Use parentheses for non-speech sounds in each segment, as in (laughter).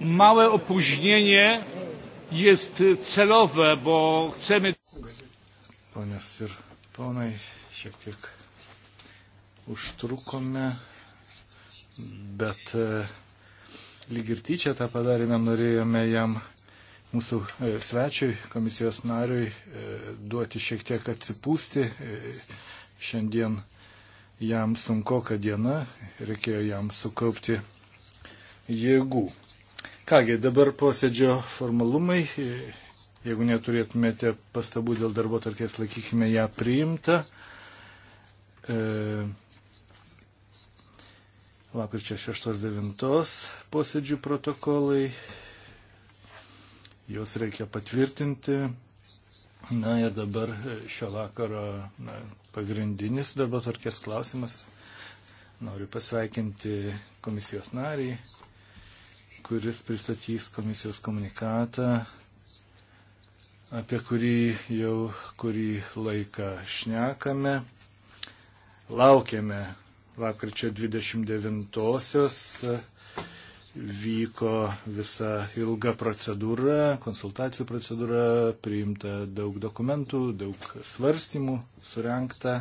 Małe opóźnienie jest celowe, bo chcemy. Ponios ir ponai, šiek tiek užtrukome, bet e, lyg ir tyčia tą padarėme, norėjome jam mūsų e, svečiui, komisijos nariui, e, duoti šiek tiek atsipūsti. Šiandien jam sunku, kad diena, reikėjo jam sukaupti jėgų. Kągi, dabar posėdžio formalumai. Jeigu neturėtumėte pastabų dėl darbo tarkės, laikykime ją priimtą. E, Lapkričio 6-9 posėdžių protokolai. Juos reikia patvirtinti. Na ir dabar e, šio vakaro na, pagrindinis darbo tvarkės klausimas. Noriu pasveikinti komisijos narį, kuris pristatys komisijos komunikatą, apie kurį jau kurį laiką šnekame. Laukiame lapkričio 29-osios vyko visa ilga procedūra, konsultacijų procedūra, priimta daug dokumentų, daug svarstymų surenkta.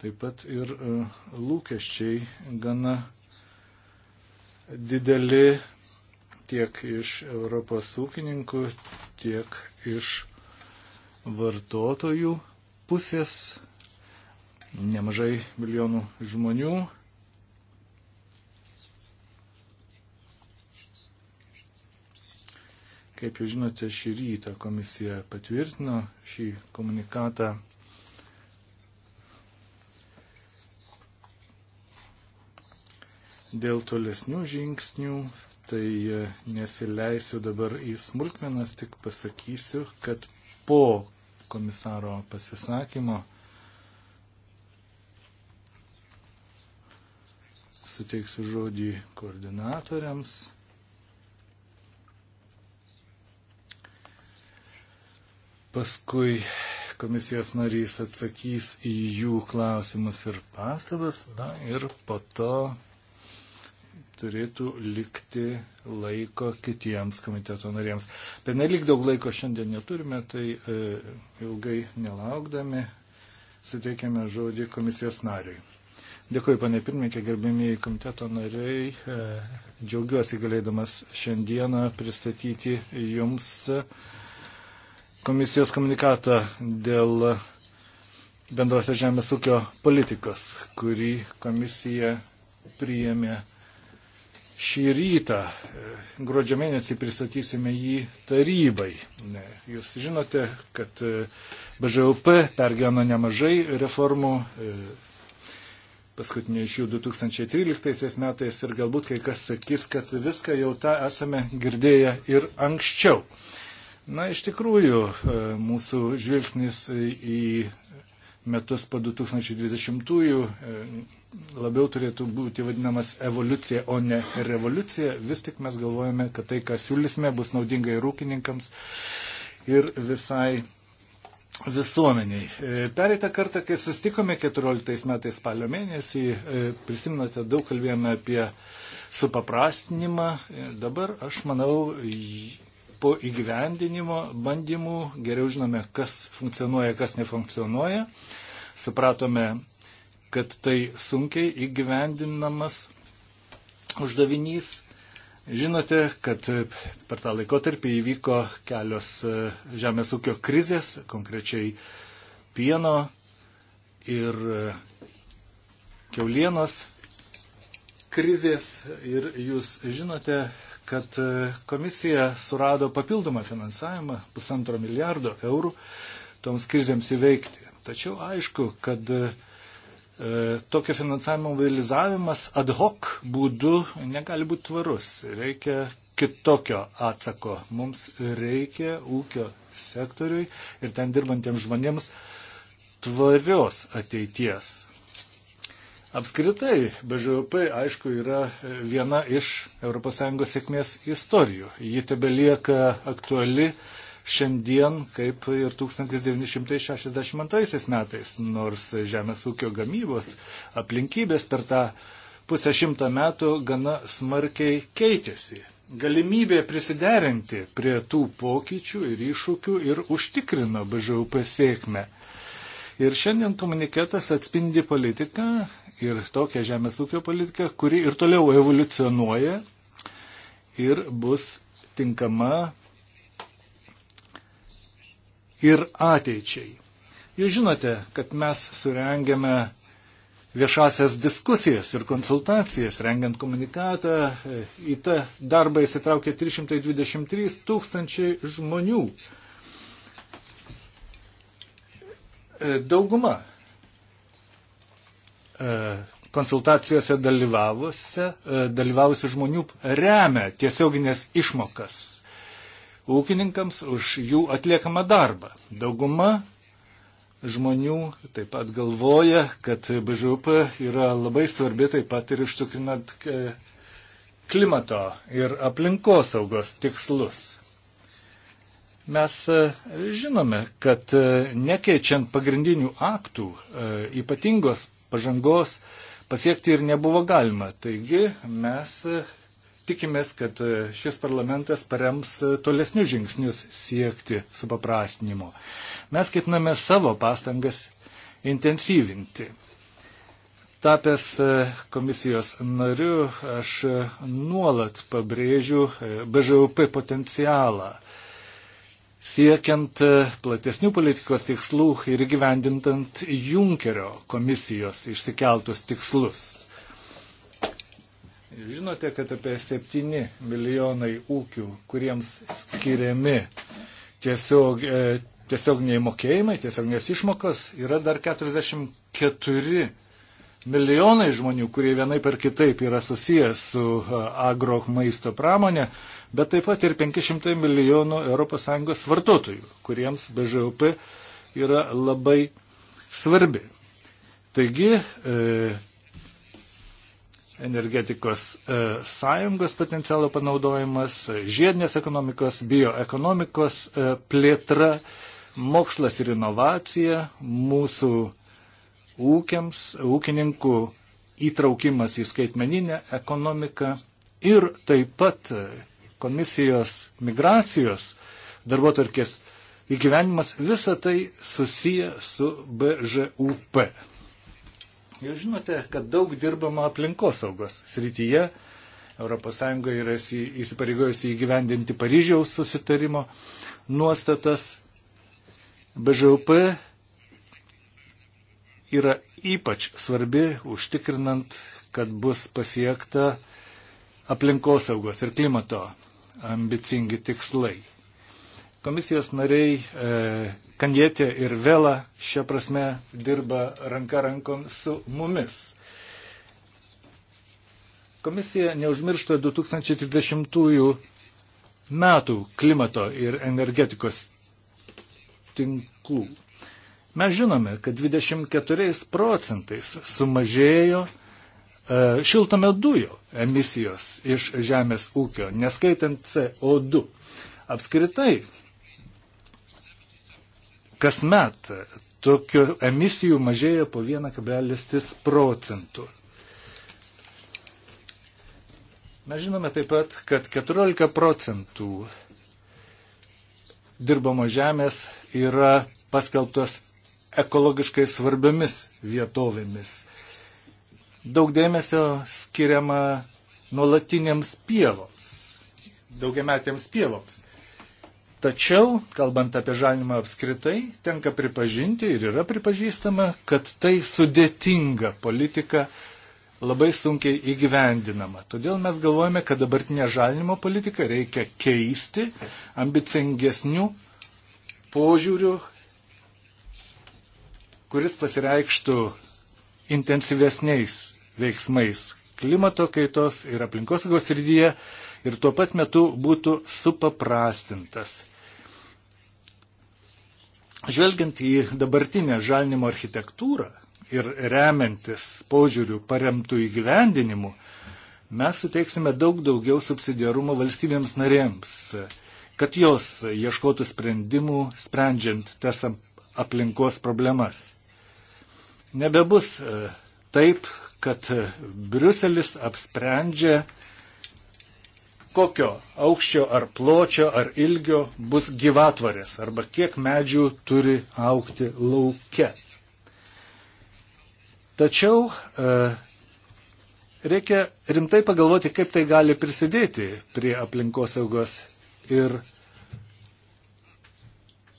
Taip pat ir e, lūkesčiai gana dideli tiek iš Europos ūkininkų, tiek iš vartotojų pusės. Nemažai milijonų žmonių Kaip jūs žinote, šį rytą komisija patvirtino šį komunikatą. Dėl tolesnių žingsnių, tai e, nesileisiu dabar į smulkmenas, tik pasakysiu, kad po komisaro pasisakymo suteiksiu žodį koordinatoriams. Paskui komisijos narys atsakys į jų klausimus ir pastabas. Na ir po to turėtų likti laiko kitiems komiteto noriems. Penelik daug laiko šiandien neturime, tai e, ilgai nelaukdami suteikėme žodį komisijos nariui. Dėkuoju, panė pirmininkė, gerbėmiai komiteto nariai. E, džiaugiuosi galėdamas šiandieną pristatyti jums. E, komisijos komunikatą dėl bendrosios žemės ūkio politikos, kurį komisija priėmė šį rytą. Gruodžio mėnesį pristatysime jį tarybai. Jūs žinote, kad BŽUP pergyveno nemažai reformų, e, paskutinė iš jų 2013 metais ir galbūt kai kas sakys, kad viską jau tą esame girdėję ir anksčiau. Na, iš tikrųjų, e, mūsų žvilgsnis į metus po 2020-ųjų e, labiau turėtų būti vadinamas evoliucija, o ne revoliucija. Vis tik mes galvojame, kad tai, ką siūlysime, bus naudinga ir ūkininkams, ir visai visuomeniai. E, pereitą kartą, kai sustikome 14 metais spalio mėnesį, prisiminote, daug kalbėjome apie supaprastinimą. Dabar, aš manau, po įgyvendinimo bandymų geriau žinome, kas funkcionuoja, kas nefunkcionuoja. Supratome, kad tai sunkiai įgyvendinamas uždavinys. Žinote, kad per tą laikotarpį įvyko kelios e, žemės ūkio krizės, konkrečiai pieno ir e, keulienos krizės ir jūs žinote, kad e, komisija surado papildomą finansavimą pusantro milijardo eurų toms krizėms įveikti. Tačiau aišku, kad e, e, tokio finansavimo mobilizavimas ad hoc būdu negali būti tvarus. Reikia kitokio atsako. Mums reikia ūkio sektoriui ir ten dirbantiems žmonėms tvarios ateities. Apskritai, BŽP, aišku, yra viena iš ES sėkmės istorijų. Ji tebelieka aktuali šiandien, kaip ir 1962 metais, nors žemės ūkio gamybos aplinkybės per tą pusę šimtą metų gana smarkiai keitėsi. Galimybė prisiderinti prie tų pokyčių ir iššūkių ir užtikrino BŽUP sėkmę. Ir šiandien komuniketas atspindi politiką ir tokią žemės ūkio politiką, kuri ir toliau evoliucionuoja ir bus tinkama ir ateičiai. Jūs žinote, kad mes surengėme viešasias diskusijas ir konsultacijas, rengiant komunikatą. Į tą darbą įsitraukė 323 tūkstančiai žmonių. Dauguma E, konsultacijose dalyvavusių e, žmonių remia tiesioginės išmokas ūkininkams už jų atliekamą darbą. Dauguma žmonių taip pat galvoja, kad BŽUP yra labai svarbi taip pat ir ištukrinant e, klimato ir aplinkosaugos tikslus. Mes žinome, kad nekeičiant pagrindinių aktų ypatingos pažangos pasiekti ir nebuvo galima. Taigi mes e, tikimės, kad e, šis parlamentas parems e, tolesnius žingsnius siekti supaprastinimo. Mes ketiname savo pastangas intensyvinti. Tapęs komisijos nariu, aš nuolat pabrėžiu BŽUP potencialą siekiant e, platesnių politikos tikslų ir gyvendintant Junkerio komisijos išsikeltus tikslus. Žinote, kad apie 7 milijonai ūkių, kuriems skiriami tiesiog, e, tiesiog neįmokėjimai, tiesiog nesišmokos, yra dar 44 milijonai žmonių, kurie vienai per kitaip yra susijęs su e, agro maisto pramonė bet taip pat ir 500 milijonų ES vartotojų, kuriems BŽUP yra labai svarbi. Taigi, e, energetikos e, sąjungos potencialo panaudojimas, žiedinės ekonomikos, bioekonomikos e, plėtra, mokslas ir inovacija, mūsų ūkiams, ūkininkų įtraukimas į skaitmeninę ekonomiką ir taip pat e, komisijos migracijos darbotvarkės įgyvenimas visa tai susiję su BŽUP. Jūs žinote, kad daug dirbama aplinkosaugos srityje. ES yra įsipareigojusi įgyvendinti Paryžiaus susitarimo nuostatas. BŽUP yra ypač svarbi užtikrinant, kad bus pasiekta aplinkosaugos ir klimato ambicingi tikslai. Komisijos nariai e, Kanjėtė ir Vela šią prasme dirba ranka rankon su mumis. Komisija neužmiršta 2030 metų klimato ir energetikos tinklų. Mes žinome, kad 24 procentais sumažėjo E, šiltame dujų emisijos iš žemės ūkio, neskaitant CO2. Apskritai, kasmet tokių emisijų mažėja po 1,3 procentų. Mes žinome taip pat, kad 14 procentų dirbamo žemės yra paskelbtos ekologiškai svarbiomis vietovėmis daug dėmesio skiriama nuolatinėms pievoms, daugiametėms pievoms. Tačiau, kalbant apie žalimą apskritai, tenka pripažinti ir yra pripažįstama, kad tai sudėtinga politika labai sunkiai įgyvendinama. Todėl mes galvojame, kad dabartinę žalinimo politiką reikia keisti ambicingesnių požiūrių, kuris pasireikštų intensyvesniais veiksmais klimato kaitos ir aplinkosaugos rydyje ir tuo pat metu būtų supaprastintas. Žvelgiant į dabartinę žalinimo architektūrą ir remiantis požiūrių paremtų įgyvendinimu, mes suteiksime daug daugiau subsidiarumo valstybėms narėms, kad jos ieškotų sprendimų sprendžiant tas aplinkos problemas. Nebebus e, taip, kad Briuselis apsprendžia, kokio aukščio ar pločio ar ilgio bus gyvatvarės arba kiek medžių turi aukti lauke. Tačiau e, reikia rimtai pagalvoti, kaip tai gali prisidėti prie aplinkosaugos ir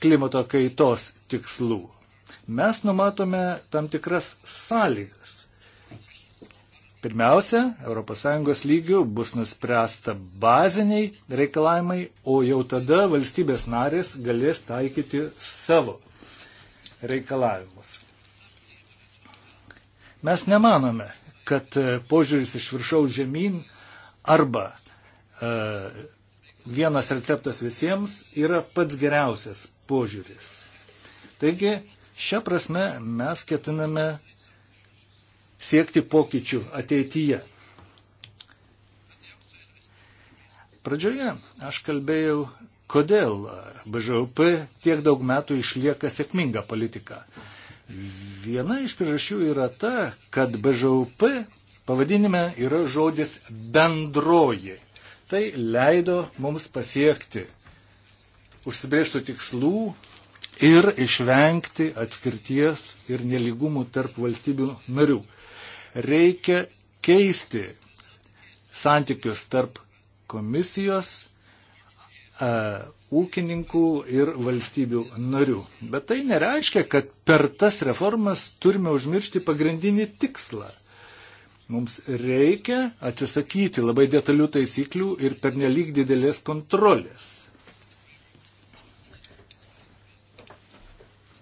klimato kaitos tikslų mes numatome tam tikras sąlygas. Pirmiausia, ES lygių bus nuspręsta baziniai reikalavimai, o jau tada valstybės narės galės taikyti savo reikalavimus. Mes nemanome, kad e, požiūris iš viršaus žemyn arba e, vienas receptas visiems yra pats geriausias požiūris. Taigi Šią prasme mes ketiname siekti pokyčių ateityje. Pradžioje aš kalbėjau, kodėl BŽUP tiek daug metų išlieka sėkminga politika. Viena iš priežasčių yra ta, kad BŽUP pavadinime yra žodis bendroji. Tai leido mums pasiekti užsibrėžtų tikslų, ir išvengti atskirties ir neligumų tarp valstybių narių. Reikia keisti santykius tarp komisijos, e, ūkininkų ir valstybių narių. Bet tai nereiškia, kad per tas reformas turime užmiršti pagrindinį tikslą. Mums reikia atsisakyti labai detalių taisyklių ir pernelyg didelės kontrolės.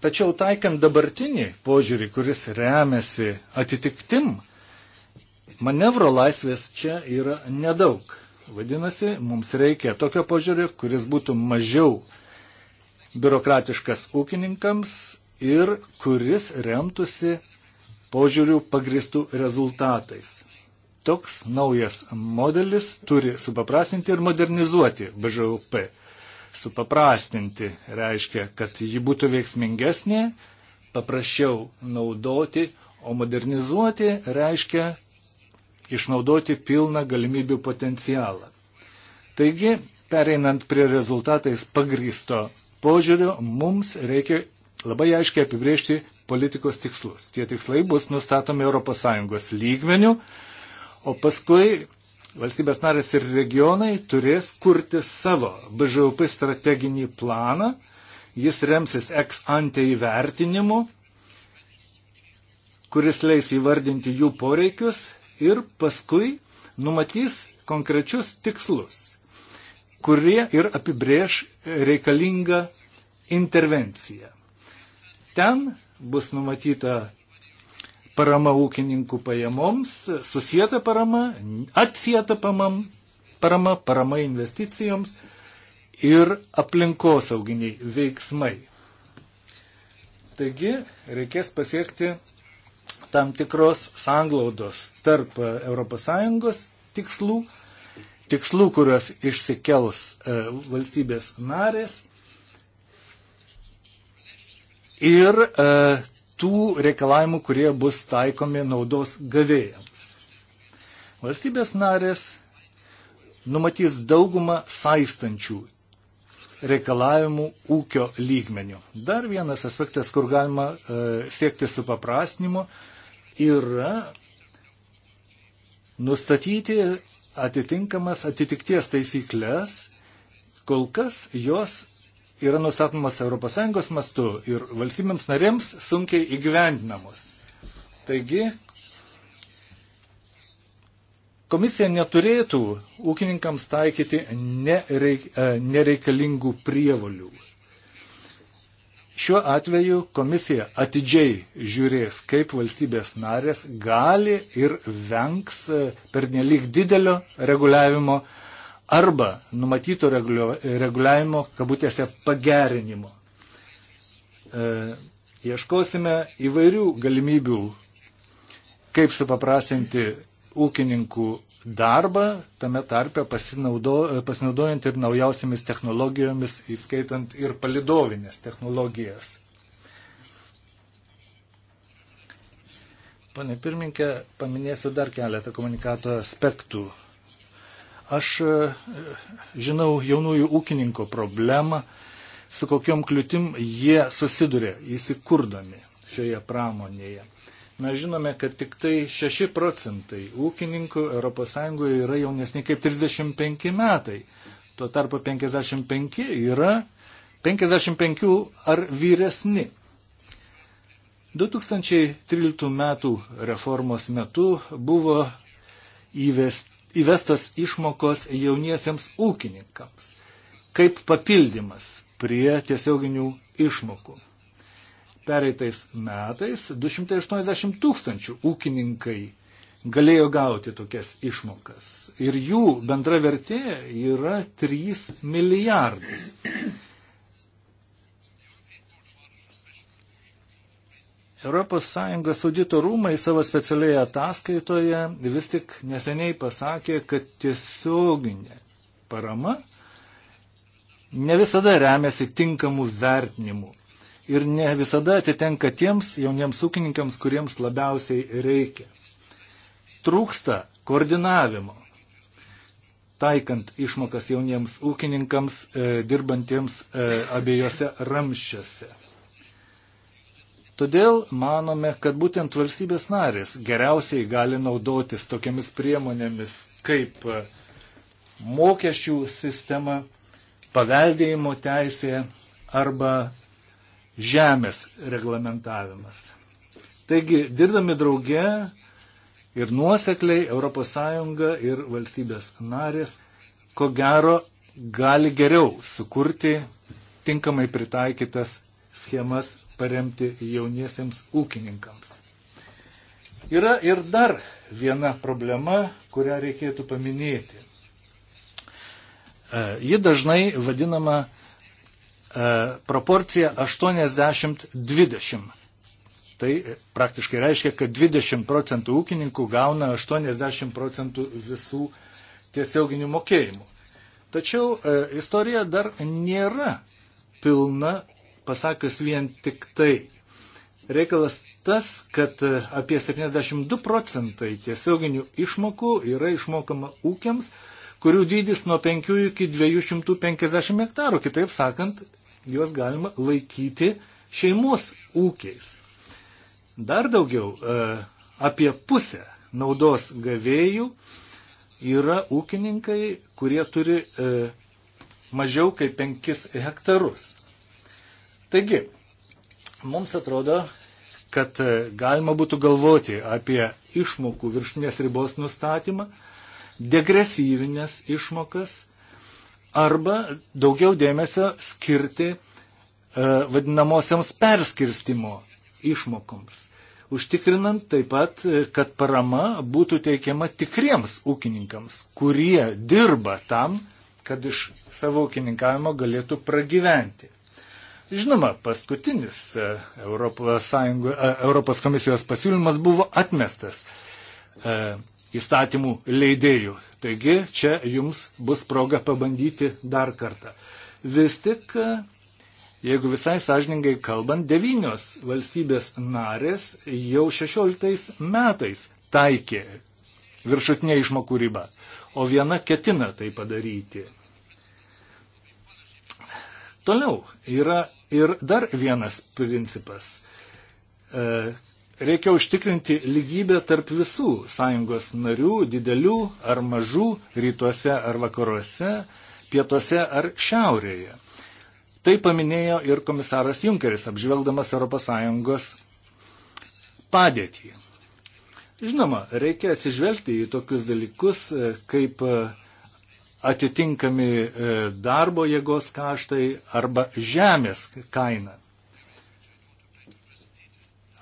Tačiau taikant dabartinį požiūrį, kuris remiasi atitiktim, manevro laisvės čia yra nedaug. Vadinasi, mums reikia tokio požiūrio, kuris būtų mažiau biurokratiškas ūkininkams ir kuris remtųsi požiūrių pagristų rezultatais. Toks naujas modelis turi supaprasinti ir modernizuoti BŽUP supaprastinti. Reiškia, kad ji būtų veiksmingesnė, paprasčiau naudoti, o modernizuoti reiškia išnaudoti pilną galimybių potencialą. Taigi, pereinant prie rezultatais pagrysto požiūrio, mums reikia labai aiškiai apibriežti politikos tikslus. Tie tikslai bus nustatomi ES lygmenių, o paskui valstybės narės ir regionai turės kurti savo BŽUP strateginį planą. Jis remsis ex ante įvertinimu, kuris leis įvardinti jų poreikius ir paskui numatys konkrečius tikslus, kurie ir apibrėž reikalingą intervenciją. Ten bus numatyta parama ūkininkų pajamoms, susijęta parama, atsieta parama, parama investicijoms ir aplinkosauginiai veiksmai. Taigi reikės pasiekti tam tikros sanglaudos tarp ES tikslų, tikslų, kuriuos išsikels e, valstybės narės ir e, tų reikalavimų, kurie bus taikomi naudos gavėjams. Valstybės narės numatys daugumą saistančių reikalavimų ūkio lygmenių. Dar vienas aspektas, kur galima e, siekti supaprastinimo, yra nustatyti atitinkamas atitikties taisyklės, kol kas jos yra nustatomas ES mastu ir valstybėms narėms sunkiai įgyvendinamos. Taigi, komisija neturėtų ūkininkams taikyti nereik, e, nereikalingų prievalių. Šiuo atveju komisija atidžiai žiūrės, kaip valstybės narės gali ir vengs e, per nelik didelio reguliavimo uh, arba numatyto reguliavimo, kabutėse, pagerinimo. E, ieškosime įvairių galimybių, kaip supaprastinti ūkininkų darbą, tame tarpe pasinaudo, pasinaudojant ir naujausiamis technologijomis, įskaitant ir palidovinės technologijas. Pane pirminkė, paminėsiu dar keletą komunikato aspektų Aš e, žinau jaunųjų ūkininkų problemą, su kokiom kliūtim jie susiduria įsikurdami šioje pramonėje. Mes žinome, kad tik tai 6 procentai ūkininkų ES yra jaunesni kaip 35 metai. Tuo tarpu 55 yra 55 ar vyresni. 2013 metų reformos metu buvo įvesti įvestos išmokos jauniesiems ūkininkams kaip papildymas prie tiesioginių išmokų. Pereitais metais 280 tūkstančių ūkininkai galėjo gauti tokias išmokas ir jų bendra vertė yra 3 milijardai. ES audito rūmai savo specialioje ataskaitoje vis tik neseniai pasakė, kad tiesioginė parama ne visada remiasi tinkamų vertinimų ir ne visada atitenka tiems jauniems ūkininkams, kuriems labiausiai reikia. Trūksta koordinavimo, taikant išmokas jauniems ūkininkams e, dirbantiems e, abiejose ramščiuose. Todėl manome, kad būtent valstybės narės geriausiai gali naudotis tokiamis priemonėmis kaip e, mokesčių sistema, paveldėjimo teisė arba žemės reglamentavimas. Taigi, dirbdami drauge ir nuosekliai ES ir valstybės narės, ko gero, gali geriau sukurti tinkamai pritaikytas schemas paremti jauniesiems ūkininkams. Yra ir dar viena problema, kurią reikėtų paminėti. E, ji dažnai vadinama e, proporcija 80-20. Tai praktiškai reiškia, kad 20 procentų ūkininkų gauna 80 procentų visų tiesioginių mokėjimų. Tačiau e, istorija dar nėra pilna pasakius vien tik tai. Reikalas tas, kad apie 72 procentai tiesioginių išmokų yra išmokama ūkiams, kurių dydis nuo 5 iki 250 hektarų. Kitaip sakant, juos galima laikyti šeimos ūkiais. Dar daugiau, e, apie pusę naudos gavėjų yra ūkininkai, kurie turi e, mažiau kaip 5 hektarus. Taigi, mums atrodo, kad e, galima būtų galvoti apie išmokų viršinės ribos nustatymą, degresyvinės išmokas arba daugiau dėmesio skirti e, vadinamosiams perskirstimo išmokoms užtikrinant taip pat, e, kad parama būtų teikiama tikriems ūkininkams, kurie dirba tam, kad iš savo ūkininkavimo galėtų pragyventi. Žinoma, paskutinis e, Europos, Sąjungo, e, Europos komisijos pasiūlymas buvo atmestas e, įstatymų leidėjų. Taigi čia jums bus proga pabandyti dar kartą. Vis tik, jeigu visai sąžiningai kalbant, devynios valstybės narės jau 16 metais taikė viršutinę išmokų ribą, o viena ketina tai padaryti. Toliau yra ir dar vienas principas. E, reikia užtikrinti lygybę tarp visų sąjungos narių, didelių ar mažų, rytuose ar vakaruose, pietuose ar šiaurėje. Tai paminėjo ir komisaras Junkeris, apžvelgdamas ES padėtį. Žinoma, reikia atsižvelgti į tokius dalykus e, kaip uh, atitinkami e, darbo jėgos kaštai arba žemės kaina.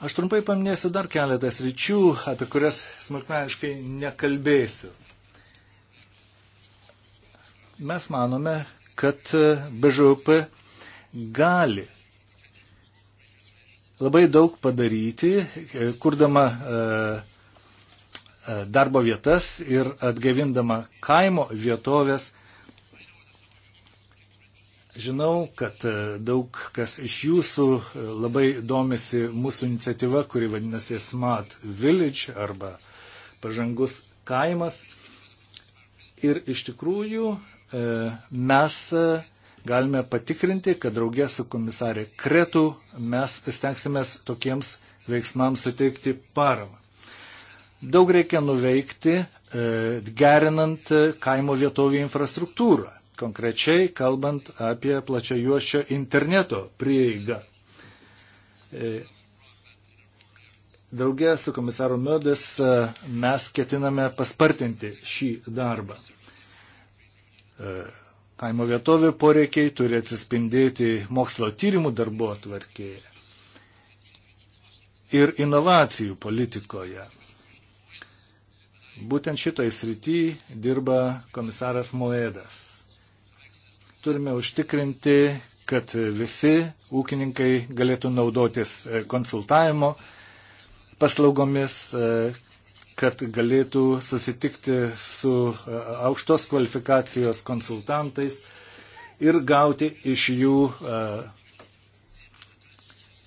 Aš trumpai paminėsiu dar keletą sričių, apie kurias smulkmeniškai nekalbėsiu. Mes manome, kad e, BŽUP gali labai daug padaryti, e, kurdama e, E, darbo vietas ir atgavindama kaimo vietovės. Žinau, kad e, daug kas iš jūsų e, labai domisi mūsų iniciatyva, kuri vadinasi Smart Village arba pažangus kaimas. Ir iš tikrųjų mes galime patikrinti, kad draugė su komisarė Kretu mes stengsimės tokiems veiksmams suteikti paramą. Daug reikia nuveikti, e, gerinant e, kaimo vietovį infrastruktūrą, konkrečiai kalbant apie plačiajuoščio interneto prieigą. E, Draugė su komisaru Miodas mes ketiname paspartinti šį darbą. Kaimo vietovių poreikiai turi atsispindėti mokslo tyrimų darbo atvarkėje ir inovacijų politikoje. Būtent šitoj srity dirba komisaras Moedas. Turime užtikrinti, kad visi ūkininkai galėtų naudotis e, konsultavimo paslaugomis, e, kad galėtų susitikti su e, aukštos kvalifikacijos konsultantais ir gauti iš jų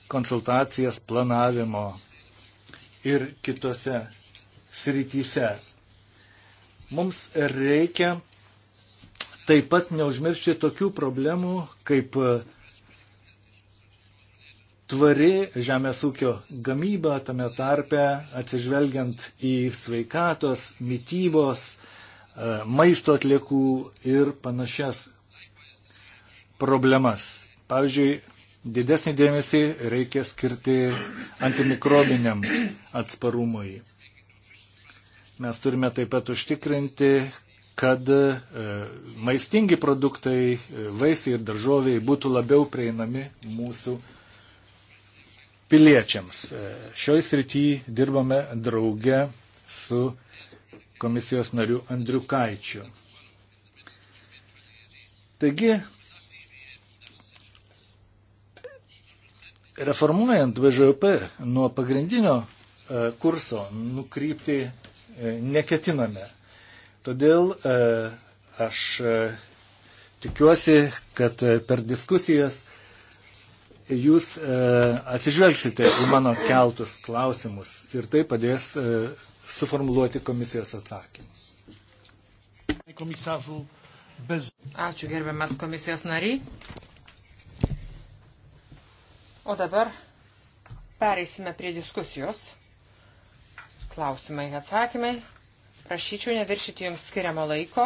konsultacijas planavimo ir kitose srityse. Mums reikia taip pat neužmiršti tokių problemų kaip tvari žemės ūkio gamyba, tame tarpe atsižvelgiant į sveikatos, mytybos, e, maisto atliekų ir panašias problemas. Pavyzdžiui, didesnį dėmesį reikia skirti antimikrobiniam atsparumui. Mes turime taip pat užtikrinti, kad e, maistingi produktai, e, vaisiai ir daržoviai būtų labiau prieinami mūsų piliečiams. E, šioj srityje dirbame drauge su komisijos nariu Andriukaičiu. Taigi, reformuojant VŽP nuo pagrindinio kurso nukrypti E, neketiname. Todėl e, aš e, tikiuosi, kad per diskusijas jūs atsižvelgsite į mano keltus klausimus ir tai padės suformuluoti komisijos atsakymus. Ačiū gerbiamas komisijos nariai. O dabar pereisime prie diskusijos. Klausimai, atsakymai. Prašyčiau neviršyti jums skiriamo laiko.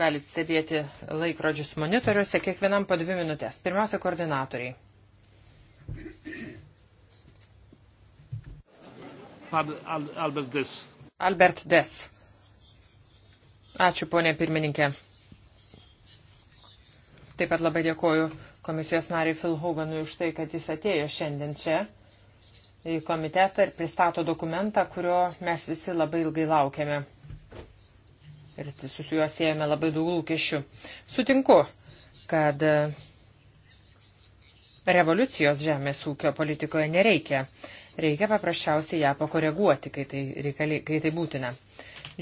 Galit stebėti laikrodžius monitoriuose, kiekvienam po dvi minutės. Pirmiausia, koordinatoriai. Albert Des. Albert Des. Ačiū, ponė pirmininkė. Taip pat labai dėkoju komisijos nariai Phil Hoganui už tai, kad jis atėjo šiandien čia į komitetą ir pristato dokumentą, kurio mes visi labai ilgai laukiame. Ir su juo siejame labai daug lūkesčių. Sutinku, kad revoliucijos žemės ūkio politikoje nereikia. Reikia paprasčiausiai ją pakoreguoti, kai tai, reikali, kai tai būtina.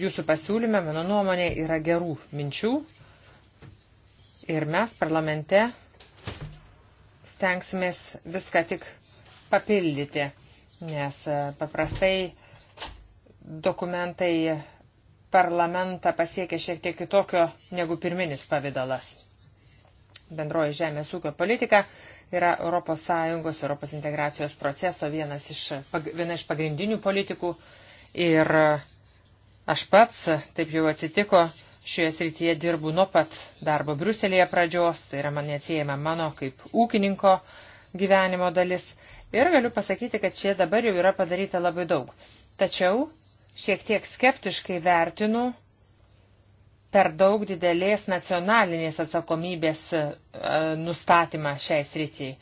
Jūsų pasiūlyme, mano nuomonė, yra gerų minčių. Ir mes parlamente stengsimės viską tik papildyti nes e, paprastai dokumentai parlamentą pasiekia šiek tiek kitokio negu pirminis pavydalas. Bendroji žemės ūkio politika yra ES, Europos integracijos proceso vienas iš, viena iš pagrindinių politikų ir aš pats, taip jau atsitiko, šioje srityje dirbu nuo pat darbo Briuselėje pradžios, tai yra man neatsiejama mano kaip ūkininko uh, gyvenimo dalis. Ir galiu pasakyti, kad čia dabar jau yra padaryta labai daug. Tačiau šiek tiek skeptiškai vertinu per daug didelės nacionalinės atsakomybės e, nustatymą šiai sričiai.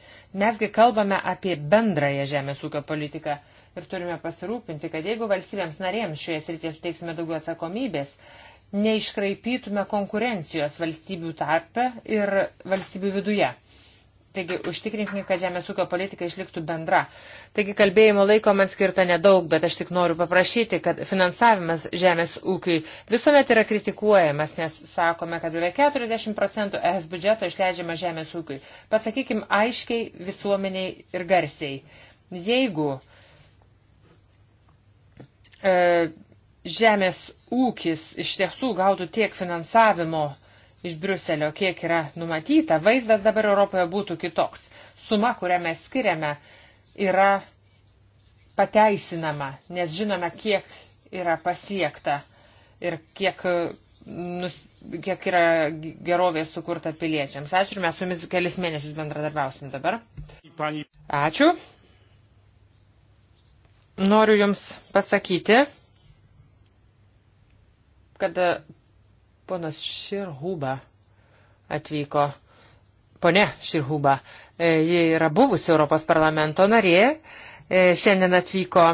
Mesgi kalbame apie bendrąją žemės ūkio politiką ir turime pasirūpinti, kad jeigu valstybėms narėms šioje srityje suteiksime daugiau atsakomybės, neiškraipytume konkurencijos valstybių tarpe ir valstybių viduje. Taigi užtikrinkime, kad žemės ūkio politika išliktų bendra. Taigi kalbėjimo laiko man skirta nedaug, bet aš tik noriu paprašyti, kad finansavimas žemės ūkiui visuomet yra kritikuojamas, nes sakome, kad beveik 40 procentų ES biudžeto išleidžiama žemės ūkiui. Pasakykim aiškiai visuomeniai ir garsiai. Jeigu e, žemės ūkis iš tiesų gautų tiek finansavimo iš Briuselio, kiek yra numatyta, vaizdas dabar Europoje būtų kitoks. Suma, kurią mes skiriame, yra pateisinama, nes žinome, kiek yra pasiekta ir kiek, e, nus, kiek yra gerovės sukurta piliečiams. Ačiū ir mes su jumis kelis mėnesius bendradarbiausim dabar. Ačiū. Noriu Jums pasakyti, kad Ponas Širhuba atvyko. Pone Širhuba, e, ji yra buvusi Europos parlamento narė, e, šiandien atvyko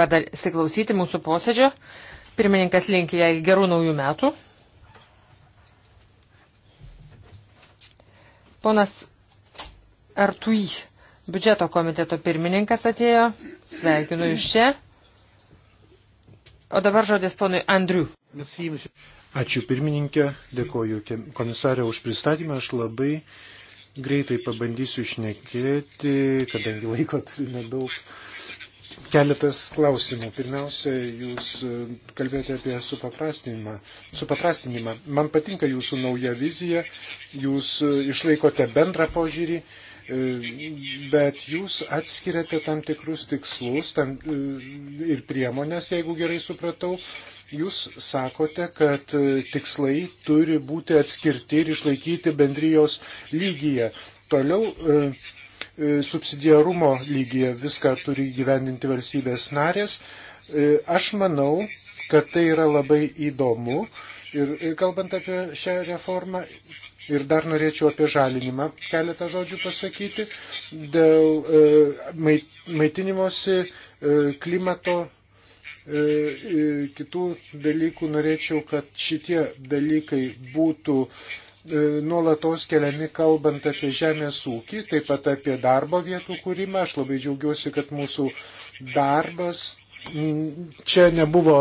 pasiklausyti mūsų posėdžio. Pirmininkas linkė jai gerų naujų metų. Ponas Artui, biudžeto komiteto pirmininkas atėjo. Sveikinu jūs čia. O dabar žodis ponui Andriu. Ačiū pirmininkė, dėkoju komisarė už pristatymą. Aš labai greitai pabandysiu išnekėti, kadangi laiko turime daug. Keletas klausimų. Pirmiausia, jūs e, kalbėjote apie supaprastinimą. supaprastinimą. Man patinka jūsų nauja vizija, jūs e, išlaikote bendrą požiūrį E, bet jūs atskiriate tam tikrus tikslus tam, e, ir priemonės, jeigu gerai supratau. Jūs sakote, kad e, tikslai turi būti atskirti ir išlaikyti bendrijos lygyje. Toliau subsidiarumo lygyje viską turi gyvendinti valstybės narės. Aš manau, kad tai yra labai įdomu. Ir kalbant apie šią reformą, Ir dar norėčiau apie žalinimą keletą žodžių pasakyti dėl e, maitinimosi e, klimato e, e, kitų dalykų. Norėčiau, kad šitie dalykai būtų e, nuolatos keliami kalbant apie žemės ūkį, taip pat apie darbo vietų kūrimą. Aš labai džiaugiuosi, kad mūsų darbas čia nebuvo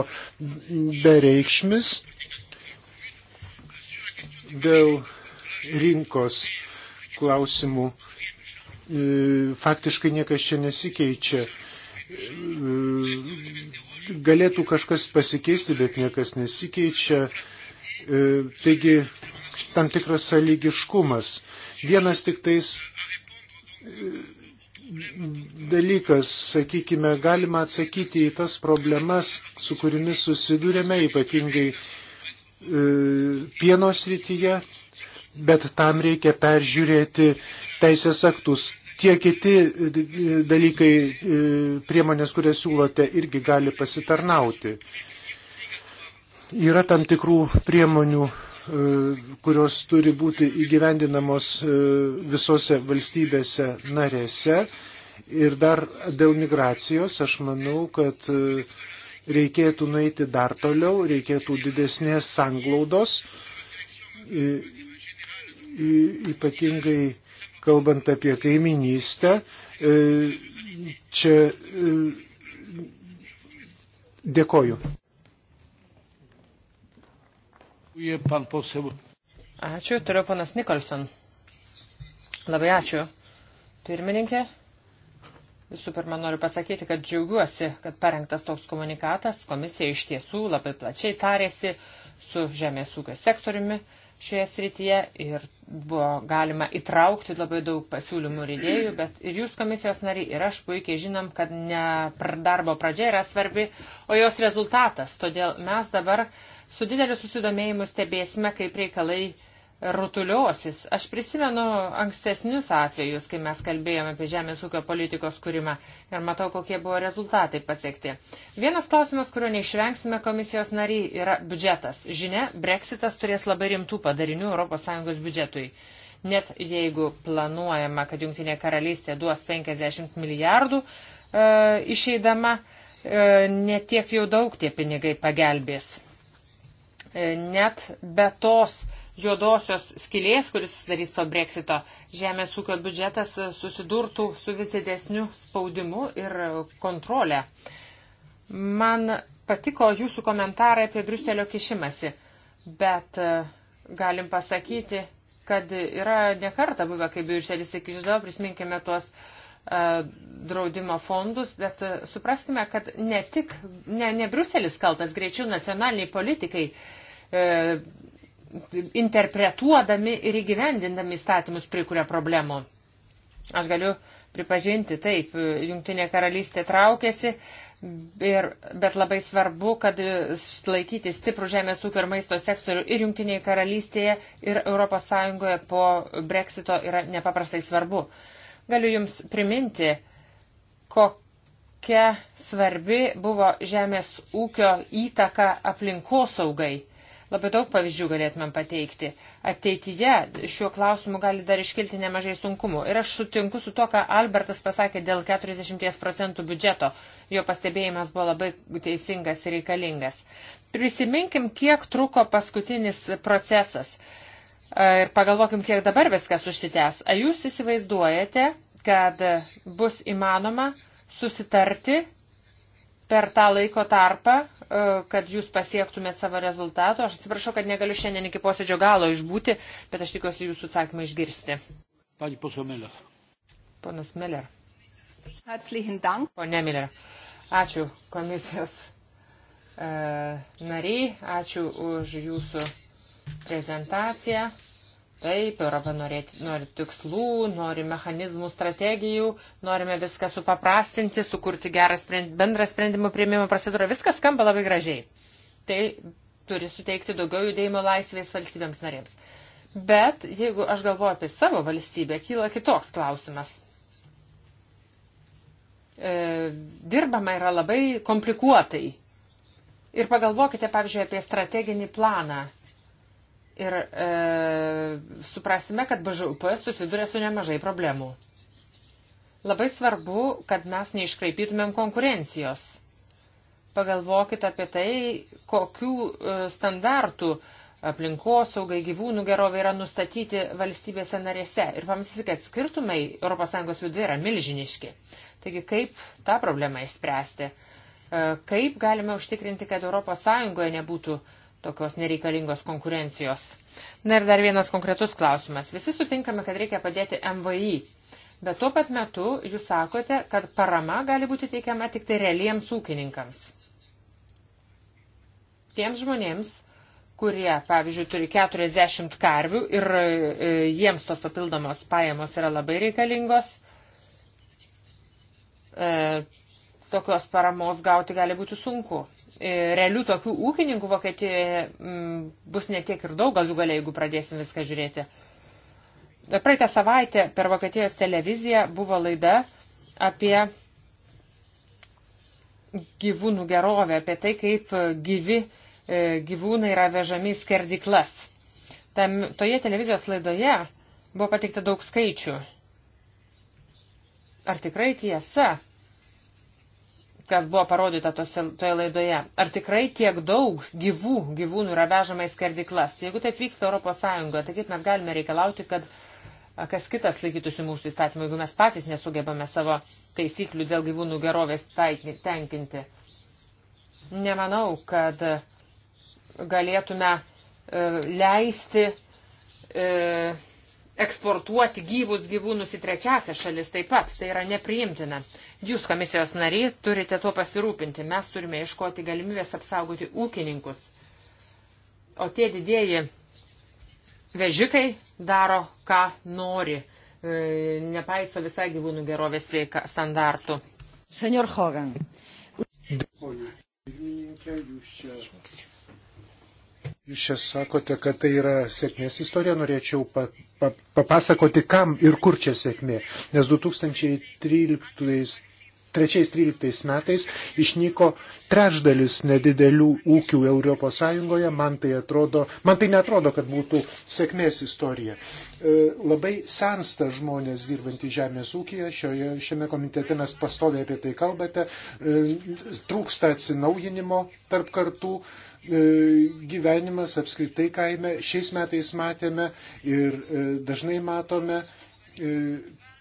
bereikšmis. Dėl rinkos klausimų e, faktiškai niekas čia nesikeičia. E, galėtų kažkas pasikeisti, bet niekas nesikeičia. E, taigi tam tikras sąlygiškumas. Vienas tik tais dalykas, sakykime, galima atsakyti į tas problemas, su kuriamis susidurėme, ypatingai pieno srityje, bet tam reikia peržiūrėti teisės aktus. Tie kiti e, dalykai, e, priemonės, kurias siūlote, irgi gali pasitarnauti. Yra tam tikrų priemonių, e, kurios turi būti įgyvendinamos visose valstybėse narėse. Ir dar dėl migracijos aš manau, kad reikėtų nueiti dar toliau, reikėtų didesnės sanglaudos ypatingai kalbant apie kaiminystę, e, čia e, dėkoju. Ačiū, turiu panas Nikolson. Labai ačiū. Pirmininkė, visų pirma noriu pasakyti, kad džiaugiuosi, kad parengtas toks komunikatas. Komisija iš tiesų labai plačiai tarėsi su žemės ūkio sektoriumi šioje srityje ir buvo galima įtraukti labai daug pasiūlymų ir idėjų, bet ir jūs komisijos nariai ir aš puikiai žinom, kad ne darbo pradžia yra svarbi, o jos rezultatas. Todėl mes dabar su dideliu susidomėjimu stebėsime, kaip reikalai rutuliosis. Aš prisimenu ankstesnius atvejus, kai mes kalbėjome apie žemės ūkio politikos kūrimą ir matau, kokie buvo rezultatai pasiekti. Vienas klausimas, kurio neišvengsime komisijos nariai, yra biudžetas. Žinia, breksitas turės labai rimtų padarinių ES biudžetui. Net jeigu planuojama, kad Junktinė karalystė duos 50 milijardų e, išeidama, e, netiek jau daug tie pinigai pagelbės. E, net be tos e, juodosios skilės, kuris susidarys po breksito, žemės ūkio biudžetas susidurtų su vis didesniu spaudimu ir kontrolė. Man patiko jūsų komentarai apie Briuselio kišimasi, bet e, galim pasakyti, kad yra nekarta buvę, kai Briuselis įkišdavo, prisiminkime tuos e, draudimo fondus, bet e, supraskime, kad ne tik, ne, ne Bruselis kaltas, greičiau nacionaliniai politikai e, interpretuodami ir įgyvendindami įstatymus prikuria problemų. Aš galiu pripažinti, taip, Junktinė karalystė traukėsi, ir, bet labai svarbu, kad laikyti stiprų žemės ūkio ir maisto sektorių ir Junktinėje karalystėje, ir ES po breksito yra nepaprastai svarbu. Galiu Jums priminti, kokia svarbi buvo žemės ūkio įtaka aplinkosaugai Labai daug pavyzdžių galėtumėm pateikti. Ateityje šiuo klausimu gali dar iškilti nemažai sunkumų. Ir aš sutinku su to, ką Albertas pasakė dėl 40 procentų biudžeto. Jo pastebėjimas buvo labai teisingas ir reikalingas. Prisiminkim, kiek truko paskutinis procesas. E, ir pagalvokim, kiek dabar viskas užsitęs. Ar jūs įsivaizduojate, kad bus įmanoma susitarti per tą laiko tarpą, e, kad jūs pasiektumėt savo rezultato. Aš atsiprašau, kad negaliu šiandien iki posėdžio galo išbūti, bet aš tikiuosi jūsų atsakymą išgirsti. Pani posio Miller. Ponas Miller. Herzlichen Dank. Pone Miller. Ačiū komisijos e, nariai, ačiū už jūsų prezentaciją. Taip, Europa norėti, nori tikslų, nori mechanizmų, strategijų, norime viską supaprastinti, sukurti gerą sprend, bendrą sprendimų prieimimo procedūrą. Viskas skamba labai gražiai. Tai turi suteikti daugiau judėjimo laisvės valstybėms narėms. Bet jeigu aš galvoju apie savo valstybę, kyla kitoks klausimas. E, dirbama yra labai komplikuotai. Ir pagalvokite, pavyzdžiui, apie strateginį planą ir e, suprasime, kad BŽUP susiduria su nemažai problemų. Labai svarbu, kad mes neiškraipytumėm konkurencijos. Pagalvokit apie tai, kokių e, standartų aplinkosaugai, gyvūnų gerovė yra nustatyti valstybėse narėse. Ir pamatysite, kad skirtumai ES viduje yra milžiniški. Taigi kaip tą problemą išspręsti? E, kaip galime užtikrinti, kad ES nebūtų uh, tokios nereikalingos konkurencijos. Na ir dar vienas konkretus klausimas. Visi sutinkame, kad reikia padėti MVI. Bet tuo pat metu jūs sakote, kad parama gali būti teikiama tik tai realiems ūkininkams. Tiems žmonėms, kurie, pavyzdžiui, turi 40 karvių ir e, jiems tos papildomos pajamos yra labai reikalingos, e, tokios paramos gauti gali būti sunku. E, realių tokių ūkininkų Vokietijoje mm, bus netiek ir daug galų galia, jeigu pradėsim viską žiūrėti. Praeitą savaitę per Vokietijos televiziją buvo laida apie gyvūnų gerovę, apie tai, kaip gyvi e, gyvūnai yra vežami į skerdiklas. Tam, toje televizijos laidoje buvo pateikta daug skaičių. Ar tikrai tiesa, kas buvo parodyta tose, toje laidoje. Ar tikrai tiek daug gyvų gyvūnų yra vežama į skerdiklas? Jeigu taip vyksta ES, tai kaip mes galime reikalauti, kad kas kitas laikytųsi mūsų įstatymų, jeigu mes patys nesugebame savo taisyklių dėl gyvūnų gerovės tenkinti. Nemanau, kad galėtume leisti e, eksportuoti gyvus gyvūnus į trečiasią šalis taip pat. Tai yra nepriimtina. Jūs, komisijos nariai, turite tuo pasirūpinti. Mes turime ieškoti galimybės apsaugoti ūkininkus. O tie didieji vežikai daro, ką nori, e, nepaiso visai gyvūnų gerovės sveika standartų. Senor Hogan. Dėkuoju. Jūs čia Jūs čia sakote, kad tai yra sėkmės istorija, norėčiau papasakoti, kam ir kur čia sėkmė. Nes 2013-2013 metais išnyko trečdalis nedidelių ūkių ES, man tai, atrodo, man tai netrodo, kad būtų sėkmės istorija. E, labai sensta žmonės dirbantys žemės ūkija, šioje, šiame komitete mes pastoviai apie tai kalbate, e, trūksta atsinaujinimo tarp kartų E, gyvenimas apskritai kaime. Šiais metais matėme ir e, dažnai matome, e,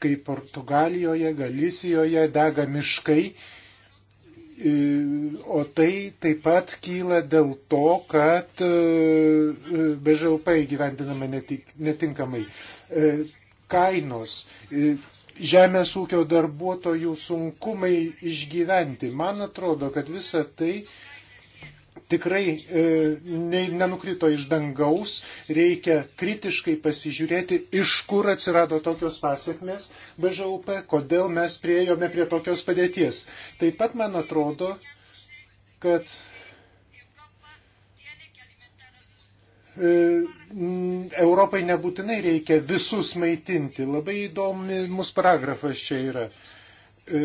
kaip Portugalijoje, Galicijoje dega miškai. O tai taip pat kyla dėl to, kad BŽUP įgyvendinama netinkamai. Kainos, žemės ūkio darbuotojų sunkumai išgyventi. Man atrodo, kad visa tai tikrai e, ne, nenukrito iš dangaus, reikia kritiškai pasižiūrėti, iš kur atsirado tokios pasiekmes BŽUP, kodėl mes priejome prie tokios padėties. Taip pat man atrodo, kad e, Europai nebūtinai reikia visus maitinti. Labai įdomi mūsų paragrafas čia yra. E,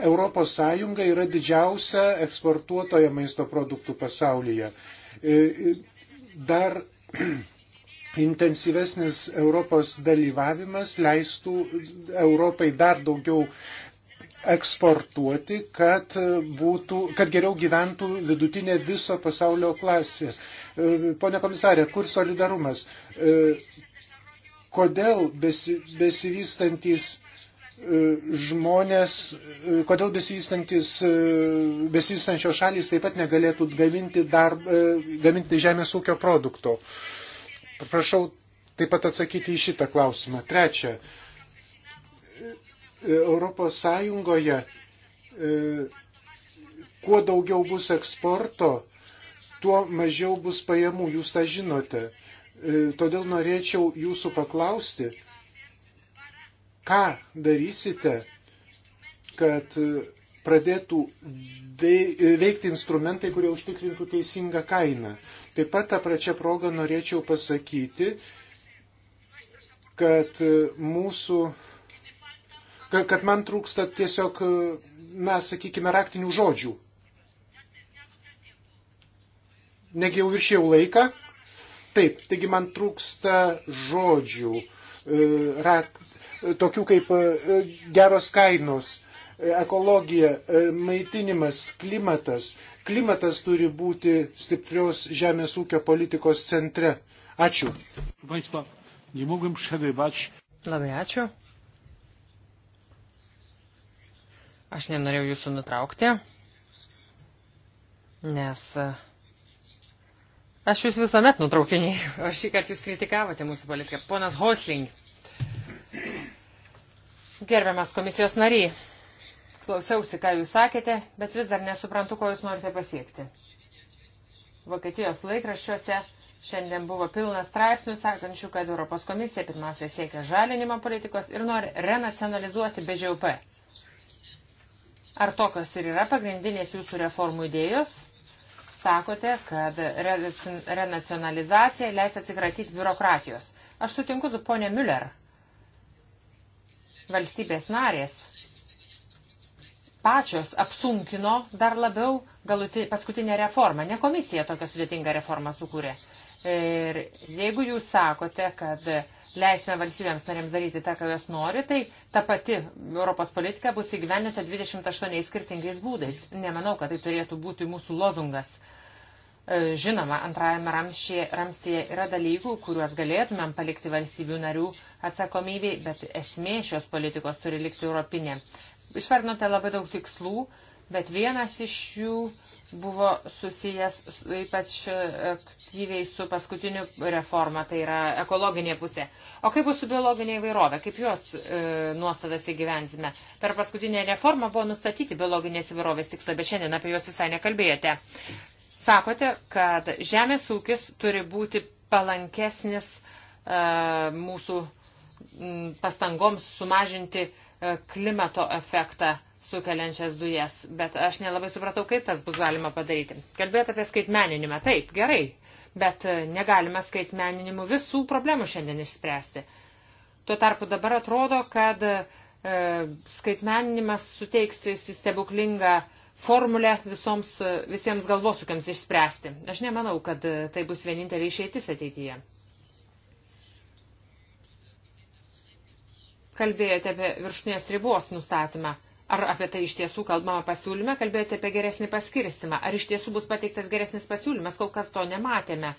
Europos Sąjunga yra didžiausia eksportuotoja maisto produktų pasaulyje. E, e, dar (clears throat) intensyvesnis Europos dalyvavimas leistų Europai dar daugiau eksportuoti, kad, būtų, kad geriau gyventų vidutinė viso pasaulio klasė. E, pone komisarė, kur solidarumas? Kodėl besi, besivystantis E, žmonės, e, kodėl e, besivystančios šalys taip pat negalėtų gaminti, darb, gaminti žemės ūkio produkto. Prašau taip pat atsakyti į šitą klausimą. Trečia, Europos Sąjungoje kuo daugiau bus eksporto, tuo mažiau bus pajamų, jūs tą žinote. Todėl norėčiau jūsų paklausti, ką darysite, kad pradėtų veikti instrumentai, kurie užtikrintų teisingą kainą. Taip pat tą pačią progą norėčiau pasakyti, kad mūsų, kad man trūksta tiesiog, na, sakykime, raktinių žodžių. Negi jau viršėjau laiką. Taip, taigi man trūksta žodžių, e, rak, tokių kaip e, e, geros kainos, e, ekologija, maitinimas, klimatas. Klimatas turi būti stiprios žemės ūkio politikos centre. Ačiū. Labai ačiū. Aš nenorėjau jūsų nutraukti, nes aš jūs visuomet nutraukinėjau, (laughs) o šį kartą jūs kritikavote mūsų politiką. Ponas Hosling. Gerbiamas komisijos nariai, klausiausi, ką jūs sakėte, bet vis dar nesuprantu, ko jūs norite pasiekti. Vokietijos laikraščiuose Šiandien buvo pilnas straipsnių sakančių, kad Europos komisija pirmiausia siekia žalinimo politikos ir nori renacionalizuoti BŽUP. Ar tokios ir yra pagrindinės jūsų reformų idėjos? Sakote, kad renacionalizacija leis atsikratyti biurokratijos. Aš sutinku su ponė Müller valstybės narės pačios apsunkino dar labiau galuti, paskutinę reformą. Ne komisija tokią sudėtingą reformą sukūrė. Ir jeigu jūs sakote, kad leisime valstybėms narėms daryti tą, ką jos nori, tai ta pati Europos politika bus įgyveninta 28 skirtingais būdais. Nemanau, kad tai turėtų būti mūsų lozungas. E, žinoma, antrajame ramšyje, ramstyje yra dalykų, kuriuos galėtumėm palikti valstybių narių uh, atsakomybei, bet esmė šios politikos turi likti europinė. Išvardinote labai daug tikslų, bet vienas iš jų buvo susijęs ypač aktyviai su paskutiniu reforma, tai yra ekologinė pusė. O kaip bus su biologinė įvairovė, kaip juos e, nuostadas įgyvensime? Per paskutinę reformą buvo nustatyti biologinės įvairovės tikslai, bet šiandien apie juos visai nekalbėjote. Sakote, kad žemės ūkis turi būti palankesnis e, mūsų Mm, pastangoms sumažinti e, klimato efektą sukeliančias dujas, bet aš nelabai supratau, kaip tas bus galima padaryti. Kalbėjote apie skaitmeninimą, taip, gerai, bet e, negalime skaitmeninimu visų problemų šiandien išspręsti. Tuo tarpu dabar atrodo, kad e, skaitmeninimas suteiks tai stebuklingą formulę visoms, visiems galvosukiams išspręsti. Aš nemanau, kad e, tai bus vienintelė išeitis ateityje. kalbėjote apie viršnės ribos nustatymą. Ar apie tai iš tiesų kalbama pasiūlyme, kalbėjote apie geresnį paskirstimą, ar iš tiesų bus pateiktas geresnis pasiūlymas, kol kas to nematėme.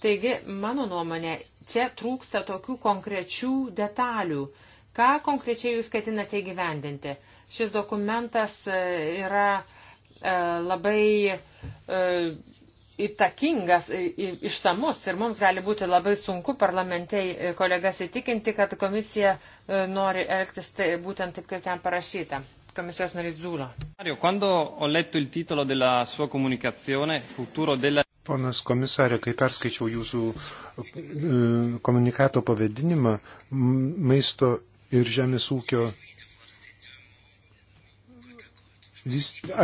Taigi, mano nuomonė, čia trūksta tokių konkrečių detalių. Ką konkrečiai jūs ketinate įgyvendinti? Šis dokumentas e, yra e, labai e, įtakingas, išsamus ir mums gali būti labai sunku parlamentai kolegas įtikinti, kad komisija e, nori elgtis tai, būtent taip, kaip ten parašyta. Komisijos narys Zūlo. Mario, quando ho letto il titolo della sua comunicazione, futuro della. Ponas komisarė, kai perskaičiau jūsų e, komunikato pavadinimą, maisto ir žemės ūkio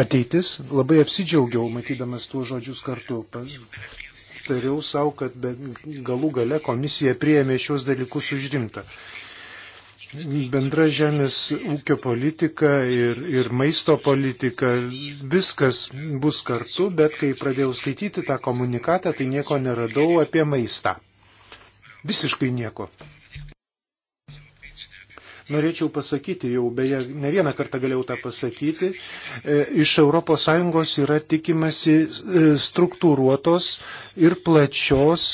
ateitis, labai apsidžiaugiau matydamas tuos žodžius kartu. Tariau savo, kad galų gale komisija prieėmė šios dalykus užrimta. Bendra žemės ūkio politika ir, ir maisto politika, viskas bus kartu, bet kai pradėjau skaityti tą komunikatą, tai nieko neradau apie maistą. Visiškai nieko norėčiau pasakyti, jau beje ne vieną kartą galėjau tą pasakyti, e, iš ES yra tikimasi e, struktūruotos ir plačios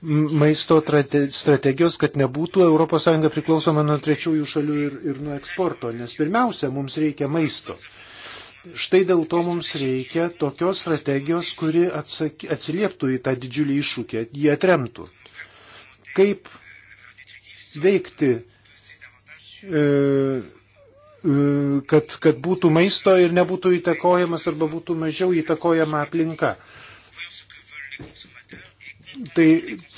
maisto strategijos, kad nebūtų ES priklausoma nuo trečiųjų šalių ir, ir nuo eksporto, nes pirmiausia, mums reikia maisto. Štai dėl to mums reikia tokios strategijos, kuri atsaky, atsilieptų į tą didžiulį iššūkį, jį atremtų. Kaip veikti E, e, kad, kad būtų maisto ir nebūtų įtakojamas arba būtų mažiau įtakojama aplinka. Tai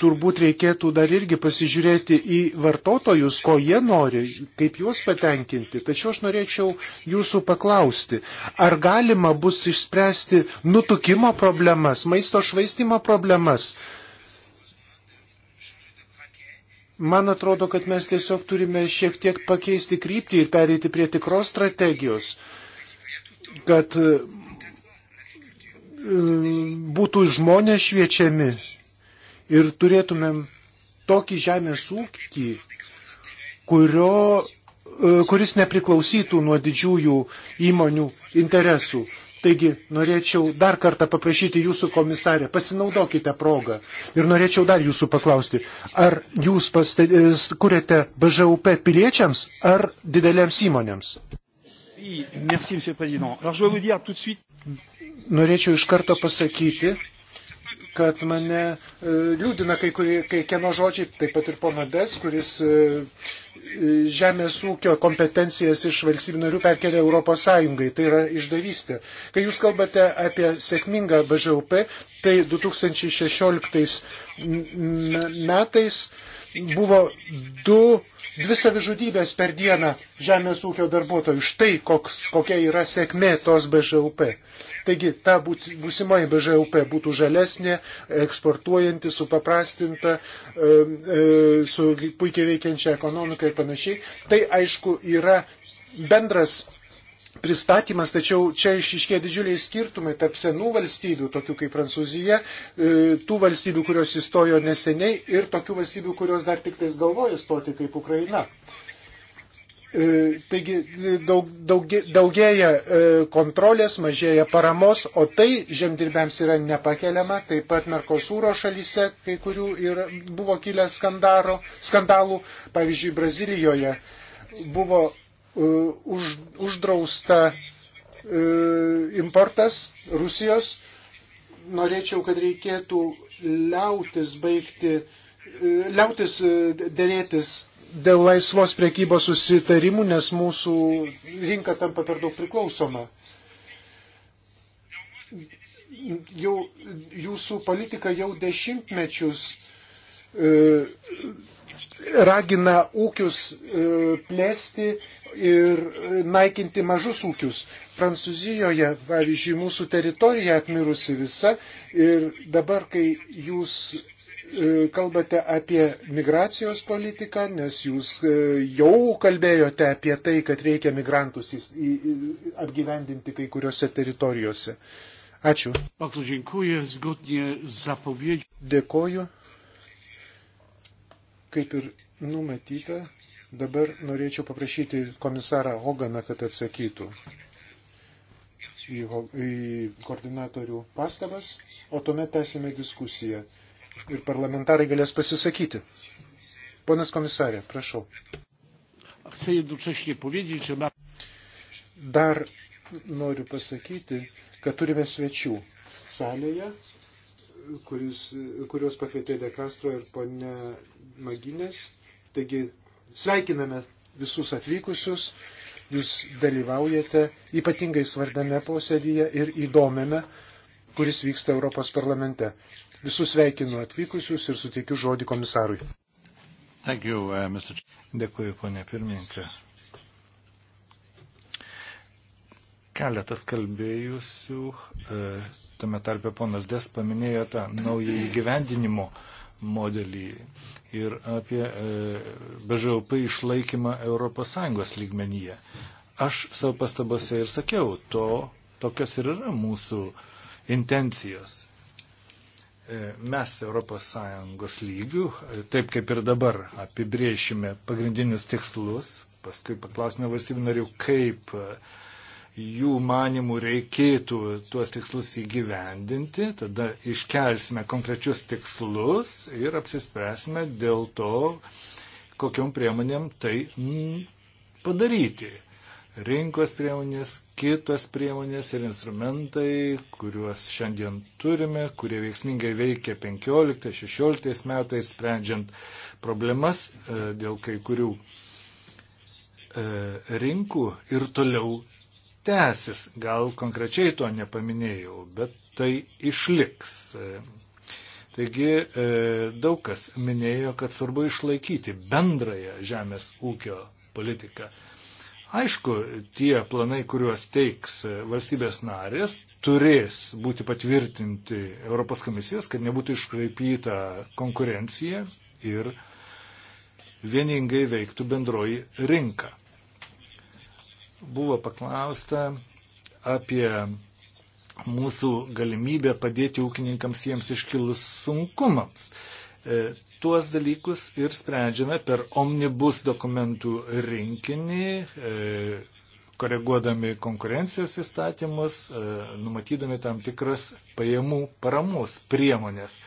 turbūt reikėtų dar irgi pasižiūrėti į vartotojus, ko jie nori, kaip juos patenkinti. Tačiau aš norėčiau jūsų paklausti, ar galima bus išspręsti nutukimo problemas, maisto švaistimo problemas, uh, Man atrodo, kad mes tiesiog turime šiek tiek pakeisti kryptį ir pereiti prie tikros strategijos, kad e, būtų žmonės šviečiami ir turėtumėm tokį žemės ūkį, kurio, e, kuris nepriklausytų nuo didžiųjų įmonių interesų. Taigi norėčiau dar kartą paprašyti jūsų komisarė, pasinaudokite progą. Ir norėčiau dar jūsų paklausti, ar jūs paste, kuriate BŽUP piliečiams ar didelėms įmonėms? Merci, Norėčiau iš karto pasakyti, kad mane e, liūdina kai, kurie, kai kieno žodžiai, taip pat ir pono Des, kuris e, e, žemės ūkio kompetencijas iš valstybių narių perkelia Europos Sąjungai. Tai yra išdavystė. Kai jūs kalbate apie sėkmingą BŽUP, tai 2016 metais buvo du Dvi savižudybės per dieną žemės ūkio darbuotojų. Štai koks, kokia yra sėkmė tos BŽUP. Taigi ta būt, būsimoji BŽUP būtų žalesnė, eksportuojanti, supaprastinta, e, e, su puikiai veikiančia ekonomika ir panašiai. Tai aišku yra bendras pristatymas, tačiau čia išiškė didžiuliai skirtumai tarp senų valstybių, tokių kaip Prancūzija, e, tų valstybių, kurios įstojo neseniai ir tokių valstybių, kurios dar tik tais galvoja įstoti kaip Ukraina. E, taigi daug, daug, daugėja e, kontrolės, mažėja paramos, o tai žemdirbiams yra nepakeliama. Taip pat Merkosūro šalyse kai kurių yra, buvo kilę skandalų. Pavyzdžiui, Brazilijoje buvo E, už, uždrausta e, importas Rusijos. Norėčiau, kad reikėtų liautis baigti, e, liautis dėrėtis dėl laisvos priekybos susitarimų, nes mūsų rinka tampa per daug priklausoma. Jau, jūsų politika jau dešimtmečius e, ragina ūkius e, plėsti, ir e, naikinti mažus ūkius. Prancūzijoje, pavyzdžiui, mūsų teritorija atmirusi visa ir dabar, kai jūs e, kalbate apie migracijos politiką, nes jūs e, jau kalbėjote apie tai, kad reikia migrantus apgyvendinti kai kuriuose teritorijose. Ačiū. Dėkoju. Kaip ir numatyta, Dabar norėčiau paprašyti komisarą Hoganą, kad atsakytų į, į koordinatorių pastabas, o tuomet tęsime diskusiją ir parlamentarai galės pasisakyti. Ponas komisarė, prašau. Dar noriu pasakyti, kad turime svečių salėje, kuris, kuriuos pakvietė De Castro ir ponė Maginės. Taigi Sveikiname visus atvykusius, jūs dalyvaujate ypatingai svarbiame posėdyje ir įdomiame, kuris vyksta Europos parlamente. Visus sveikinu atvykusius ir suteikiu žodį komisarui. Thank you, uh, Mr. Dėkuoju, ponė pirmininkė. Keletas kalbėjusių, uh, tame tarpe ponas Des paminėjo tą naują įgyvendinimo uh, modelį ir apie e, BŽP išlaikymą ES lygmenyje. Aš savo pastabose ir sakiau, to, tokios ir yra mūsų intencijos. E, mes ES lygių, e, taip kaip ir dabar, apibriešime pagrindinius tikslus, paskui paklausime valstybių narių, kaip uh, jų manimų reikėtų tuos tikslus įgyvendinti, tada iškelsime konkrečius tikslus ir apsispręsime dėl to, kokiom priemonėm tai padaryti. Rinkos priemonės, kitos priemonės ir instrumentai, kuriuos šiandien turime, kurie veiksmingai veikia 15-16 metais, sprendžiant problemas e, dėl kai kurių e, rinkų ir toliau tęsis. Gal konkrečiai to nepaminėjau, bet tai išliks. Taigi e, daug kas minėjo, kad svarbu išlaikyti bendrąją žemės ūkio politiką. Aišku, tie planai, kuriuos teiks e, valstybės narės, turės būti patvirtinti Europos komisijos, kad nebūtų iškraipyta konkurencija ir vieningai veiktų bendroji rinka buvo paklausta apie mūsų galimybę padėti ūkininkams jiems iškilus sunkumams. E, tuos dalykus ir sprendžiame per omnibus dokumentų rinkinį, e, koreguodami konkurencijos įstatymus, e, numatydami tam tikras pajamų paramos priemonės.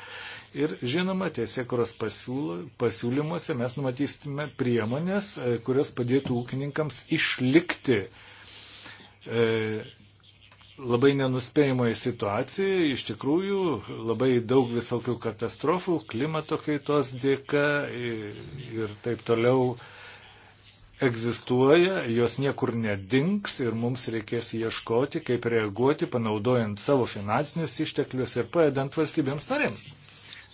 Ir žinoma, tiesiekuros pasiūlymuose mes numatystume priemonės, e, kurios padėtų ūkininkams išlikti e, labai nenuspėjimoje situacijoje. Iš tikrųjų, labai daug visokių katastrofų, klimato kaitos dėka ir, ir taip toliau egzistuoja, jos niekur nedings ir mums reikės ieškoti, kaip reaguoti, panaudojant savo finansinius išteklius ir padedant valstybėms narėms.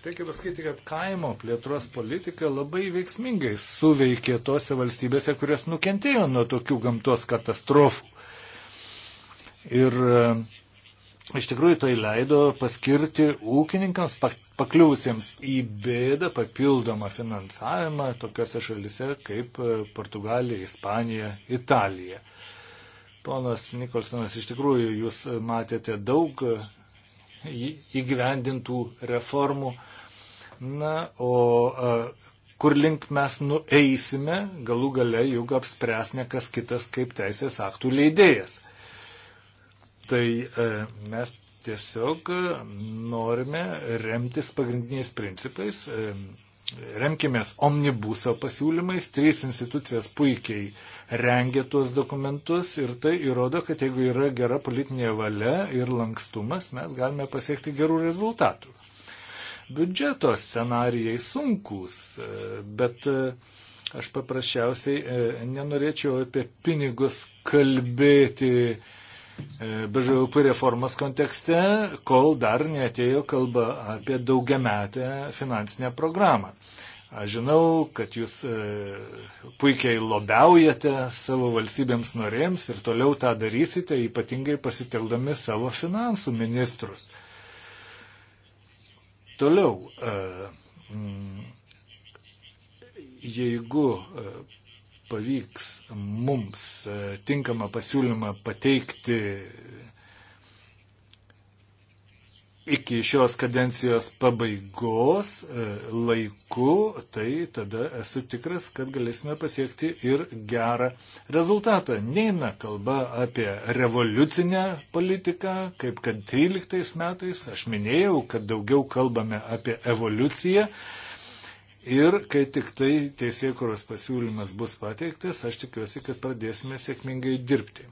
Reikia pasakyti, kad kaimo plėtros politika labai veiksmingai suveikė tose valstybėse, kurios nukentėjo nuo tokių gamtos katastrofų. Ir e, iš tikrųjų tai leido paskirti ūkininkams pakliūsiems į bėdą papildomą finansavimą tokiuose šalise kaip e, Portugalija, Ispanija, Italija. Ponas Nikolsonas, iš tikrųjų jūs matėte daug e, įgyvendintų reformų Na, o a, kur link mes nueisime, galų gale juk apspręs ne kas kitas kaip teisės aktų leidėjas. Tai a, mes tiesiog norime remtis pagrindiniais principais, a, remkimės omnibuso pasiūlymais, trys institucijos puikiai rengia tuos dokumentus ir tai įrodo, kad jeigu yra gera politinė valia ir lankstumas, mes galime pasiekti gerų rezultatų biudžeto scenarijai sunkus, e, bet e, aš paprasčiausiai e, nenorėčiau apie pinigus kalbėti BŽUP reformos kontekste, kol dar neatėjo kalba apie daugiametę finansinę programą. Aš žinau, kad jūs puikiai lobiaujate savo valstybėms norėjams ir toliau tą darysite, ypatingai pasiteldami savo finansų ministrus. Toliau, e, mm, jeigu e, pavyks mums e, tinkamą pasiūlymą pateikti iki šios kadencijos pabaigos e, laiku, tai tada esu tikras, kad galėsime pasiekti ir gerą rezultatą. Neina kalba apie revoliucinę politiką, kaip kad 13 metais. Aš minėjau, kad daugiau kalbame apie evoliuciją. Ir kai tik tai teisėkuros pasiūlymas bus pateiktas, aš tikiuosi, kad pradėsime sėkmingai dirbti.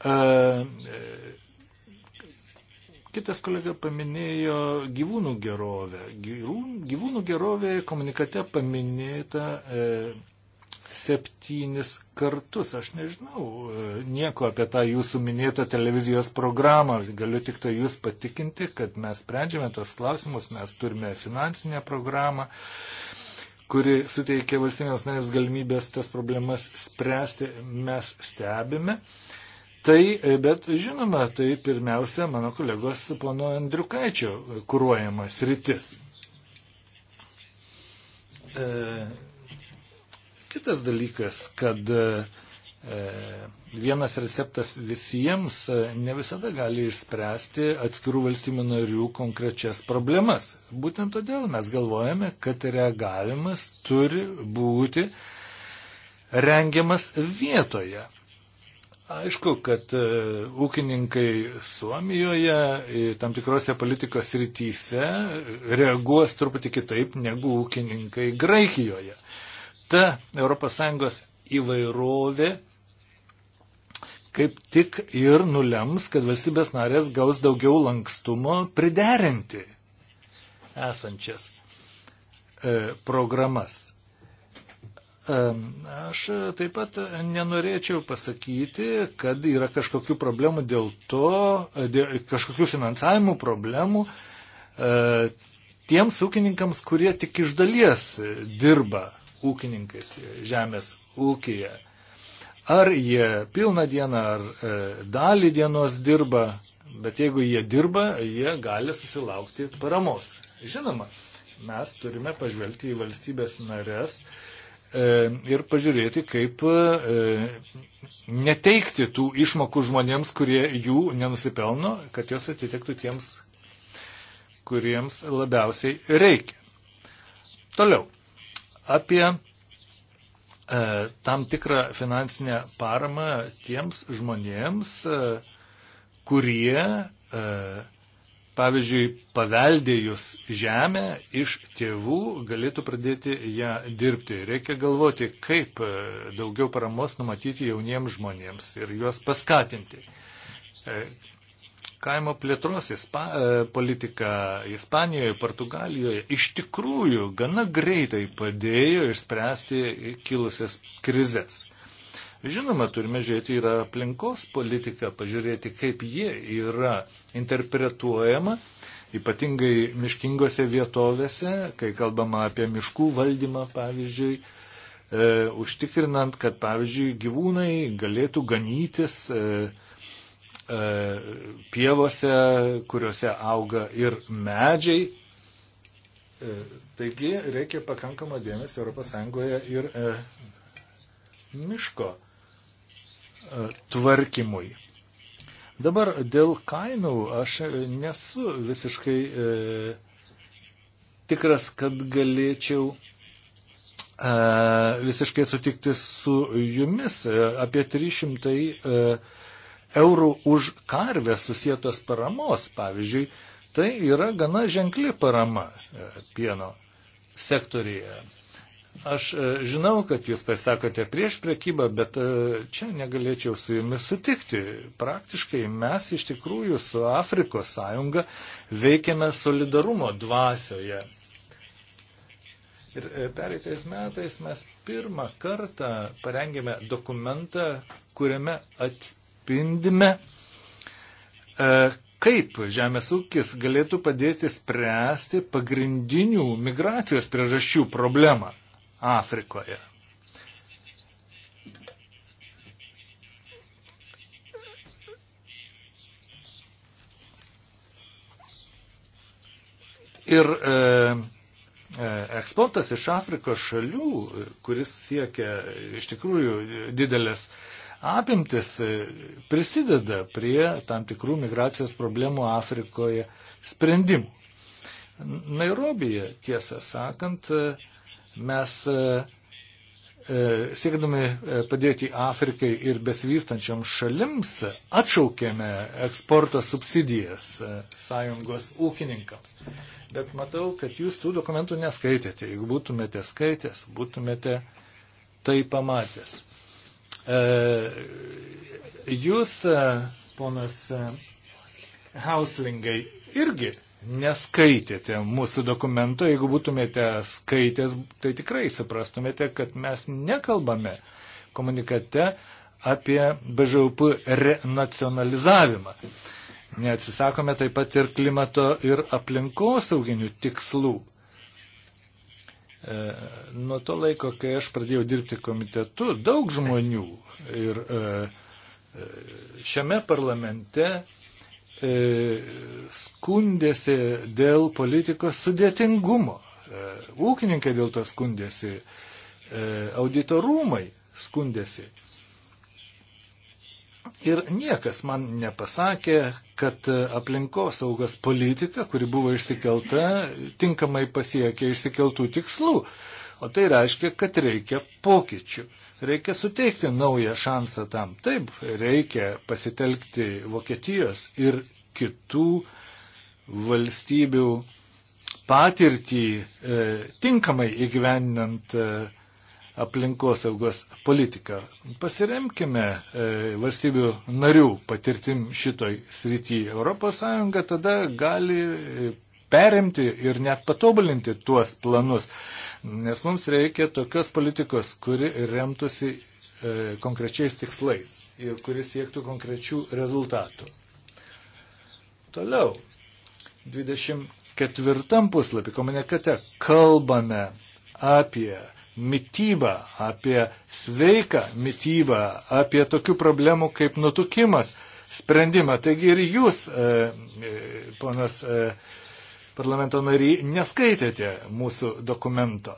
Uh, Kitas kolega paminėjo gyvūnų gerovę. Gyvūnų gerovė komunikate paminėta e, septynis kartus. Aš nežinau e, nieko apie tą jūsų minėtą televizijos programą. Galiu tik tai jūs patikinti, kad mes sprendžiame tos klausimus, mes turime finansinę programą kuri suteikia valstybės narėms galimybės tas problemas spręsti, mes stebime. E, Tai, e, bet žinoma, tai pirmiausia mano kolegos pono Andriukaičio kūruojamas rytis. E, kitas dalykas, kad e, vienas receptas visiems e, ne visada gali išspręsti atskirų valstybių narių konkrečias problemas. Būtent todėl mes galvojame, kad reagavimas turi būti rengiamas vietoje Aišku, kad e, ūkininkai Suomijoje tam tikrose politikos rytyse e, reaguos truputį kitaip negu ūkininkai Graikijoje. Ta ES įvairovė kaip tik ir nulems, kad valstybės narės gaus daugiau lankstumo priderinti esančias e, programas. Aš taip pat nenorėčiau pasakyti, kad yra kažkokių problemų dėl to, dėl kažkokių finansavimų problemų e, tiems ūkininkams, kurie tik iš dalies dirba ūkininkais žemės ūkija. Ar jie pilną dieną ar e, dalį dienos dirba, bet jeigu jie dirba, jie gali susilaukti paramos. Žinoma, mes turime pažvelgti į valstybės narės, uh, E, ir pažiūrėti, kaip e, neteikti tų išmokų žmonėms, kurie jų nenusipelno, kad jos atitektų tiems, kuriems labiausiai reikia. Toliau. Apie e, tam tikrą finansinę paramą tiems žmonėms, e, kurie e, pavyzdžiui, paveldėjus žemę iš tėvų galėtų pradėti ją dirbti. Reikia galvoti, kaip e, daugiau paramos numatyti jauniems žmonėms ir juos paskatinti. E, kaimo plėtros ispa, e, politika Ispanijoje, Portugalijoje iš tikrųjų gana greitai padėjo išspręsti kilusias krizės. Žinoma, turime žiūrėti ir aplinkos politiką, pažiūrėti, kaip ji yra interpretuojama, ypatingai miškingose vietovėse, kai kalbama apie miškų valdymą, pavyzdžiui, e, užtikrinant, kad, pavyzdžiui, gyvūnai galėtų ganytis e, e, pievose, kuriuose auga ir medžiai. E, taigi reikia pakankamą dėmesį ES ir e, miško tvarkymui. Dabar dėl kainų aš nesu visiškai e, tikras, kad galėčiau e, visiškai sutikti su jumis. E, apie 300 e, eurų už karvę susijėtos paramos, pavyzdžiui, tai yra gana ženkli parama e, pieno sektorėje. Aš e, žinau, kad jūs pasakote prieš prekybą, bet e, čia negalėčiau su jumis sutikti. Praktiškai mes iš tikrųjų su Afrikos sąjunga veikiame solidarumo dvasioje. Ir e, pereitais metais mes pirmą kartą parengėme dokumentą, kuriame atspindime, kaip žemės ūkis galėtų padėti spręsti pagrindinių migracijos priežasčių problemą. Afrikoje. Ir e, e, eksportas iš Afrikos šalių, kuris siekia iš tikrųjų didelės apimtis, e, prisideda prie tam tikrų migracijos problemų Afrikoje sprendimų. Nairobija, tiesą sakant, e, Mes e, e, siekdami e, padėti Afrikai ir besivystančiam šalims atšaukėme eksporto subsidijas sąjungos ūkininkams. Bet matau, kad jūs tų dokumentų neskaitėte. Jeigu būtumėte skaitęs, būtumėte tai pamatęs. Jūs, ponas Hauslingai, irgi neskaitėte mūsų dokumento. Jeigu būtumėte skaitęs, tai tikrai suprastumėte, kad mes nekalbame komunikate apie BŽUP renacionalizavimą. Neatsisakome taip pat ir klimato ir aplinkosauginių tikslų. E, nuo to laiko, kai aš pradėjau dirbti komitetu, daug žmonių ir e, e, šiame parlamente E, skundėsi dėl politikos sudėtingumo. E, ūkininkai dėl to skundėsi, e, auditorumai skundėsi. Ir niekas man nepasakė, kad aplinkosaugos politika, kuri buvo išsikelta, tinkamai pasiekė išsikeltų tikslų. O tai reiškia, kad reikia pokyčių. Reikia suteikti naują šansą tam. Taip, reikia pasitelkti Vokietijos ir kitų valstybių patirtį e, tinkamai įgyvendinant e, aplinkosaugos politiką. Pasiremkime e, valstybių narių patirtim šitoj srity. ES tada gali perimti ir net patobulinti tuos planus, nes mums reikia tokios politikos, kuri remtųsi e, konkrečiais tikslais ir kuris siektų konkrečių rezultatų. Toliau, 24 puslapį komunikate kalbame apie mytybą, apie sveiką mytybą, apie tokių problemų kaip nutukimas sprendimą. Taigi ir jūs, e, e, ponas e, parlamento nary, neskaitėte mūsų dokumento.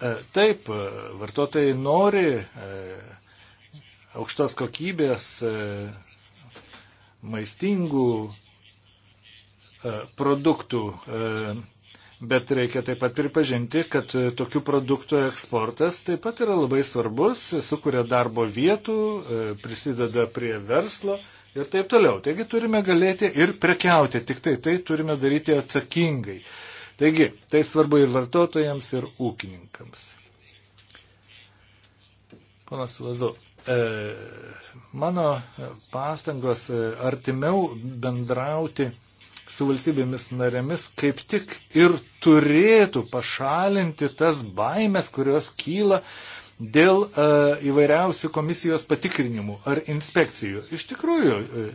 E, taip, e, vartotojai nori e, aukštos kokybės maistingų produktų, bet reikia taip pat pripažinti, kad tokių produktų eksportas taip pat yra labai svarbus, sukuria darbo vietų, prisideda prie verslo ir taip toliau. Taigi turime galėti ir prekiauti, tik tai tai turime daryti atsakingai. Taigi, tai svarbu ir vartotojams, ir ūkininkams. Ponas Vazu, e, mano pastangos e, artimiau bendrauti su valstybėmis narėmis kaip tik ir turėtų pašalinti tas baimės, kurios kyla e, dėl e, įvairiausių komisijos patikrinimų ar inspekcijų. Iš tikrųjų, e,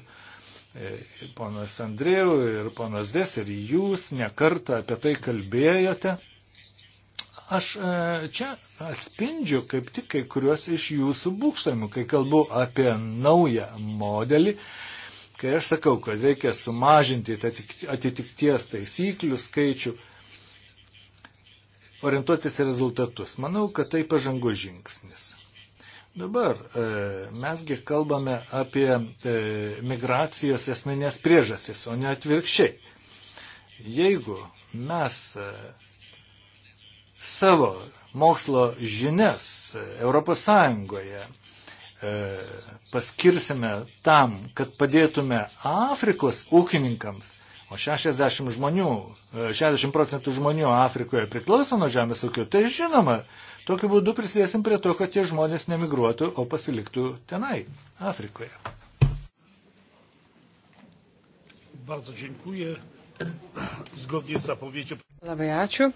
e ponas Andrėjau ir ponas Des ir jūs nekartą apie tai kalbėjote. Aš e, čia atspindžiu kaip tik kai kuriuos iš jūsų būkštamų, kai kalbu apie naują modelį kai aš sakau, kad reikia sumažinti atitikties taisyklių skaičių, orientuotis į rezultatus. Manau, kad tai pažango žingsnis. Dabar e, mesgi kalbame apie e, migracijos esminės priežastis, o ne atvirkščiai. Jeigu mes e, savo mokslo žinias ES paskirsime tam, kad padėtume Afrikos ūkininkams, O 60 žmonių, 60 e, procentų žmonių Afrikoje priklauso nuo žemės ūkio, tai žinoma, tokiu būdu prisidėsim prie to, kad tie žmonės nemigruotų, o pasiliktų tenai, Afrikoje. Bardzo dziękuję. Zgodnie z zapowiedzią. Labai ačiū.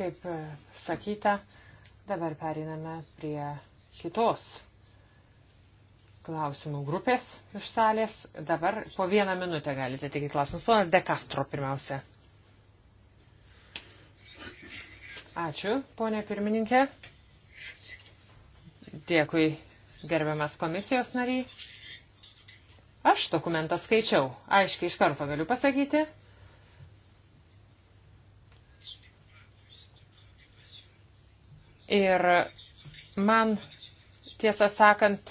Kaip e, sakyta, dabar periname prie kitos klausimų grupės iš salės. Dabar po vieną minutę galite teikti klausimus. Ponas De Castro pirmiausia. Ačiū, ponė pirmininkė. Dėkui, gerbiamas komisijos nariai. Aš dokumentą skaičiau. Aiškiai iš karto galiu pasakyti. Ir man tiesą sakant,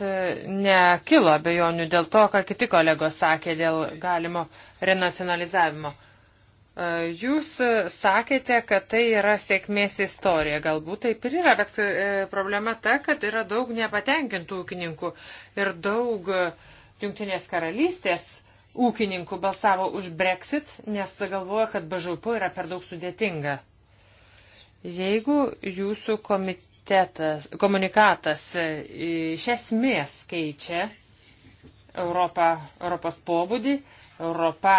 nekilo bejonių dėl to, ką kiti kolegos sakė dėl galimo renacionalizavimo. E, jūs sakėte, kad tai yra sėkmės istorija. Galbūt taip ir yra, bet e, problema ta, kad yra daug nepatenkintų ūkininkų ir daug e, Junktinės karalystės ūkininkų balsavo už Brexit, nes galvoja, kad BŽP yra per daug sudėtinga. Jeigu jūsų komitetas komunikatas e, iš esmės keičia Europą, Europos pobūdį. Europa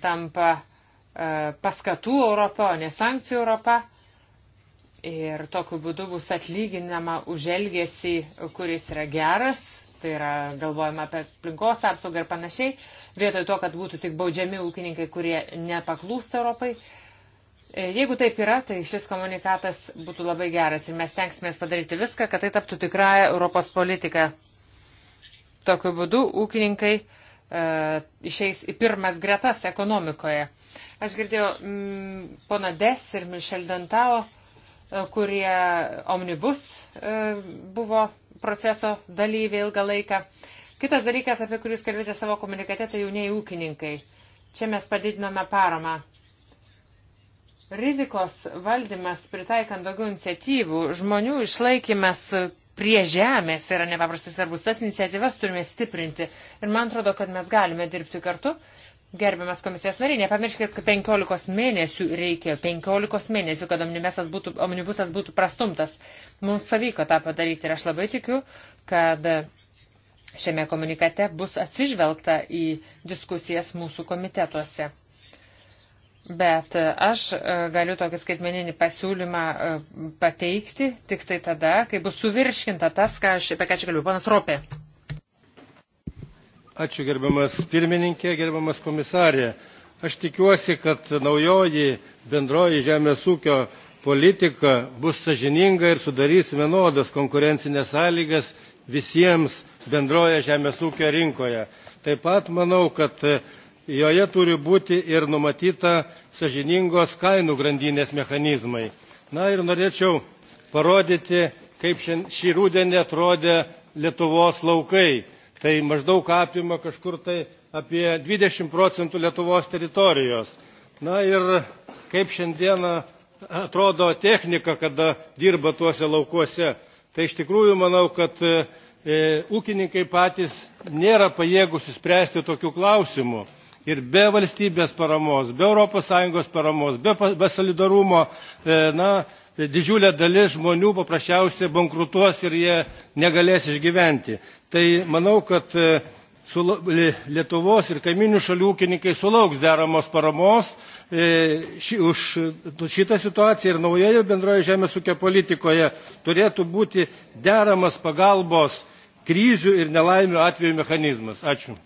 tampa e, paskatų Europą, o ne sankcijų Europą. Ir tokiu būdu bus atlyginama už elgesį, kuris yra geras, tai yra galvojama apie aplinkos apsaugą ir panašiai, vietoj to, kad būtų tik baudžiami ūkininkai, kurie nepaklūsta Europai. Uh, E, jeigu taip yra, tai šis komunikatas būtų labai geras ir mes tenksimės padaryti viską, kad tai taptų tikrąją Europos politiką. Tokiu būdu ūkininkai e, išeis į pirmas gretas ekonomikoje. Aš girdėjau m, mm, pona Des ir Mišel Dantao, e, kurie omnibus e, buvo proceso dalyviai ilgą laiką. Kitas dalykas, apie kurį jūs kalbėte savo komunikate, tai jauniai ūkininkai. Čia mes padidinome paramą Rizikos valdymas, pritaikant daugiau iniciatyvų, žmonių išlaikymas prie žemės yra nepaprastai svarbus. Tas iniciatyvas turime stiprinti. Ir man atrodo, kad mes galime dirbti kartu. Gerbiamas komisijos nariai, nepamirškit, kad 15 mėnesių reikėjo, 15 mėnesių, kad omnibusas būtų, omnibusas būtų prastumtas. Mums pavyko tą padaryti ir aš labai tikiu, kad šiame komunikate bus atsižvelgta į diskusijas mūsų komitetuose. Bet e, aš e, galiu tokį skaitmeninį pasiūlymą e, pateikti tik tai tada, kai bus suvirškinta tas, ką aš, apie ką čia kalbėjau, panas Ropė. Ačiū gerbiamas pirmininkė, gerbiamas komisarė. Aš tikiuosi, kad naujoji bendroji žemės ūkio politika bus sažininga ir sudarys vienodas konkurencinės sąlygas visiems bendroje žemės ūkio rinkoje. Taip pat manau, kad joje turi būti ir numatyta sažiningos kainų grandinės mechanizmai. Na ir norėčiau parodyti, kaip šį rudenį atrodė Lietuvos laukai. Tai maždaug apima kažkur tai apie 20 procentų Lietuvos teritorijos. Na ir kaip šiandieną atrodo technika, kada dirba tuose laukuose. Tai iš tikrųjų manau, kad e, ūkininkai patys nėra pajėgus įspręsti tokių klausimų ir be valstybės paramos, be ES paramos, be, be solidarumo, e, na, didžiulė dalis žmonių paprasčiausiai bankrutuos ir jie negalės išgyventi. Tai manau, kad e, su Lietuvos ir kaiminių šalių ūkininkai sulauks deramos paramos e, ši, už šitą situaciją ir naujoje bendroje žemės ūkio politikoje turėtų būti deramas pagalbos krizių ir nelaimių atveju mechanizmas. Ačiū.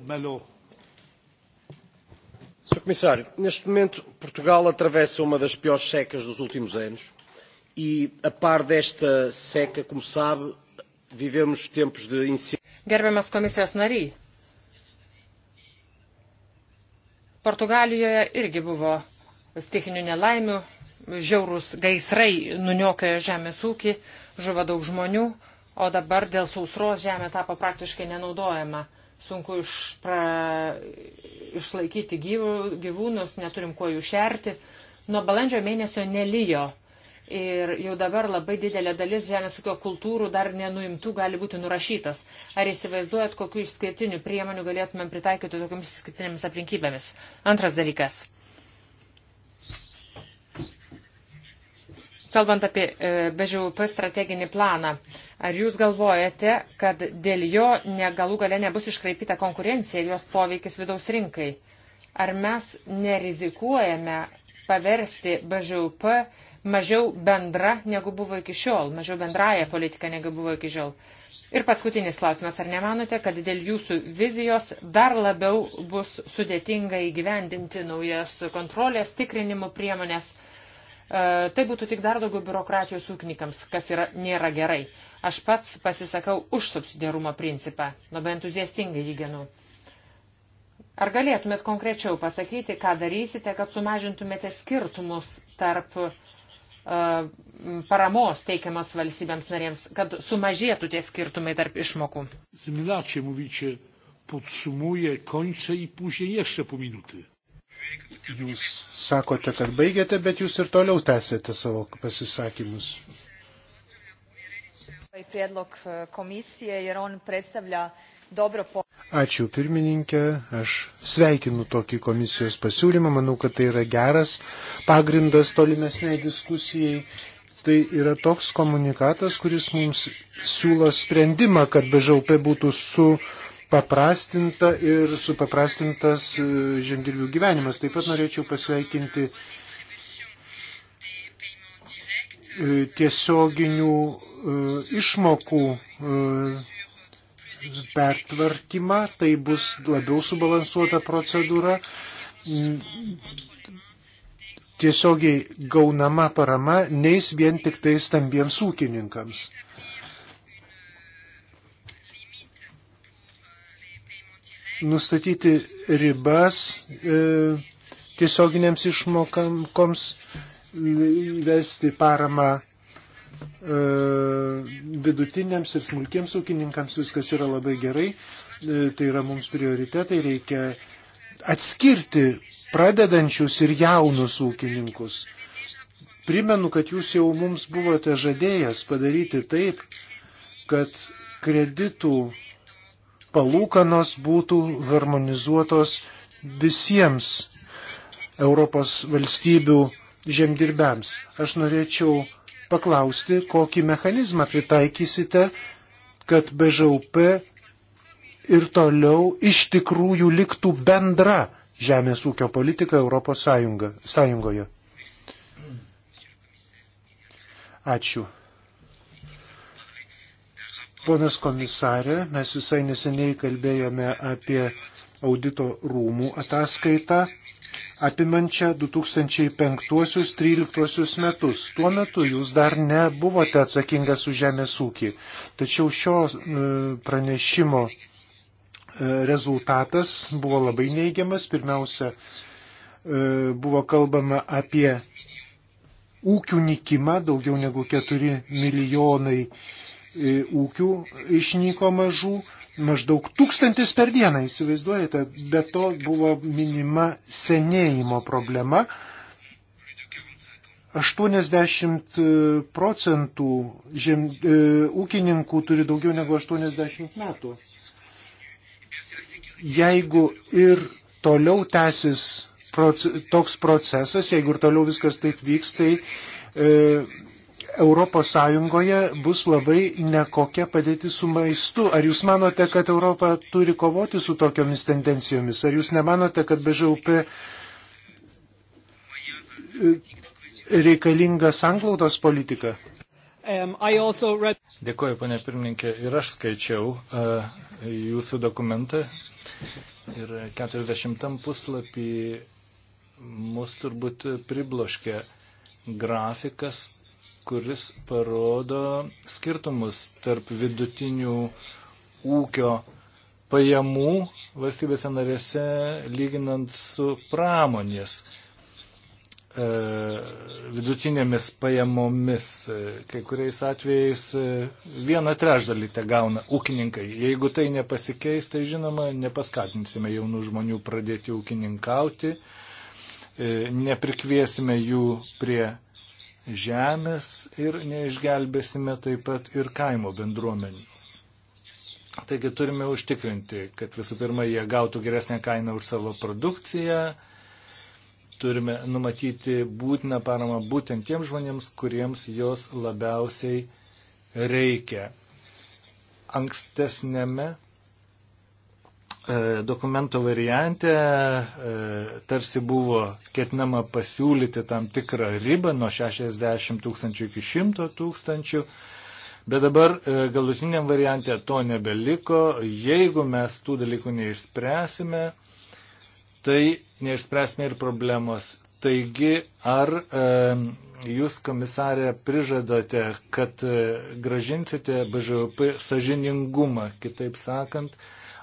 Melo. Sr. Comissário, neste momento Portugal atravessa uma das piores secas dos últimos anos e, a par desta seca, como sabe, vivemos tempos de insegurança. Gerbiamas komisijos nariai, Portugalijoje irgi buvo stichinių nelaimių, žiaurūs gaisrai nuniokojo žemės ūkį, žuvo daug žmonių, o dabar dėl sausros žemė tapo praktiškai nenaudojama sunku išpra... išlaikyti gyvų, gyvūnus, neturim kuo jų šerti. Nuo balandžio mėnesio nelijo ir jau dabar labai didelė dalis žemės ūkio kultūrų dar nenuimtų gali būti nurašytas. Ar įsivaizduojat, kokiu išskirtiniu priemonių galėtumėm pritaikyti tokiamis išskirtinėmis aplinkybėmis? Antras dalykas. Kalbant apie e, BŽUP strateginį planą, ar jūs galvojate, kad dėl jo negalų gale nebus iškraipyta konkurencija ir jos poveikis vidaus rinkai? Ar mes nerizikuojame paversti BŽUP mažiau bendra negu buvo iki šiol, mažiau bendraja politika negu buvo iki šiol? Ir paskutinis klausimas, ar nemanote, kad dėl jūsų vizijos dar labiau bus sudėtinga įgyvendinti naujas kontrolės tikrinimo priemonės? E, tai būtų tik dar daugiau biurokratijos ūkininkams, kas yra, nėra gerai. Aš pats pasisakau už subsidiarumo principą, labai entuziastingai jį genu. Ar galėtumėt konkrečiau pasakyti, ką darysite, kad sumažintumėte skirtumus tarp e, paramos teikiamos valstybėms narėms, kad sumažėtų tie skirtumai tarp išmokų. Zmilačiai, mūvyčiai, podsumuje, končia į pusę, jeszcze po minutį. Jūs sakote, kad baigėte, bet jūs ir toliau tęsėte savo pasisakymus. E, Ačiū pirmininkė, aš sveikinu tokį komisijos pasiūlymą, manau, kad tai yra geras pagrindas tolimesnei diskusijai. Tai yra toks komunikatas, kuris mums siūlo sprendimą, kad BŽP būtų su uh, paprastinta ir supaprastintas e, žemdirbių gyvenimas. Taip pat norėčiau pasveikinti e, tiesioginių e, išmokų pertvarkymą, tai bus labiau subalansuota procedūra. Tiesiogiai gaunama parama neis vien tik tai stambiems ūkininkams. nustatyti ribas e, tiesioginėms išmokamkoms, įvesti paramą e, vidutiniams ir smulkiems ūkininkams, viskas yra labai gerai, e, tai yra mums prioritetai, reikia atskirti pradedančius ir jaunus ūkininkus. Primenu, kad jūs jau mums buvote žadėjęs padaryti taip, kad kreditų palūkanos būtų harmonizuotos visiems Europos valstybių žemdirbiams. Aš norėčiau paklausti, kokį mechanizmą pritaikysite, kad BŽUP ir toliau iš tikrųjų liktų bendra žemės ūkio politika Europos Sąjunga, Sąjungoje. Ačiū. Ponas komisarė, mes visai neseniai kalbėjome apie audito rūmų ataskaitą apimančią 2005-2013 metus. Tuo metu jūs dar nebuvote atsakingas už žemės ūkį. Tačiau šio e, pranešimo e, rezultatas buvo labai neigiamas. Pirmiausia, e, buvo kalbama apie ūkių nikimą, daugiau negu 4 milijonai ūkių išnyko mažų, maždaug tūkstantis per dieną, įsivaizduojate, bet to buvo minima senėjimo problema. 80 e, procentų žem, e, ūkininkų turi daugiau negu 80 metų. Jeigu ir toliau tęsis proce, toks procesas, jeigu ir toliau viskas taip vyks, tai e, Europos Sąjungoje bus labai nekokia padėtis su maistu. Ar jūs manote, kad Europa turi kovoti su tokiomis tendencijomis? Ar jūs nemanote, kad BŽUP e, reikalinga sanglaudos politika? Um, read... Dėkuoju, ponė pirmininkė. Ir aš skaičiau uh, jūsų dokumentą. Ir 40 puslapį mus turbūt pribloškė grafikas kuris parodo skirtumus tarp vidutinių ūkio pajamų valstybėse narėse lyginant su pramonės e, vidutinėmis pajamomis. E, kai kuriais atvejais e, vieną trešdalį te gauna ūkininkai. Jeigu tai nepasikeis, tai žinoma, nepaskatinsime jaunų žmonių pradėti ūkininkauti, e, neprikviesime jų prie žemės ir neišgelbėsime taip pat ir kaimo bendruomenių. Taigi turime užtikrinti, kad visų pirma jie gautų geresnę kainą už savo produkciją, turime numatyti būtiną paramą būtent tiems žmonėms, kuriems jos labiausiai reikia. Ankstesnėme E, dokumento variante tarsi buvo ketinama pasiūlyti tam tikrą ribą nuo 60 tūkstančių iki 100 tūkstančių, bet dabar e, galutiniam variante to nebeliko. Jeigu mes tų dalykų neišspręsime, tai neišspręsime ir problemos. Taigi, ar e, jūs, komisarė, prižadote, kad gražinsite BŽP sažiningumą, kitaip sakant,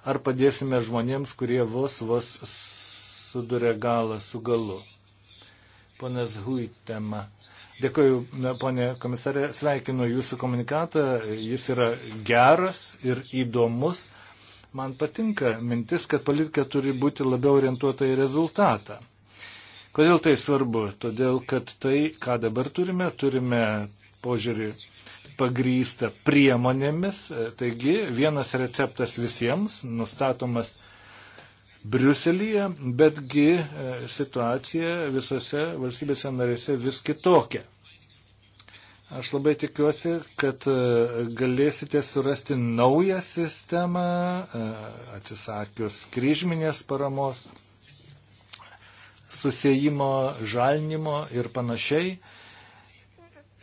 ar padėsime žmonėms, kurie vos vos suduria galą su galu. Ponas Huitema. Dėkoju, ponė komisarė, sveikinu jūsų komunikatą. Jis yra geras ir įdomus. Man patinka mintis, kad politika turi būti labiau orientuota į rezultatą. Kodėl tai svarbu? Todėl, kad tai, ką dabar turime, turime požiūrį pagrysta priemonėmis. Taigi vienas receptas visiems nustatomas Briuselyje, betgi e, situacija visose valstybėse narėse vis kitokia. Aš labai tikiuosi, kad e, galėsite surasti naują sistemą, e, atsisakius kryžminės paramos, susijimo, žalinimo ir panašiai.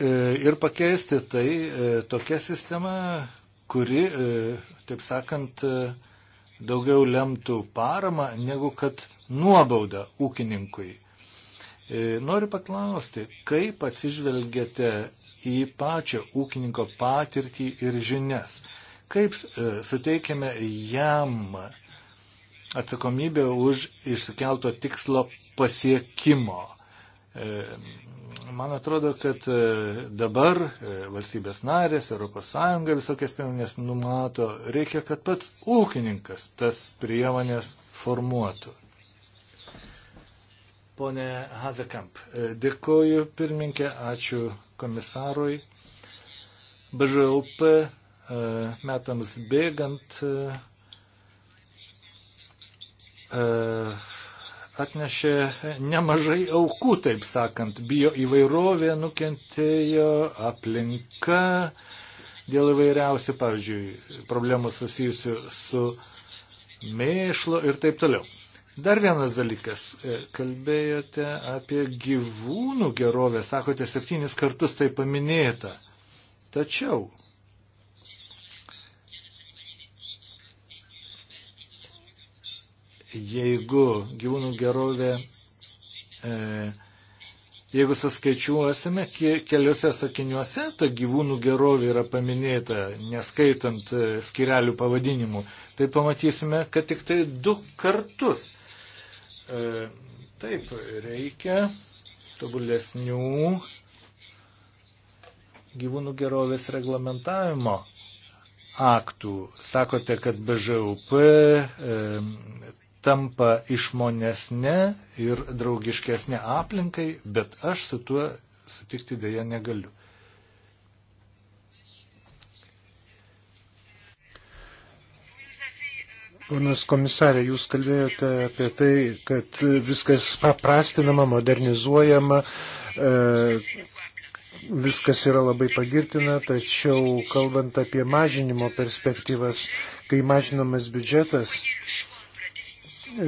E, ir pakeisti tai e, tokia sistema, kuri, e, taip sakant, daugiau lemtų paramą negu kad nuobauda ūkininkui. Noriu paklausti, kaip atsižvelgiate į pačią ūkininko patirtį ir žinias? Kaip suteikiame jam atsakomybę už išsikelto tikslo pasiekimo? Man atrodo, kad e, dabar e, valstybės narės, ES visokias priemonės numato, reikia, kad pats ūkininkas tas priemonės formuotų. Pone Hazekamp, e, dėkoju pirmininkė, ačiū komisarui. BŽUP metams bėgant. Uh, atnešė nemažai aukų, taip sakant. Bio įvairovė nukentėjo, aplinka dėl įvairiausių, pavyzdžiui, problemų susijusių su mėšlo ir taip toliau. Dar vienas dalykas. E, kalbėjote apie gyvūnų gerovę, sakote, septynis kartus tai paminėta. Tačiau jeigu gyvūnų gerovė, e, jeigu suskaičiuosime, keliuose sakiniuose ta gyvūnų gerovė yra paminėta, neskaitant e, skirelių pavadinimų, tai pamatysime, kad tik tai du kartus. E, taip, reikia tobulesnių gyvūnų gerovės reglamentavimo aktų. Sakote, kad BŽUP e, tampa išmonesnė ir draugiškesnė aplinkai, bet aš su tuo sutikti dėja negaliu. Ponas komisarė, jūs kalbėjote apie tai, kad viskas paprastinama, modernizuojama, e, viskas yra labai pagirtina, tačiau kalbant apie mažinimo perspektyvas, kai mažinamas biudžetas, E,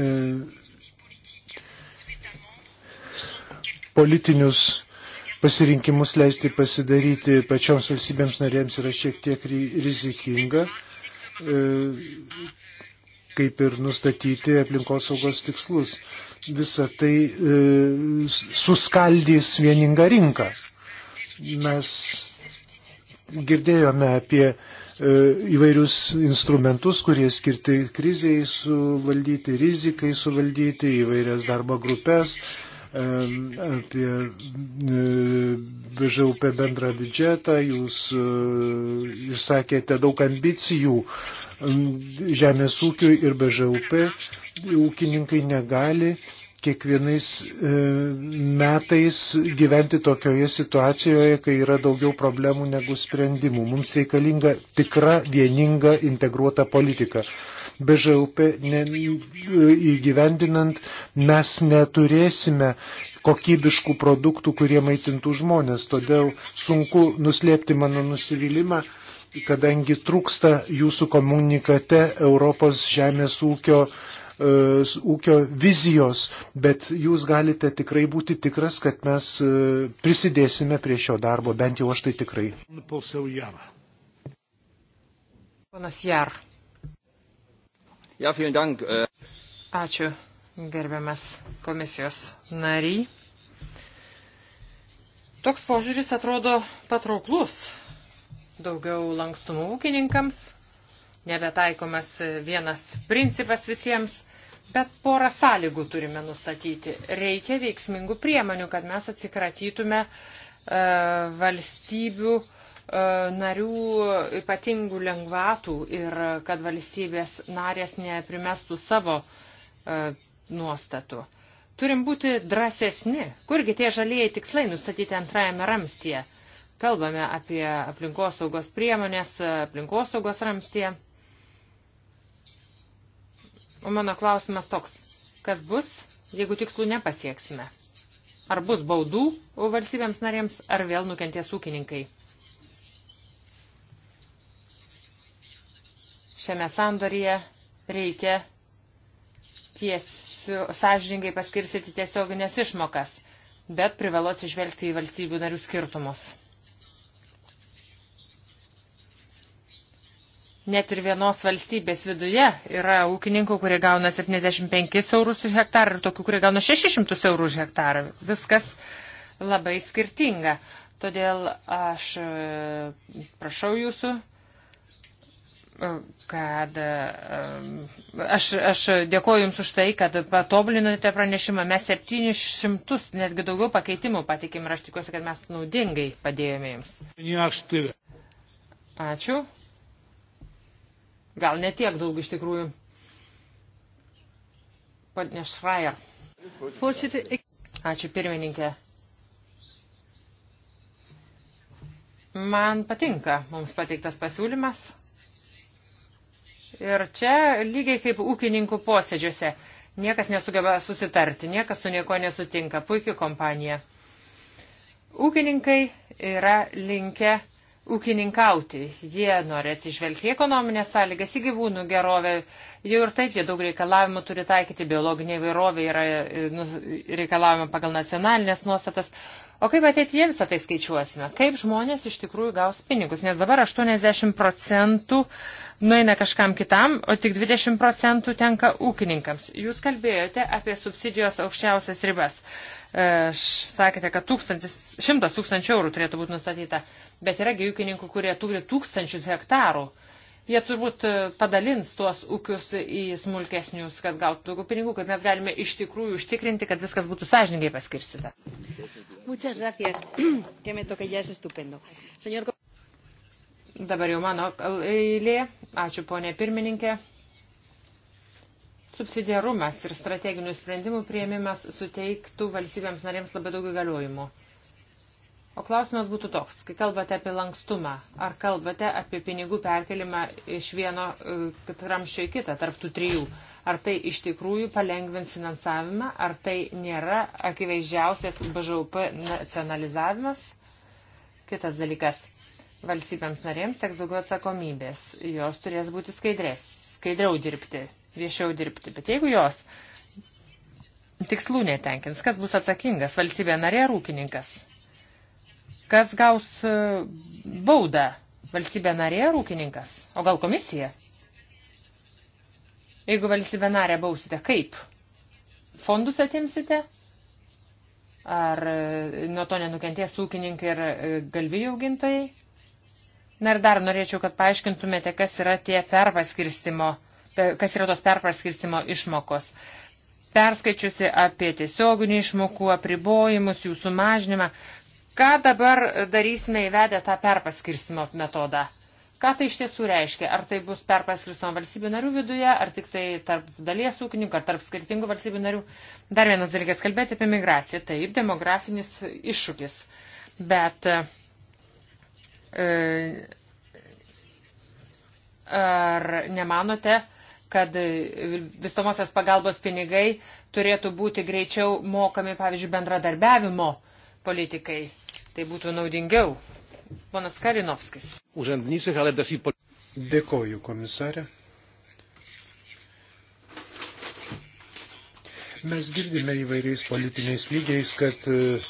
politinius pasirinkimus leisti pasidaryti pačioms valstybėms narėms yra šiek tiek rizikinga, e, kaip ir nustatyti aplinkosaugos tikslus. Visa tai e, suskaldys vieningą rinką. Mes girdėjome apie E, įvairius instrumentus, kurie skirti kriziai suvaldyti, rizikai suvaldyti, įvairias darbo grupės, e, apie e, BŽUP bendrą biudžetą, jūs išsakėte daug ambicijų žemės ūkiui ir BŽUP, ūkininkai negali kiekvienais e, metais gyventi tokioje situacijoje, kai yra daugiau problemų negu sprendimų. Mums reikalinga tikra, vieninga, integruota politika. Be ŽUP įgyvendinant mes neturėsime kokybiškų produktų, kurie maitintų žmonės. Todėl sunku nuslėpti mano nusivylimą, kadangi trūksta jūsų komunikate Europos žemės ūkio uh, E, ūkio vizijos, bet jūs galite tikrai būti tikras, kad mes e, prisidėsime prie šio darbo, bent jau aš tai tikrai. Ponas Jar. Ja, dank. E. Ačiū, gerbiamas komisijos nariai. Toks požiūris atrodo patrauklus. Daugiau lankstumo ūkininkams, nebetaikomas vienas principas visiems, Bet porą sąlygų turime nustatyti. Reikia veiksmingų priemonių, kad mes atsikratytume e, valstybių e, narių ypatingų lengvatų ir kad valstybės narės neprimestų savo e, nuostatų. Turim būti drąsesni. Kurgi tie žalieji tikslai nustatyti antrajame ramstie? Kalbame apie aplinkosaugos priemonės, aplinkosaugos ramstie. O mano klausimas toks, kas bus, jeigu tikslų nepasieksime? Ar bus baudų valstybėms narėms, ar vėl nukentės ūkininkai? Šiame sandoryje reikia tiesiu, sąžiningai paskirstyti tiesioginės išmokas, bet privalo atsižvelgti į valstybių narių skirtumus. Net ir vienos valstybės viduje yra ūkininkų, kurie gauna 75 eurus už hektarą ir tokių, kurie gauna 600 eurų už hektarą. Viskas labai skirtinga. Todėl aš e, prašau jūsų, e, kad e, aš, aš dėkoju Jums už tai, kad patobulinote pranešimą. Mes 700, netgi daugiau pakeitimų patikėm ir aš tikiuosi, kad mes naudingai padėjome Jums. Ačiū. Gal netiek daug iš tikrųjų. Pane Šrajer. Ačiū pirmininkė. Man patinka mums pateiktas pasiūlymas. Ir čia lygiai kaip ūkininkų posėdžiuose. Niekas nesugeba susitarti, niekas su nieko nesutinka. Puikia kompanija. Ūkininkai yra linkę uh, ūkininkauti. Jie nori atsižvelgti į ekonominės sąlygas, į gyvūnų gerovę. Jau ir taip jie daug reikalavimų turi taikyti, biologinė įvairovė yra e, nu, reikalavimai pagal nacionalinės nuostatas. O kaip ateityje visą tai skaičiuosime? Kaip žmonės iš tikrųjų gaus pinigus? Nes dabar 80 procentų nueina kažkam kitam, o tik 20 procentų tenka ūkininkams. Jūs kalbėjote apie subsidijos aukščiausias ribas. E, sakėte, kad tūkstantis, šimtas tūkstančių eurų turėtų būti nustatyta, bet yragi ūkininkų, kurie turi tūkstančius hektarų. Jie turbūt e, padalins tuos ūkius į smulkesnius, kad gautų daugiau pinigų, kad mes galime iš tikrųjų užtikrinti, kad viskas būtų sąžininkai paskirstyta. (clears throat) Dabar jau mano eilė. Ačiū ponė pirmininkė subsidiarumas ir strateginių sprendimų prieimimas suteiktų valstybėms narėms labai daug įgaliojimų. O klausimas būtų toks, kai kalbate apie lankstumą, ar kalbate apie pinigų perkelimą iš vieno e, ramščio į kitą, tarptų trijų, ar tai iš tikrųjų palengvins finansavimą, ar tai nėra akivaizdžiausias BŽUP nacionalizavimas? Kitas dalykas, valstybėms narėms teks daugiau atsakomybės, jos turės būti skaidrės, skaidriau dirbti, viešiau dirbti. Bet jeigu jos tikslų netenkins, kas bus atsakingas, valstybė narė ar ūkininkas? Kas gaus e, baudą, valstybė narė ar ūkininkas? O gal komisija? Jeigu valstybė narė bausite, kaip? Fondus atimsite? Ar e, nuo to nenukentės ūkininkai ir e, galvijų augintojai? Na ir dar norėčiau, kad paaiškintumėte, kas yra tie perpaskirstimo uh, kas yra tos perpraskirstimo išmokos. Perskaičiusi apie tiesioginių išmokų apribojimus, jų sumažinimą, ką dabar darysime įvedę tą perpaskirstimo metodą? Ką tai iš tiesų reiškia? Ar tai bus perpaskirstoma valstybių narių viduje, ar tik tai tarp dalies ūkininkų, ar tarp skirtingų valstybių narių? Dar vienas dalykas - kalbėti apie migraciją. Taip, demografinis iššūkis. Bet e, e, ar nemanote, kad visomosios pagalbos pinigai turėtų būti greičiau mokami, pavyzdžiui, bendradarbiavimo politikai. Tai būtų naudingiau. Ponas Karinovskis. Dėkoju, komisarė. Mes girdime įvairiais politiniais lygiais, kad e,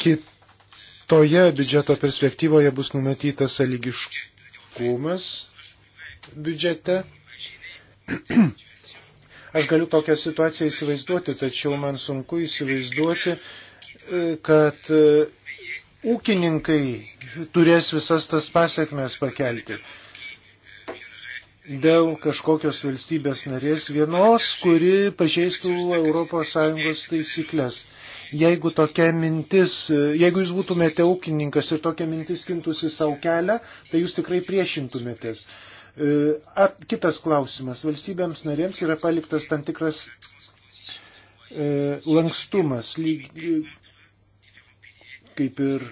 kitoje biudžeto perspektyvoje bus numatytas aligiškumas biudžete. (clears throat) Aš galiu tokią situaciją įsivaizduoti, tačiau man sunku įsivaizduoti, e, kad e, ūkininkai turės visas tas pasiekmes pakelti. Dėl kažkokios valstybės narės vienos, kuri pažeistų ES taisyklės. Jeigu tokia mintis, e, jeigu jūs būtumėte ūkininkas ir tokia mintis kintųsi savo kelią, tai jūs tikrai priešintumėtės. Uh, E, At, kitas klausimas. Valstybėms narėms yra paliktas tam tikras e, lankstumas, lyg, kaip ir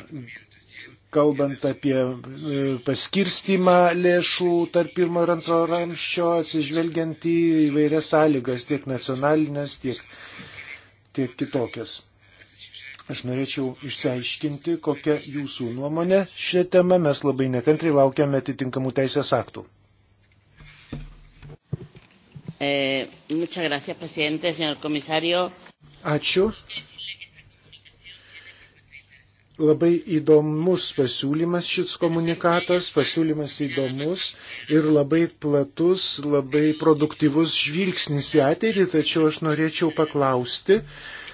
kalbant apie e, paskirstimą lėšų tarp pirmo ir antro ramščio, atsižvelgiant į įvairias sąlygas, tiek nacionalinės, tiek, tiek kitokias. Aš norėčiau išsiaiškinti, kokia jūsų nuomonė šią temą. Mes labai nekantriai laukiame atitinkamų teisės aktų. Eh, muchas gracias, presidente, señor komisario. Ačiū. Labai įdomus pasiūlymas šis komunikatas, pasiūlymas įdomus ir labai platus, labai produktyvus žvilgsnis į ateitį, tačiau aš norėčiau paklausti,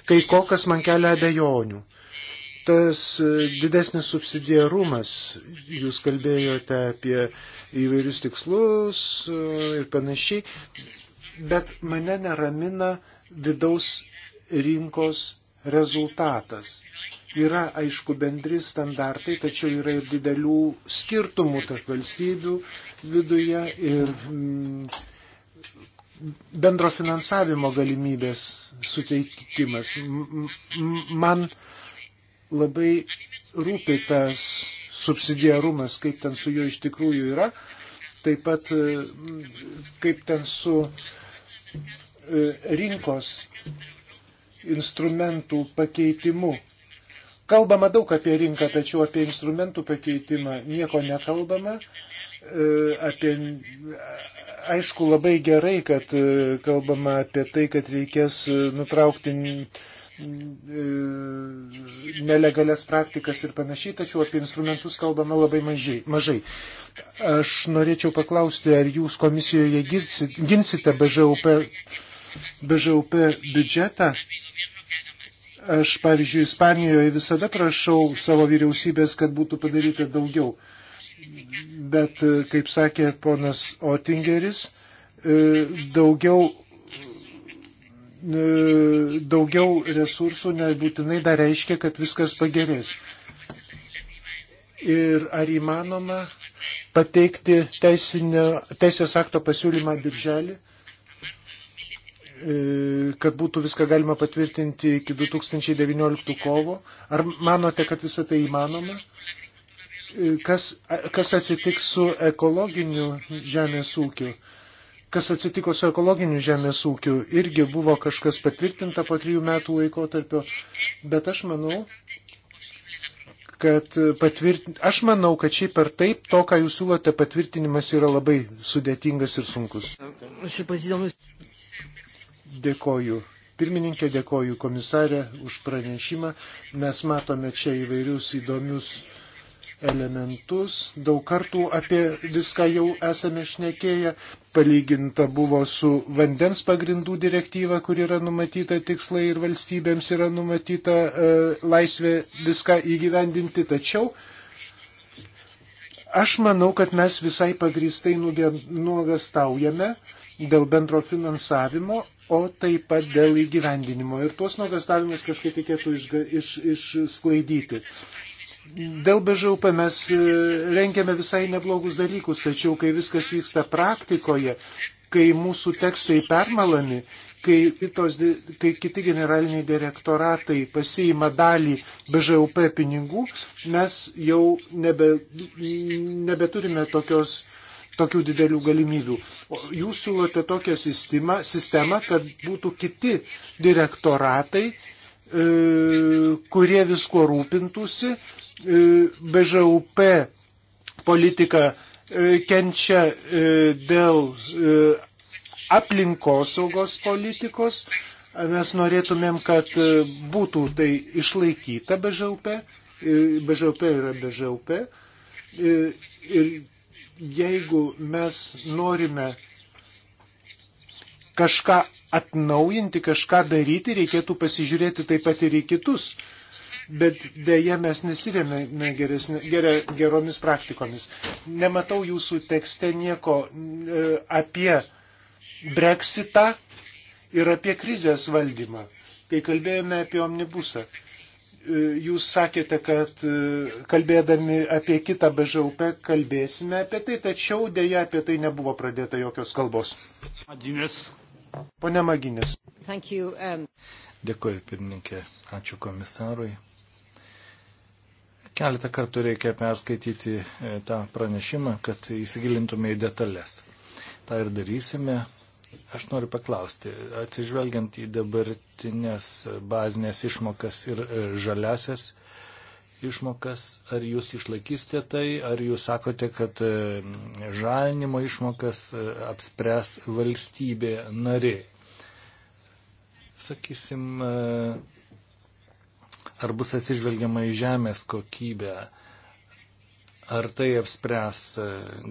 kai kokas man kelia abejonių tas e, didesnis subsidiarumas, jūs kalbėjote apie įvairius tikslus e, ir panašiai, bet mane neramina vidaus rinkos rezultatas. Yra aišku bendri standartai, tačiau yra ir didelių skirtumų tarp valstybių viduje ir mm, bendro finansavimo galimybės suteikimas. Man labai rūpi tas subsidiarumas, kaip ten su juo iš tikrųjų yra, taip pat mm, kaip ten su uh, E, rinkos instrumentų pakeitimu. Kalbama daug apie rinką, tačiau apie instrumentų pakeitimą nieko nekalbama. E, apie, aišku, labai gerai, kad e, kalbama apie tai, kad reikės nutraukti E, nelegalias praktikas ir panašiai, tačiau apie instrumentus kalbame labai mažai. mažai. Aš norėčiau paklausti, ar jūs komisijoje ginsite BŽUP, BŽUP biudžetą? Aš, pavyzdžiui, Ispanijoje visada prašau savo vyriausybės, kad būtų padaryta daugiau. Bet, kaip sakė ponas Otingeris, e, daugiau E, daugiau resursų nebūtinai dar reiškia, kad viskas pagerės. Ir ar įmanoma pateikti teisinio, teisės akto pasiūlymą birželį, e, kad būtų viską galima patvirtinti iki 2019 kovo? Ar manote, kad visą tai įmanoma? E, kas, kas atsitiks su ekologiniu žemės ūkiu? Kas atsitiko su ekologiniu žemės ūkiu, irgi buvo kažkas patvirtinta po trijų metų laikotarpio, bet aš manau, kad patvirtin... aš manau, kad šiaip ar taip to, ką jūs siūlote, patvirtinimas yra labai sudėtingas ir sunkus. Dėkoju. Pirmininkė, dėkoju komisarė už pranešimą. Mes matome čia įvairius įdomius elementus. Daug kartų apie viską jau esame šnekėję. Palyginta buvo su vandens pagrindų direktyva, kur yra numatyta tikslai ir valstybėms yra numatyta e, laisvė viską įgyvendinti. Tačiau aš manau, kad mes visai pagristai nuogastaujame dėl bendro finansavimo, o taip pat dėl įgyvendinimo. Ir tuos nuogastavimus kažkaip reikėtų išsklaidyti. Iš, iš Dėl BŽUP mes e, rengiame visai neblogus dalykus, tačiau kai viskas vyksta praktikoje, kai mūsų tekstai permalami, kai, kitos, kai kiti generaliniai direktoratai pasiima dalį BŽUP pinigų, mes jau nebe, nebeturime tokios, tokių didelių galimybių. O jūs siūlote tokią sistemą, sistemą, kad būtų kiti direktoratai, e, kurie visko rūpintųsi, E, BŽUP politika e, kenčia e, dėl aplinkosaugos politikos. Mes norėtumėm, kad būtų tai išlaikyta BŽUP. BŽUP yra BŽUP. Ir jeigu mes norime kažką atnaujinti, kažką daryti, reikėtų pasižiūrėti taip pat ir į kitus uh, bet dėje mes nesirėmėme geromis praktikomis. Nematau jūsų tekste nieko e, apie breksitą ir apie krizės valdymą, kai kalbėjome apie omnibusą. E, jūs sakėte, kad e, kalbėdami apie kitą BŽUP kalbėsime apie tai, tačiau dėja apie tai nebuvo pradėta jokios kalbos. Maginės. Pone Maginės. Um... Dėkuoju, pirmininkė. Ačiū komisarui. Keletą kartų reikia perskaityti e, tą pranešimą, kad įsigilintume į detalės. Ta ir darysime. Aš noriu paklausti, atsižvelgiant į dabartinės bazinės išmokas ir e, žaliasias išmokas, ar jūs išlaikysite tai, ar jūs sakote, kad e, žalinimo išmokas apspręs valstybė nariai. Sakysim, ar bus atsižvelgiama į žemės kokybę, ar tai apspręs e,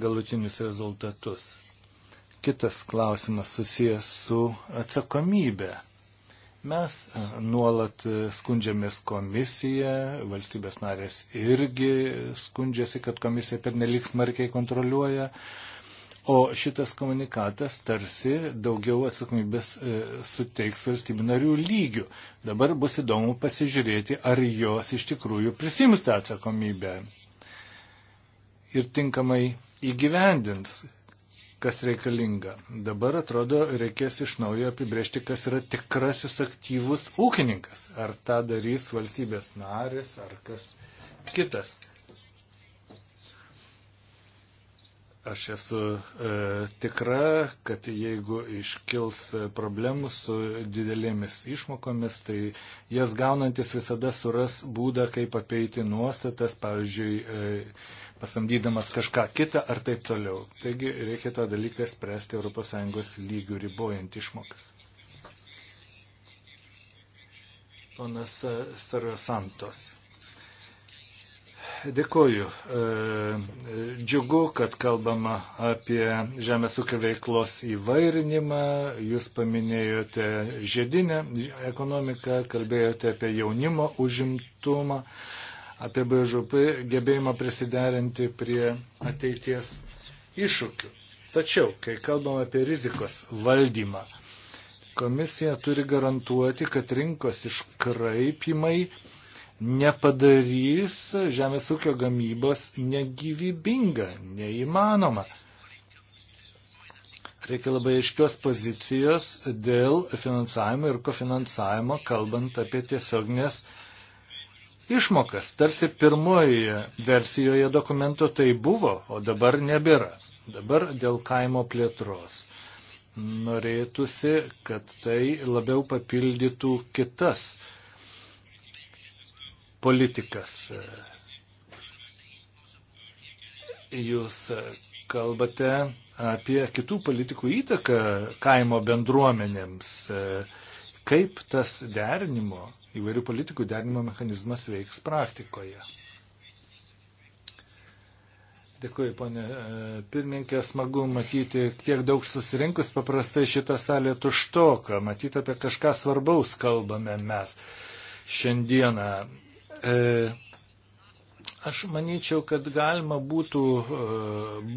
galutinius rezultatus. Kitas klausimas susijęs su atsakomybė. Mes e, nuolat e, skundžiamės komisiją, valstybės narės irgi skundžiasi, kad komisija per neliks smarkiai kontroliuoja O šitas komunikatas tarsi daugiau atsakomybės e, suteiks valstybių narių lygių. Dabar bus įdomu pasižiūrėti, ar jos iš tikrųjų prisims tą atsakomybę ir tinkamai įgyvendins, kas reikalinga. Dabar atrodo, reikės iš naujo apibrėžti, kas yra tikrasis aktyvus ūkininkas. Ar tą darys valstybės narės, ar kas kitas. Aš esu e, tikra, kad jeigu iškils problemų su didelėmis išmokomis, tai jas gaunantis visada suras būdą, kaip apeiti nuostatas, pavyzdžiui, e, pasamdydamas kažką kitą ar taip toliau. Taigi reikia tą dalyką spręsti ES lygių ribojant išmokas. Ponas Sarasantos. Dėkuoju. E, džiugu, kad kalbama apie žemės ūkio veiklos įvairinimą. Jūs paminėjote žiedinę ekonomiką, kalbėjote apie jaunimo užimtumą, apie BŽP gebėjimą prisiderinti prie ateities iššūkių. Tačiau, kai kalbam apie rizikos valdymą, komisija turi garantuoti, kad rinkos iškraipimai nepadarys žemės ūkio gamybos negyvybinga, neįmanoma. Reikia labai aiškios pozicijos dėl finansavimo ir kofinansavimo, kalbant apie tiesiognės išmokas. Tarsi pirmojoje versijoje dokumento tai buvo, o dabar nebėra. Dabar dėl kaimo plėtros norėtųsi, kad tai labiau papildytų kitas politikas. Jūs kalbate apie kitų politikų įtaką kaimo bendruomenėms. Kaip tas derinimo, įvairių politikų derinimo mechanizmas veiks praktikoje? Dėkuoju, ponė e, pirmininkė, smagu matyti, kiek daug susirinkus, paprastai šitą salę tuštoka, matyti apie kažką svarbaus kalbame mes šiandieną. E, aš manyčiau, kad galima būtų e,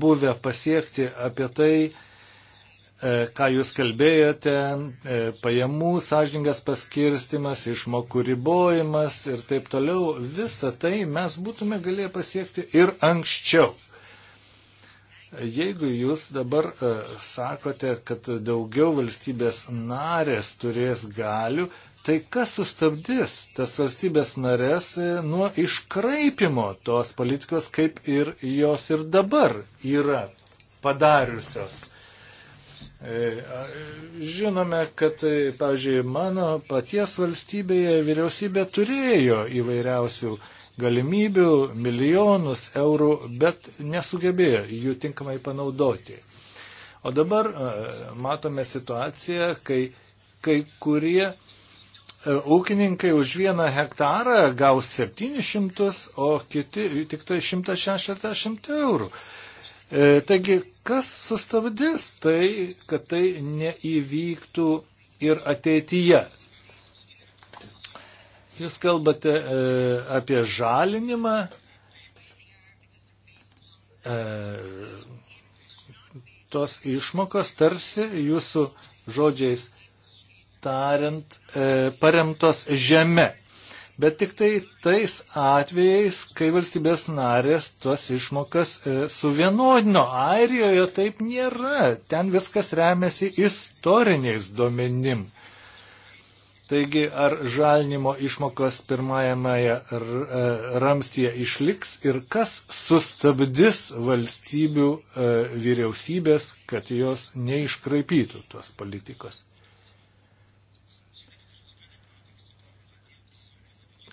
buvę pasiekti apie tai, e, ką jūs kalbėjote, pajamų sąžiningas paskirstimas, išmokų ribojimas ir taip toliau. Visą tai mes būtume galėję pasiekti ir anksčiau. Jeigu jūs dabar sakote, kad daugiau valstybės narės turės galių, tai kas sustabdys tas valstybės narės e, nuo iškraipimo tos politikos, kaip ir jos ir dabar yra padariusios. E, žinome, kad, e, pavyzdžiui, mano paties valstybėje vyriausybė turėjo įvairiausių galimybių, milijonus eurų, bet nesugebėjo jų tinkamai panaudoti. O dabar matome situaciją, kai kai kurie E, ūkininkai už vieną hektarą gaus 700, o kiti tik tai 160 eurų. E, taigi, kas sustabdys tai, kad tai neįvyktų ir ateityje? Jūs kalbate e, apie žalinimą. E, tos išmokos tarsi jūsų žodžiais tariant, e, paremtos žeme. Bet tik tai tais atvejais, kai valstybės narės tuos išmokas e, suvienodino. Airijoje taip nėra. Ten viskas remiasi istoriniais duomenim. Taigi, ar žalinimo išmokos pirmajame e, ramstyje išliks ir kas sustabdys valstybių vyriausybės, kad jos neiškraipytų tos politikos?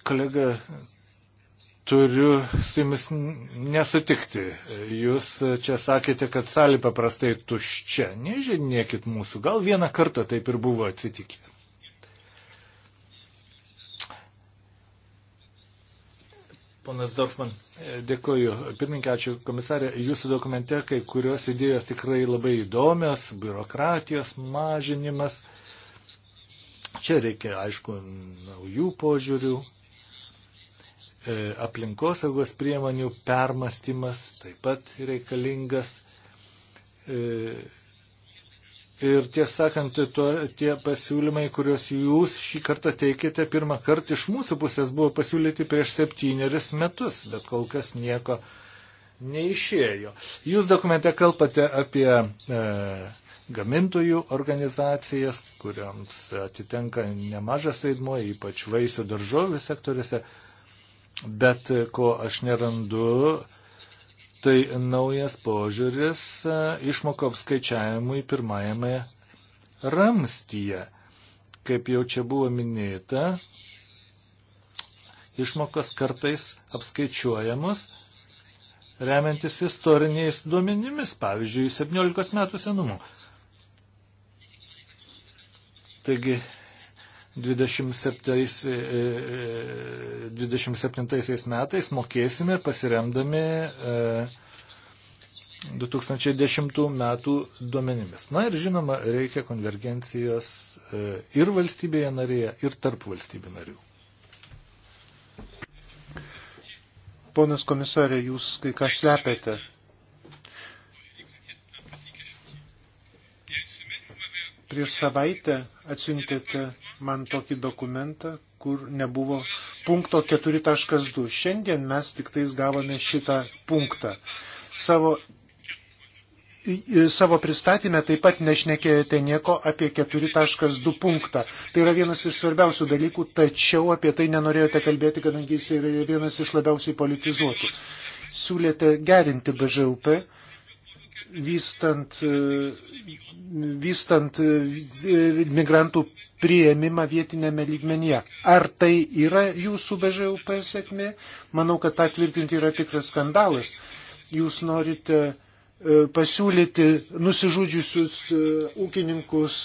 kolega, turiu su jumis nesutikti. Jūs čia sakėte, kad salė paprastai tuščia. Nežinėkit mūsų, gal vieną kartą taip ir buvo atsitikę. Ponas Dorfman, dėkuoju. Pirmininkė, ačiū komisarė. Jūsų dokumente kai kurios idėjos tikrai labai įdomios, biurokratijos mažinimas. Čia reikia, aišku, naujų požiūrių, E, aplinkosaugos priemonių permastymas taip pat reikalingas. E, ir tiesą sakant, to, tie pasiūlymai, kuriuos jūs šį kartą teikite, pirmą kartą iš mūsų pusės buvo pasiūlyti prieš septynerius metus, bet kol kas nieko neišėjo. Jūs dokumente kalbate apie e, gamintojų organizacijas, kuriams atitenka nemažas vaidmuo, ypač vaisių daržovių sektoriuose. E, Bet e, ko aš nerandu, tai naujas požiūris e, išmoko apskaičiavimui pirmajame ramstyje. Kaip jau čia buvo minėta, išmokas kartais apskaičiuojamos remiantis istoriniais duomenimis, pavyzdžiui, 17 metų senumu. Taigi 27, 27 e, e, metais mokėsime pasiremdami 2010 e, metų duomenimis. Na ir žinoma, reikia konvergencijos ir valstybėje narėje, ir tarp valstybių narių. Ponas komisarė, jūs kai ką slepiate. Prieš savaitę atsiuntėte man tokį dokumentą, kur nebuvo punkto 4.2. Šiandien mes tik tais gavome šitą punktą. Savo, savo pristatymę taip pat nešnekėjote nieko apie 4.2 punktą. Tai yra vienas iš svarbiausių dalykų, tačiau apie tai nenorėjote kalbėti, kadangi jis yra vienas iš labiausiai politizuotų. Siūlėte gerinti BŽUP vystant, vystant e, migrantų prieimimą vietinėme lygmenyje. Ar tai yra jūsų BŽUP sėkmė? Manau, kad tą tvirtinti yra tikras skandalas. Jūs norite e, pasiūlyti nusižudžiusius e, ūkininkus,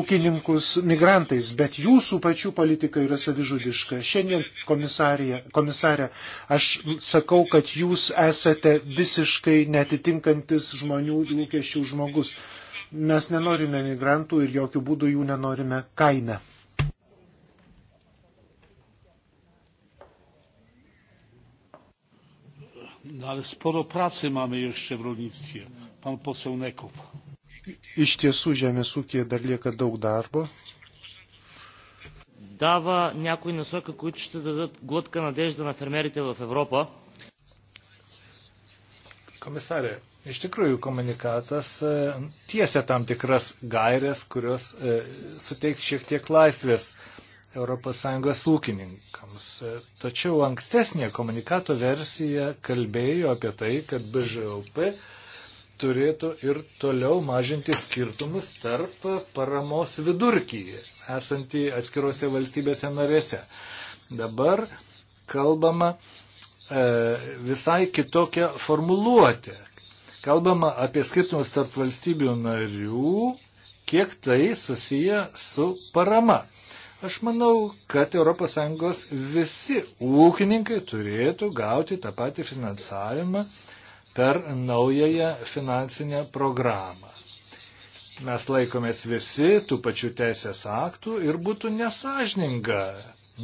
ūkininkus migrantais, bet jūsų pačių politika yra savižudiška. Šiandien, komisarė, aš sakau, kad jūs esate visiškai netitinkantis žmonių lūkesčių žmogus. Mes nenorime migrantų ir jokių būdų jų nenorime kaime. No, ale sporo pracy mamy jeszcze w rolnictwie. Pan poseł Nekow. Iš tiesų žemės ūkėje dar lieka daug darbo. Дава някои насоки, които ще дадат глътка надежда на фермерите в Европа. Комисарė, Iš tikrųjų, komunikatas e, tiesia tam tikras gairės, kurios e, suteiks šiek tiek laisvės ES ūkininkams. E, tačiau ankstesnė komunikato versija kalbėjo apie tai, kad BŽOP turėtų ir toliau mažinti skirtumus tarp paramos vidurkį esantį atskiruose valstybėse narėse. Dabar kalbama e, visai kitokią formuluotę, Kalbama apie skirtumus tarp valstybių narių, kiek tai susiję su parama. Aš manau, kad ES visi ūkininkai turėtų gauti tą patį finansavimą per naująją finansinę programą. Mes laikomės visi tų pačių teisės aktų ir būtų nesažininga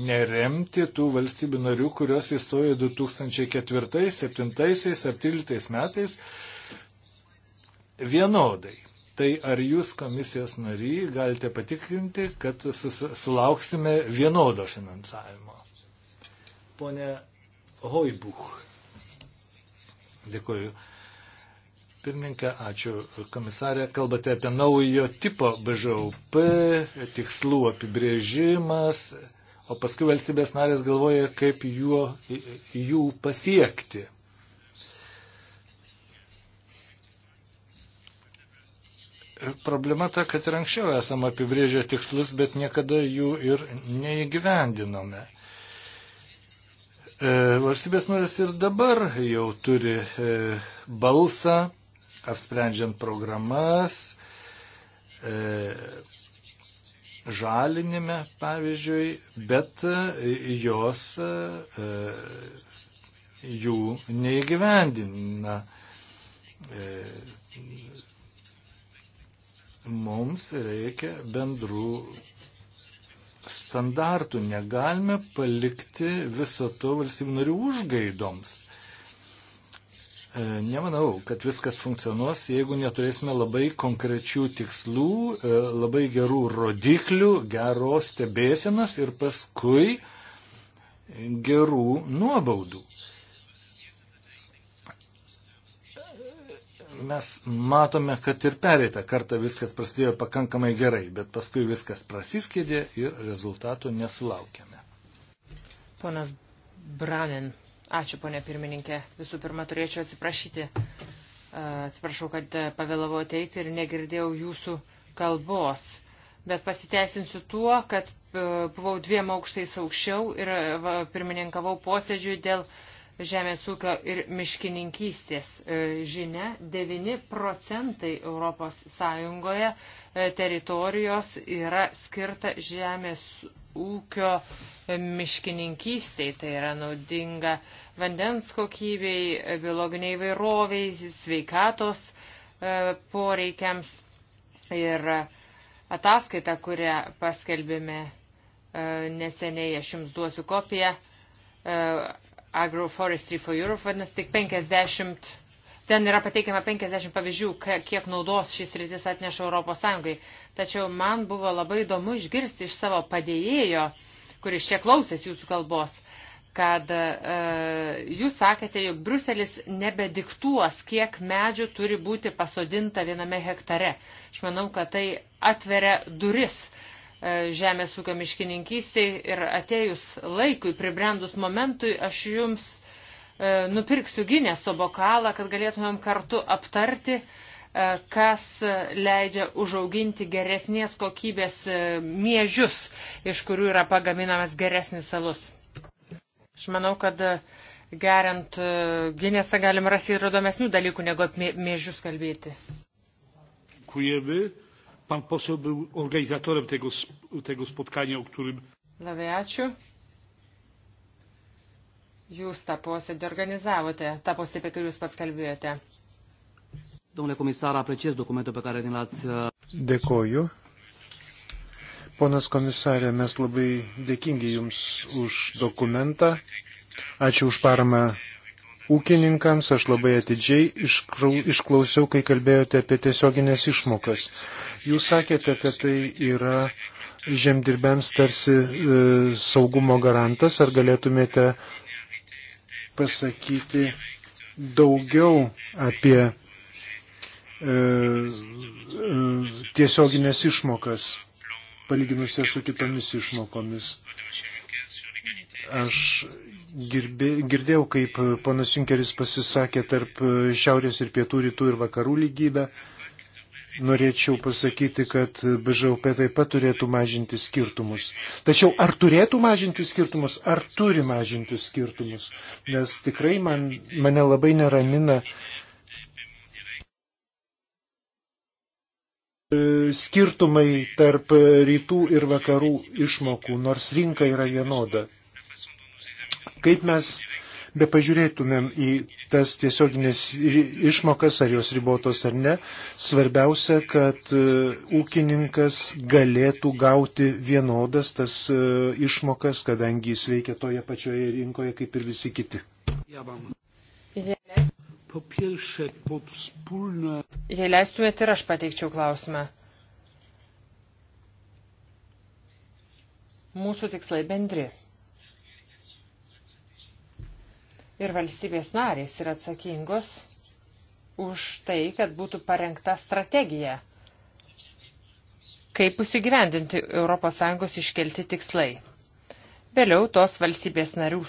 neremti tų valstybių narių, kurios įstojo 2004, 2007, 2017 metais vienodai. Tai ar jūs komisijos nariai galite patikrinti, kad sulauksime vienodo finansavimo? Pone Hoibuch. Dėkuoju. Pirmininkė, ačiū komisarė. Kalbate apie naujo tipo BŽUP, tikslų apibrėžimas, o paskui valstybės narės galvoja, kaip juo, jų pasiekti. Problema ta, kad ir anksčiau esam apibrėžę tikslus, bet niekada jų ir neįgyvendinome. E, valstybės norės ir dabar jau turi e, balsą, apsprendžiant programas, e, žalinime, pavyzdžiui, bet jos jų neįgyvendina mums reikia bendrų standartų. Negalime palikti viso to valstybių narių užgaidoms. E, nemanau, kad viskas funkcionuos, jeigu neturėsime labai konkrečių tikslų, e, labai gerų rodiklių, geros stebėsenas ir paskui gerų nuobaudų. mes matome, kad ir pereitą kartą viskas prasidėjo pakankamai gerai, bet paskui viskas prasiskėdė ir rezultatų nesulaukėme. Ponas Branin, ačiū ponė pirmininkė. Visų pirma, turėčiau atsiprašyti. Atsiprašau, kad pavėlavau ateiti ir negirdėjau jūsų kalbos, bet pasiteisinsiu tuo, kad buvau dviem aukštais aukščiau ir pirmininkavau posėdžiui dėl uh, žemės ūkio ir miškininkystės e, žinia, 9 procentai ES e, teritorijos yra skirta žemės ūkio e, miškininkystėj, tai yra naudinga vandens kokybei, biologiniai vairoviai, sveikatos poreikiams ir ataskaita, kurią paskelbėme neseniai, aš jums duosiu kopiją, Agroforestry for Europe, vadinasi, tik 50, ten yra pateikiama 50 pavyzdžių, kiek naudos šis rytis atneša Europos Sąjungai. Tačiau man buvo labai įdomu išgirsti iš savo padėjėjo, kuris čia klausės jūsų kalbos, kad e, jūs sakėte, jog Bruselis nebediktuos, kiek medžių turi būti pasodinta viename hektare. Aš manau, kad tai atveria duris E, žemės ūkio miškininkystiai ir atėjus laikui, pribrendus momentui, aš jums e, nupirksiu gineso bokalą, kad galėtumėm kartu aptarti, e, kas leidžia užauginti geresnės kokybės miežius, iš kurių yra pagaminamas geresnis salus. Aš manau, kad geriant ginesą galim rasti ir įdomesnių dalykų, negu apie miežius kalbėti. Kujėbi. Pan poseł był organizatorem tego, tego spotkania, o którym. Labai ačiū. Jūs tą posėdį organizavote, tą posėdį, apie kurį jūs pats kalbėjote. Domnule komisar, apreciez dokumentul pe care ne l-ați. Uh, Dėkoju. Ponas komisarė, mes labai dėkingi Jums už dokumentą. Ačiū už paramą ūkininkams. Aš labai atidžiai išklausiau, kai kalbėjote apie tiesioginės išmokas. Jūs sakėte, kad tai yra žemdirbėms tarsi e, saugumo garantas. Ar galėtumėte pasakyti daugiau apie e, e, tiesioginės išmokas, palyginus jas su kitomis išmokomis? Aš girbė, girdėjau, kaip ponas Junkeris pasisakė tarp e, šiaurės ir pietų, rytų ir vakarų lygybę. Norėčiau pasakyti, kad BŽUP taip pat turėtų mažinti skirtumus. Tačiau ar turėtų mažinti skirtumus, ar turi mažinti skirtumus? Nes tikrai man, mane labai neramina e, skirtumai tarp e, rytų ir vakarų išmokų, nors rinka yra vienoda. Kaip mes be pažiūrėtumėm į tas tiesioginės išmokas, ar jos ribotos ar ne, svarbiausia, kad e, ūkininkas galėtų gauti vienodas tas e, išmokas, kadangi jis veikia toje pačioje rinkoje kaip ir visi kiti. Jei leistumėte ir aš pateikčiau klausimą. Mūsų tikslai bendri. ir valstybės narės yra atsakingos už tai, kad būtų parengta strategija, kaip bus įgyvendinti ES iškelti tikslai. Vėliau tos valstybės narių,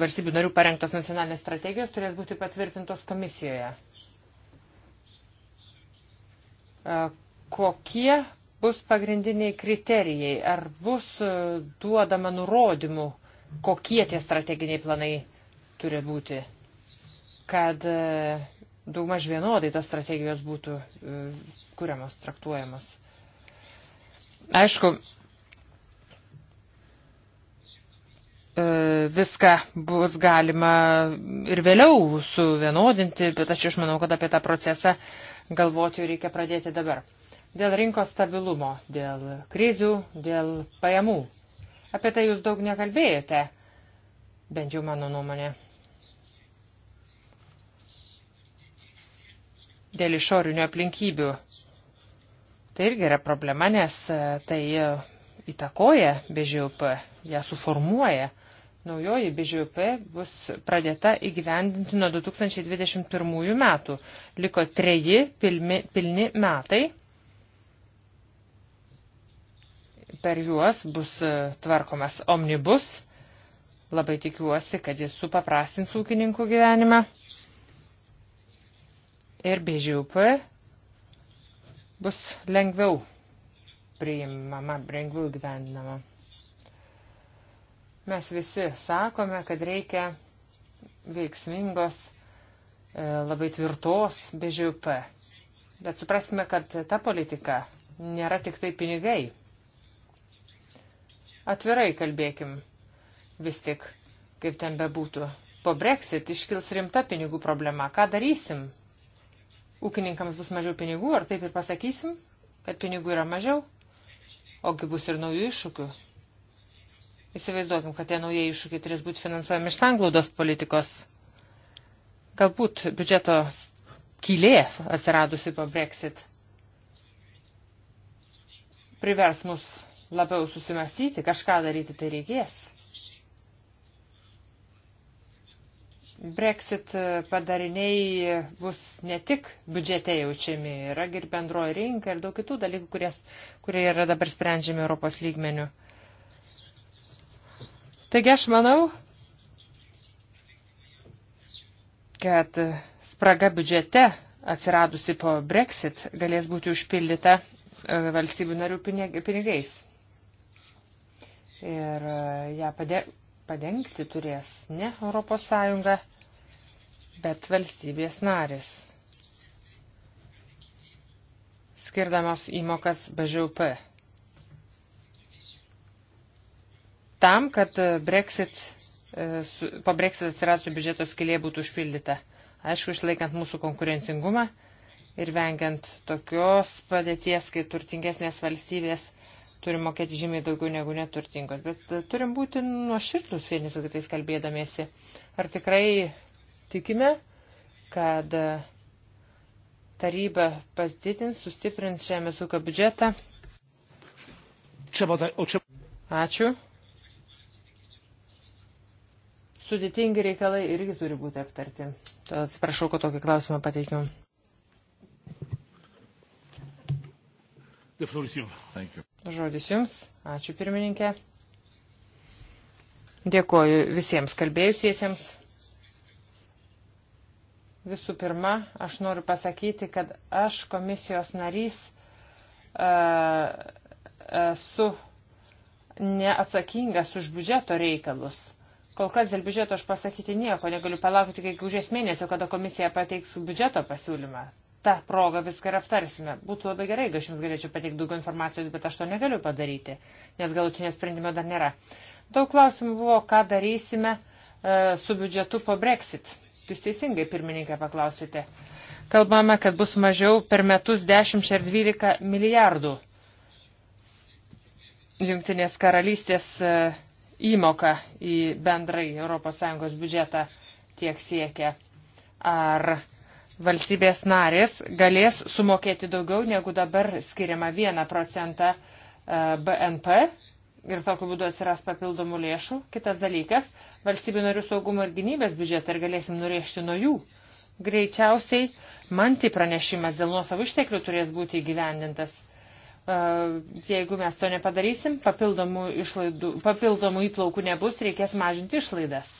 valstybių narių parengtos nacionalinės strategijos turės būti patvirtintos komisijoje. Kokie bus pagrindiniai kriterijai? Ar bus e, duodama nurodymų, kokie tie strateginiai planai turi būti, kad e, daugmaž vienodai tos strategijos būtų e, kuriamos, traktuojamos. Aišku, e, viską bus galima ir vėliau suvienodinti, bet aš išmanau, kad apie tą procesą galvoti reikia pradėti dabar. Dėl rinkos stabilumo, dėl krizių, dėl pajamų. Apie tai jūs daug nekalbėjote, bent jau mano nuomonė. dėl išorinių aplinkybių. Tai irgi yra problema, nes e, tai e, įtakoja BŽUP, ją suformuoja. Naujoji BŽUP bus pradėta įgyvendinti nuo 2021 metų. Liko treji pilmi, pilni metai. Per juos bus e, tvarkomas omnibus. Labai tikiuosi, kad jis supaprastins ūkininkų gyvenimą ir BŽUP bus lengviau priimama, lengviau gyvendinama. Mes visi sakome, kad reikia veiksmingos, e, labai tvirtos BŽUP. Bet suprasime, kad ta politika nėra tik tai pinigai. Atvirai kalbėkim vis tik, kaip ten bebūtų. Po Brexit iškils rimta pinigų problema. Ką darysim? ūkininkams bus mažiau pinigų, ar taip ir pasakysim, kad pinigų yra mažiau, ogi bus ir naujų iššūkių. Įsivaizduokim, kad tie nauji iššūkiai turės būti finansuojami iš sanglaudos politikos. Galbūt biudžeto kylė atsiradusi po Brexit privers mus labiau susimastyti, kažką daryti tai reikės. Brexit padariniai bus ne tik biudžete jaučiami, yra ir bendroji rinka ir daug kitų dalykų, kuries, kurie yra dabar sprendžiami Europos lygmenių. Taigi aš manau, kad spraga biudžete atsiradusi po Brexit galės būti užpildyta e, valstybių narių pinigais. Ir e, ją padė, padengti turės ne ES, bet valstybės narės, skirdamos įmokas BŽUP. Tam, kad e, Brexit, e, po Brexit atsirasų biudžeto skilė būtų užpildyta. Aišku, išlaikant mūsų konkurencingumą ir vengiant tokios padėties, kai turtingesnės valstybės uh, turim mokėti žymiai daugiau negu neturtingos, bet e, turim būti nuoširdus vieni su kitais kalbėdamiesi. Ar tikrai tikime, kad e, taryba padidins, sustiprins žemės ūkio biudžetą? Ačiū. Sudėtingi reikalai irgi turi būti aptarti. Tad atsiprašau, kad tokį klausimą pateikiau. The floor is yours. Thank you. Žodis Jums. Ačiū pirmininkė. Dėkoju visiems kalbėjusiesiems. Visų pirma, aš noriu pasakyti, kad aš komisijos narys uh, esu neatsakingas už biudžeto reikalus. Kol kas dėl biudžeto aš pasakyti nieko, negaliu palaukti iki gegužės mėnesio, kada komisija pateiks biudžeto pasiūlymą tą progą viską ir aptarsime. Būtų labai gerai, jeigu aš jums galėčiau pateikti daugiau informacijos, bet aš to negaliu padaryti, nes galutinio sprendimo dar nėra. Daug klausimų buvo, ką darysime e, su biudžetu po Brexit. Jūs teisingai, pirmininkė, paklausėte. Kalbame, kad bus mažiau per metus 10 ar 12 milijardų Junktinės karalystės e, įmoka į bendrai ES biudžetą tiek siekia. Ar valstybės narės galės sumokėti daugiau negu dabar skiriama 1 procentą e, BNP ir tokiu būdu atsiras papildomų lėšų. Kitas dalykas - valstybių narių saugumo ir gynybės biudžetą ir galėsim nurėžti nuo jų. Greičiausiai man tai pranešimas dėl nuosavų išteklių turės būti įgyvendintas. E, jeigu mes to nepadarysim, papildomų, išlaidų, papildomų įplaukų nebus, reikės mažinti išlaidas.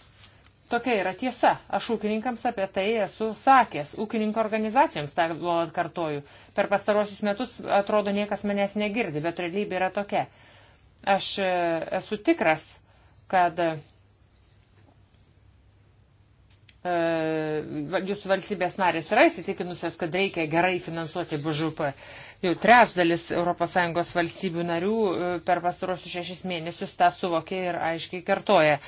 Tokia yra tiesa. Aš ūkininkams apie tai esu sakęs. Ūkininko organizacijoms tą nuolat kartoju. Per pastarosius metus atrodo niekas manęs negirdi, bet realybė yra tokia. Aš e, esu tikras, kad e, jūsų valstybės narės yra įsitikinusios, kad reikia gerai finansuoti BŽP. Jau trešdalis ES valstybių narių e, per pastarosius šešis mėnesius tą suvokė ir aiškiai kartoja.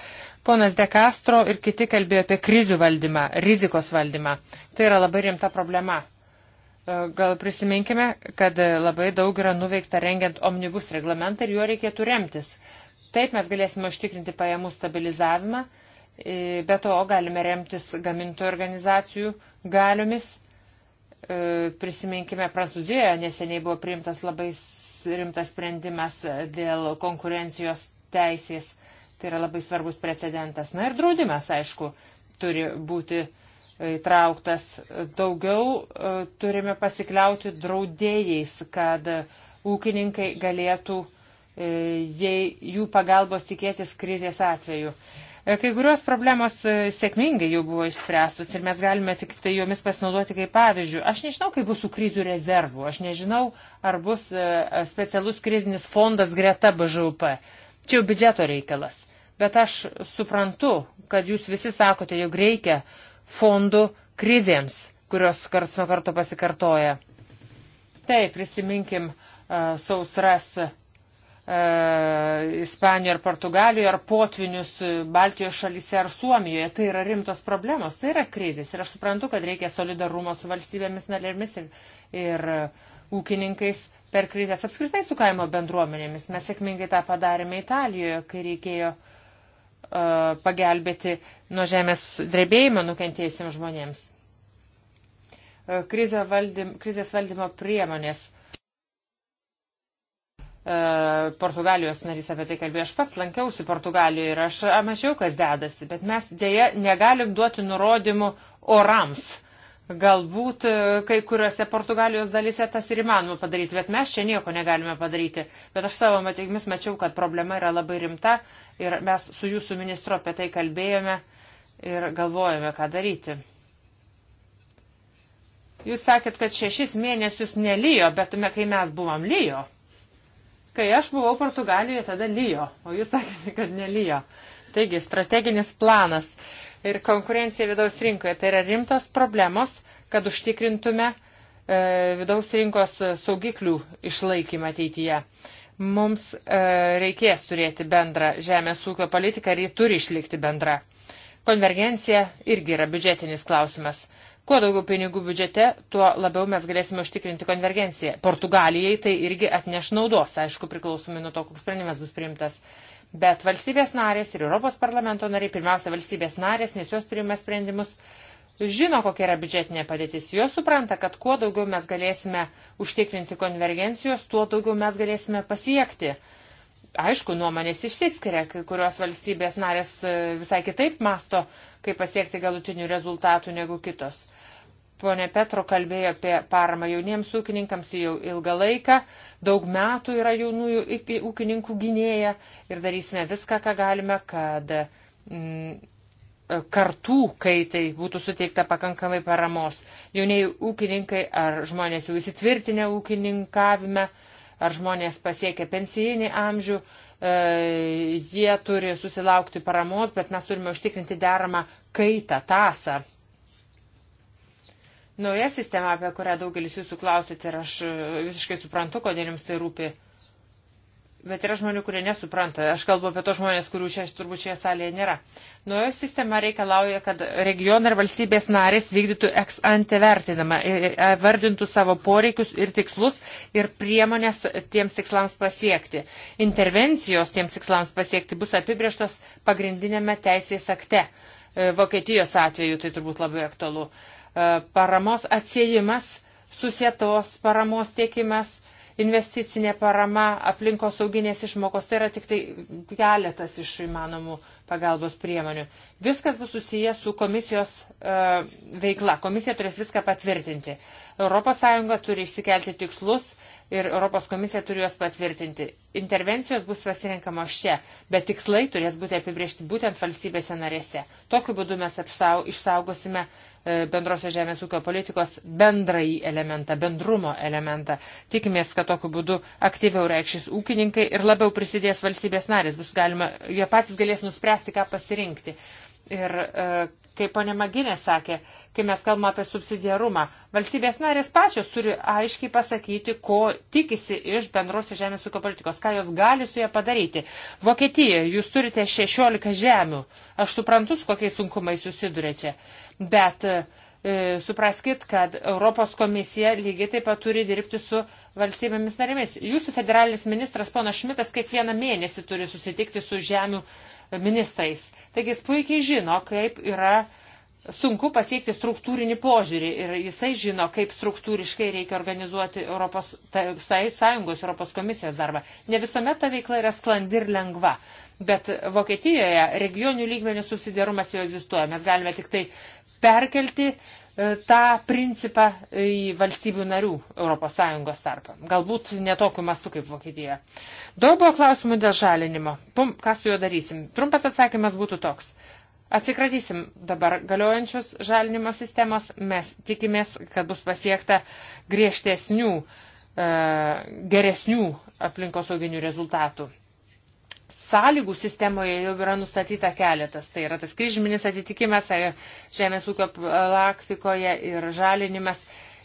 Ponas De Castro ir kiti kalbėjo apie krizių valdymą, rizikos valdymą. Tai yra labai rimta problema. E, gal prisiminkime, kad labai daug yra nuveikta rengiant omnibus reglamentą ir juo reikėtų remtis. Taip mes galėsime užtikrinti pajamų stabilizavimą, e, be to galime remtis gamintojų organizacijų galiomis E, prisiminkime, Prancūzijoje neseniai buvo priimtas labai rimtas sprendimas dėl konkurencijos teisės. Tai yra labai svarbus precedentas. Na ir draudimas, aišku, turi būti įtrauktas. Daugiau e, turime pasikliauti draudėjais, kad ūkininkai galėtų e, jei jų pagalbos tikėtis krizės atveju. E, kai kurios problemos e, sėkmingai jau buvo išspręstos ir mes galime tik tai jomis pasinaudoti kaip pavyzdžių. Aš nežinau, kaip bus su krizių rezervu, aš nežinau, ar bus e, specialus krizinis fondas greta BŽUP. Čia jau biudžeto reikalas. Bet aš suprantu, kad jūs visi sakote, jog reikia fondų krizėms, kurios karts nuo karto pasikartoja. Tai prisiminkim uh, sausras. Uh, E, Ispanijoje ar Portugalijoje, ar potvinius Baltijos šalyse ar Suomijoje. Tai yra rimtos problemos, tai yra krizės. Ir aš suprantu, kad reikia solidarumo su valstybėmis narėmis ir, ir ūkininkais per krizės apskritai su kaimo bendruomenėmis. Mes sėkmingai tą padarėme Italijoje, kai reikėjo uh, pagelbėti nuo žemės drebėjimo nukentėjusiems žmonėms. Uh, krizės valdymo priemonės E, Portugalijos narys apie tai kalbėjo. Aš pats lankiausi Portugalijoje ir aš mačiau, kas dedasi, bet mes dėja negalim duoti nurodymų orams. Galbūt e, kai kuriuose Portugalijos dalyse tas ir įmanoma padaryti, bet mes čia nieko negalime padaryti. Bet aš savo matėjimis mačiau, kad problema yra labai rimta ir mes su jūsų ministru apie tai kalbėjome ir galvojame, ką daryti. Jūs sakėt, kad šešis mėnesius nelijo, bet kai mes buvom lijo. Kai aš buvau Portugalijoje, tada lyjo, o jūs sakėte, kad nelyjo. Taigi, strateginis planas ir konkurencija vidaus rinkoje tai yra rimtos problemos, kad užtikrintume e, vidaus rinkos saugiklių išlaikymą ateityje. Mums e, reikės turėti bendrą žemės ūkio politiką ir ji turi išlikti bendra. Konvergencija irgi yra biudžetinis klausimas. Kuo daugiau pinigų biudžete, tuo labiau mes galėsime užtikrinti konvergenciją. Portugalijai tai irgi atneš naudos, aišku, priklausomai nuo to, koks sprendimas bus priimtas. Bet valstybės narės ir Europos parlamento nariai, pirmiausia valstybės narės, nes jos priima sprendimus, žino, kokia yra biudžetinė padėtis. Jos supranta, kad kuo daugiau mes galėsime užtikrinti konvergencijos, tuo daugiau mes galėsime pasiekti. Uh, aišku, nuomonės išsiskiria, kai kurios valstybės narės e, visai kitaip masto, kaip pasiekti galutinių rezultatų negu kitos. Pone Petro kalbėjo apie paramą jauniems ūkininkams jau ilgą laiką, daug metų yra jaunųjų ūkininkų gynėja ir darysime viską, ką galime, kad mm, e, kartų kaitai būtų suteikta pakankamai paramos. Jaunieji ūkininkai ar žmonės jau įsitvirtinę ūkininkavime uh, ar žmonės pasiekia pensijinį amžių, e, jie turi susilaukti paramos, bet mes turime užtikrinti deramą kaitą, tasą. Nauja sistema, apie kurią daugelis jūsų klausėte ir aš e, visiškai suprantu, kodėl jums tai rūpi Bet yra žmonių, kurie nesupranta. Aš kalbu apie tos žmonės, kurių čia turbūt šioje salėje nėra. Naujoji sistema reikalauja, kad regionai ir valstybės narės vykdytų eks ante vertinamą, e, e, e, vardintų savo poreikius ir tikslus ir priemonės tiems tikslams pasiekti. Intervencijos tiems tikslams pasiekti bus apibrieštos pagrindinėme teisės akte. Vokietijos atveju tai turbūt labai aktualu. Paramos atsiejimas, susietos paramos tiekimas investicinė parama, aplinkos sauginės išmokos, tai yra tik tai keletas iš įmanomų pagalbos priemonių. Viskas bus susijęs su komisijos e, veikla. Komisija turės viską patvirtinti. ES turi išsikelti tikslus, ir Europos komisija turi juos patvirtinti. Intervencijos bus pasirinkamos čia, bet tikslai turės būti apibriežti būtent valstybėse narėse. Tokiu būdu mes apsau, išsaugosime e, bendrosios žemės ūkio politikos bendrąjį elementą, bendrumo elementą. Tikimės, kad tokiu būdu aktyviau reikšys ūkininkai ir labiau prisidės valstybės narės. Bus galima, jie patys galės nuspręsti, ką pasirinkti. Ir e, kaip ponė Maginė sakė, kai mes kalbame apie subsidiarumą, valstybės narės pačios turi aiškiai pasakyti, ko tikisi iš bendrosios žemės ūkio politikos, ką jos gali su ją padaryti. Vokietijoje jūs turite 16 žemių, aš suprantu, su kokiais sunkumais susidurėte, bet uh, E, supraskit, kad Europos komisija lygiai taip pat turi dirbti su valstybėmis narėmis. Jūsų federalinis ministras ponas Šmitas kiekvieną mėnesį turi susitikti su žemių ministrais. Taigi jis puikiai žino, kaip yra sunku pasiekti struktūrinį požiūrį ir jisai žino, kaip struktūriškai reikia organizuoti Europos Sąjungos, Europos komisijos darbą. Ne visuomet ta veikla yra sklandi ir lengva, bet Vokietijoje regionių lygmenių subsidiarumas jau egzistuoja. Mes galime tik tai perkelti e, tą principą į valstybių narių ES tarpą. Galbūt netokiu mastu kaip Vokietija. Daug buvo klausimų dėl žalinimo. Pum, ką su juo darysim? Trumpas atsakymas būtų toks. Atsikratysim dabar galiojančios žalinimo sistemos. Mes tikimės, kad bus pasiekta griežtesnių, e, geresnių aplinkosauginių rezultatų sąlygų sistemoje jau yra nustatyta keletas. Tai yra tas kryžminis atitikimas e, žemės ūkio laktikoje ir žalinimas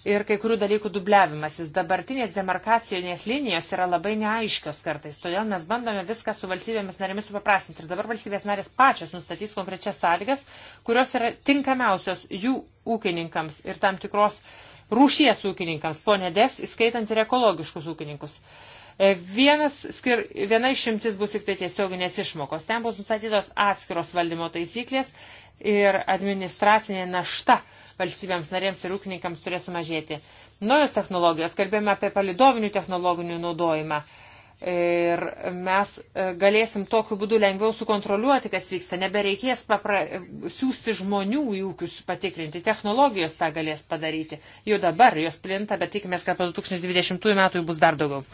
ir kai kurių dalykų dubliavimasis. Dabartinės demarkacijos linijos yra labai neaiškios kartais, todėl mes bandome viską su valstybėmis narėmis supaprastinti. Ir dabar valstybės narės pačios nustatys konkrečias sąlygas, kurios yra tinkamiausios jų ūkininkams ir tam tikros rūšies ūkininkams, ponė Des, įskaitant ir ekologiškus ūkininkus. Uh, E, vienas, skir, viena išimtis bus tik tai tiesioginės išmokos. Ten bus nustatytos atskiros valdymo taisyklės ir administracinė našta valstybėms narėms ir ūkininkams turės sumažėti. Naujos technologijos, kalbėjome apie palidovinių technologinių naudojimą. Ir mes e, galėsim tokiu būdu lengviau sukontroliuoti, kas vyksta. Nebereikės papra... siūsti žmonių į ūkius patikrinti. Technologijos tą galės padaryti. Jau dabar jos plinta, bet tikimės, kad po 2020 metų jų bus dar daugiau.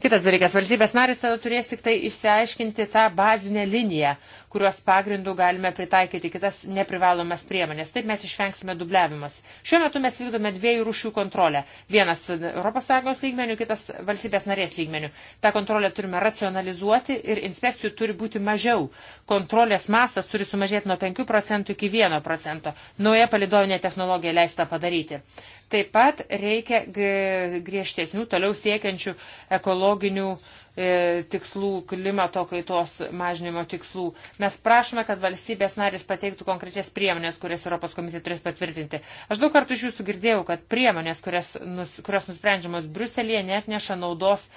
Kitas dalykas, valstybės narės tada turės tik tai išsiaiškinti tą bazinę liniją, kurios pagrindų galime pritaikyti kitas neprivalomas priemonės. Taip mes išvengsime dubliavimas. Šiuo metu mes vykdome dviejų rūšių kontrolę. Vienas ES lygmenių, kitas valstybės narės lygmenių. Ta kontrolė turime racionalizuoti ir inspekcijų turi būti mažiau. Kontrolės masas turi sumažėti nuo 5 procentų iki 1 procento. Nauja palidovinė technologija leista padaryti. Taip pat reikia griežtesnių, toliau siekiančių ekologinių e, tikslų, klimato kaitos mažinimo tikslų. Mes prašome, kad valstybės narės pateiktų konkrečias priemonės, kurias Europos komisija turės patvirtinti. Aš daug kartų iš jūsų girdėjau, kad priemonės, kurias, nus, kurios nusprendžiamos Bruselėje, net neša naudos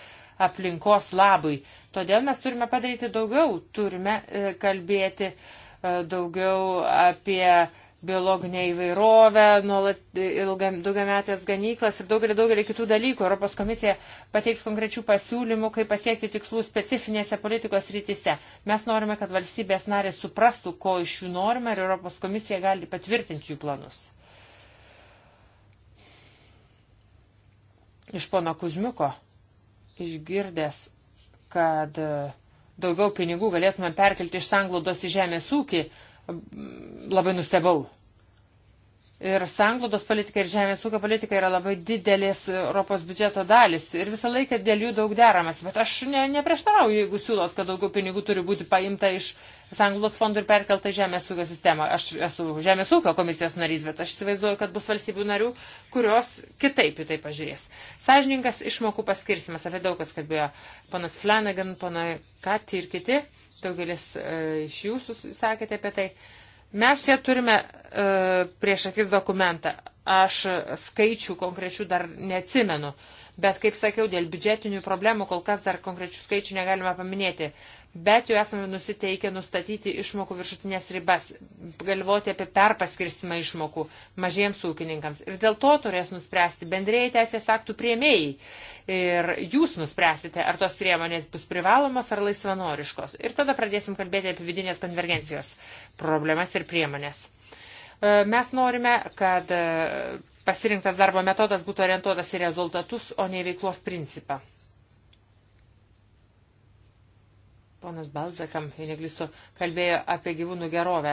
aplinkos labui. Todėl mes turime padaryti daugiau, turime e, kalbėti e, daugiau apie biologinę įvairovę, nuolat ilgam, daugiametės ganyklas ir daugelį, daugelį kitų dalykų. Europos komisija pateiks konkrečių pasiūlymų, kaip pasiekti tikslų specifinėse politikos rytise. Mes norime, kad valstybės narės suprastų, ko iš jų norime ir Europos komisija gali patvirtinti jų planus. Iš pono Kuzmiuko išgirdęs, kad daugiau pinigų galėtume perkelti iš sanglaudos į žemės ūkį, labai nustebau. Ir sanglodos politika ir žemės ūkio politika yra labai didelės Europos biudžeto dalis ir visą laiką dėl jų daug deramas. Bet aš ne, neprieštarauju, jeigu siūlot, kad daugiau pinigų turi būti paimta iš sanglodos fondų ir perkelta į žemės ūkio sistemą. Aš esu žemės ūkio komisijos narys, bet aš įsivaizduoju, kad bus valstybių narių, kurios kitaip į tai pažiūrės. Sažininkas išmokų paskirsimas, apie daug kas kalbėjo ponas Flanagan, ponai Kati ir kiti daugelis e, iš jūsų sakėte apie tai. Mes čia turime e, prieš akis dokumentą. Aš skaičių konkrečių dar neatsimenu, bet kaip sakiau, dėl biudžetinių problemų kol kas dar konkrečių skaičių negalime paminėti bet jau esame nusiteikę nustatyti išmokų viršutinės ribas, galvoti apie perpaskirstimą išmokų mažiems ūkininkams. Ir dėl to turės nuspręsti bendrėjai teisės aktų prieimėjai. Ir jūs nuspręsite, ar tos priemonės bus privalomos ar laisvanoriškos. Ir tada pradėsim kalbėti apie vidinės konvergencijos problemas ir priemonės. E, mes norime, kad e, pasirinktas darbo metodas būtų orientuotas į rezultatus, o ne į veiklos principą. Ponas Balzakam, jei neklystu, kalbėjo apie gyvūnų gerovę.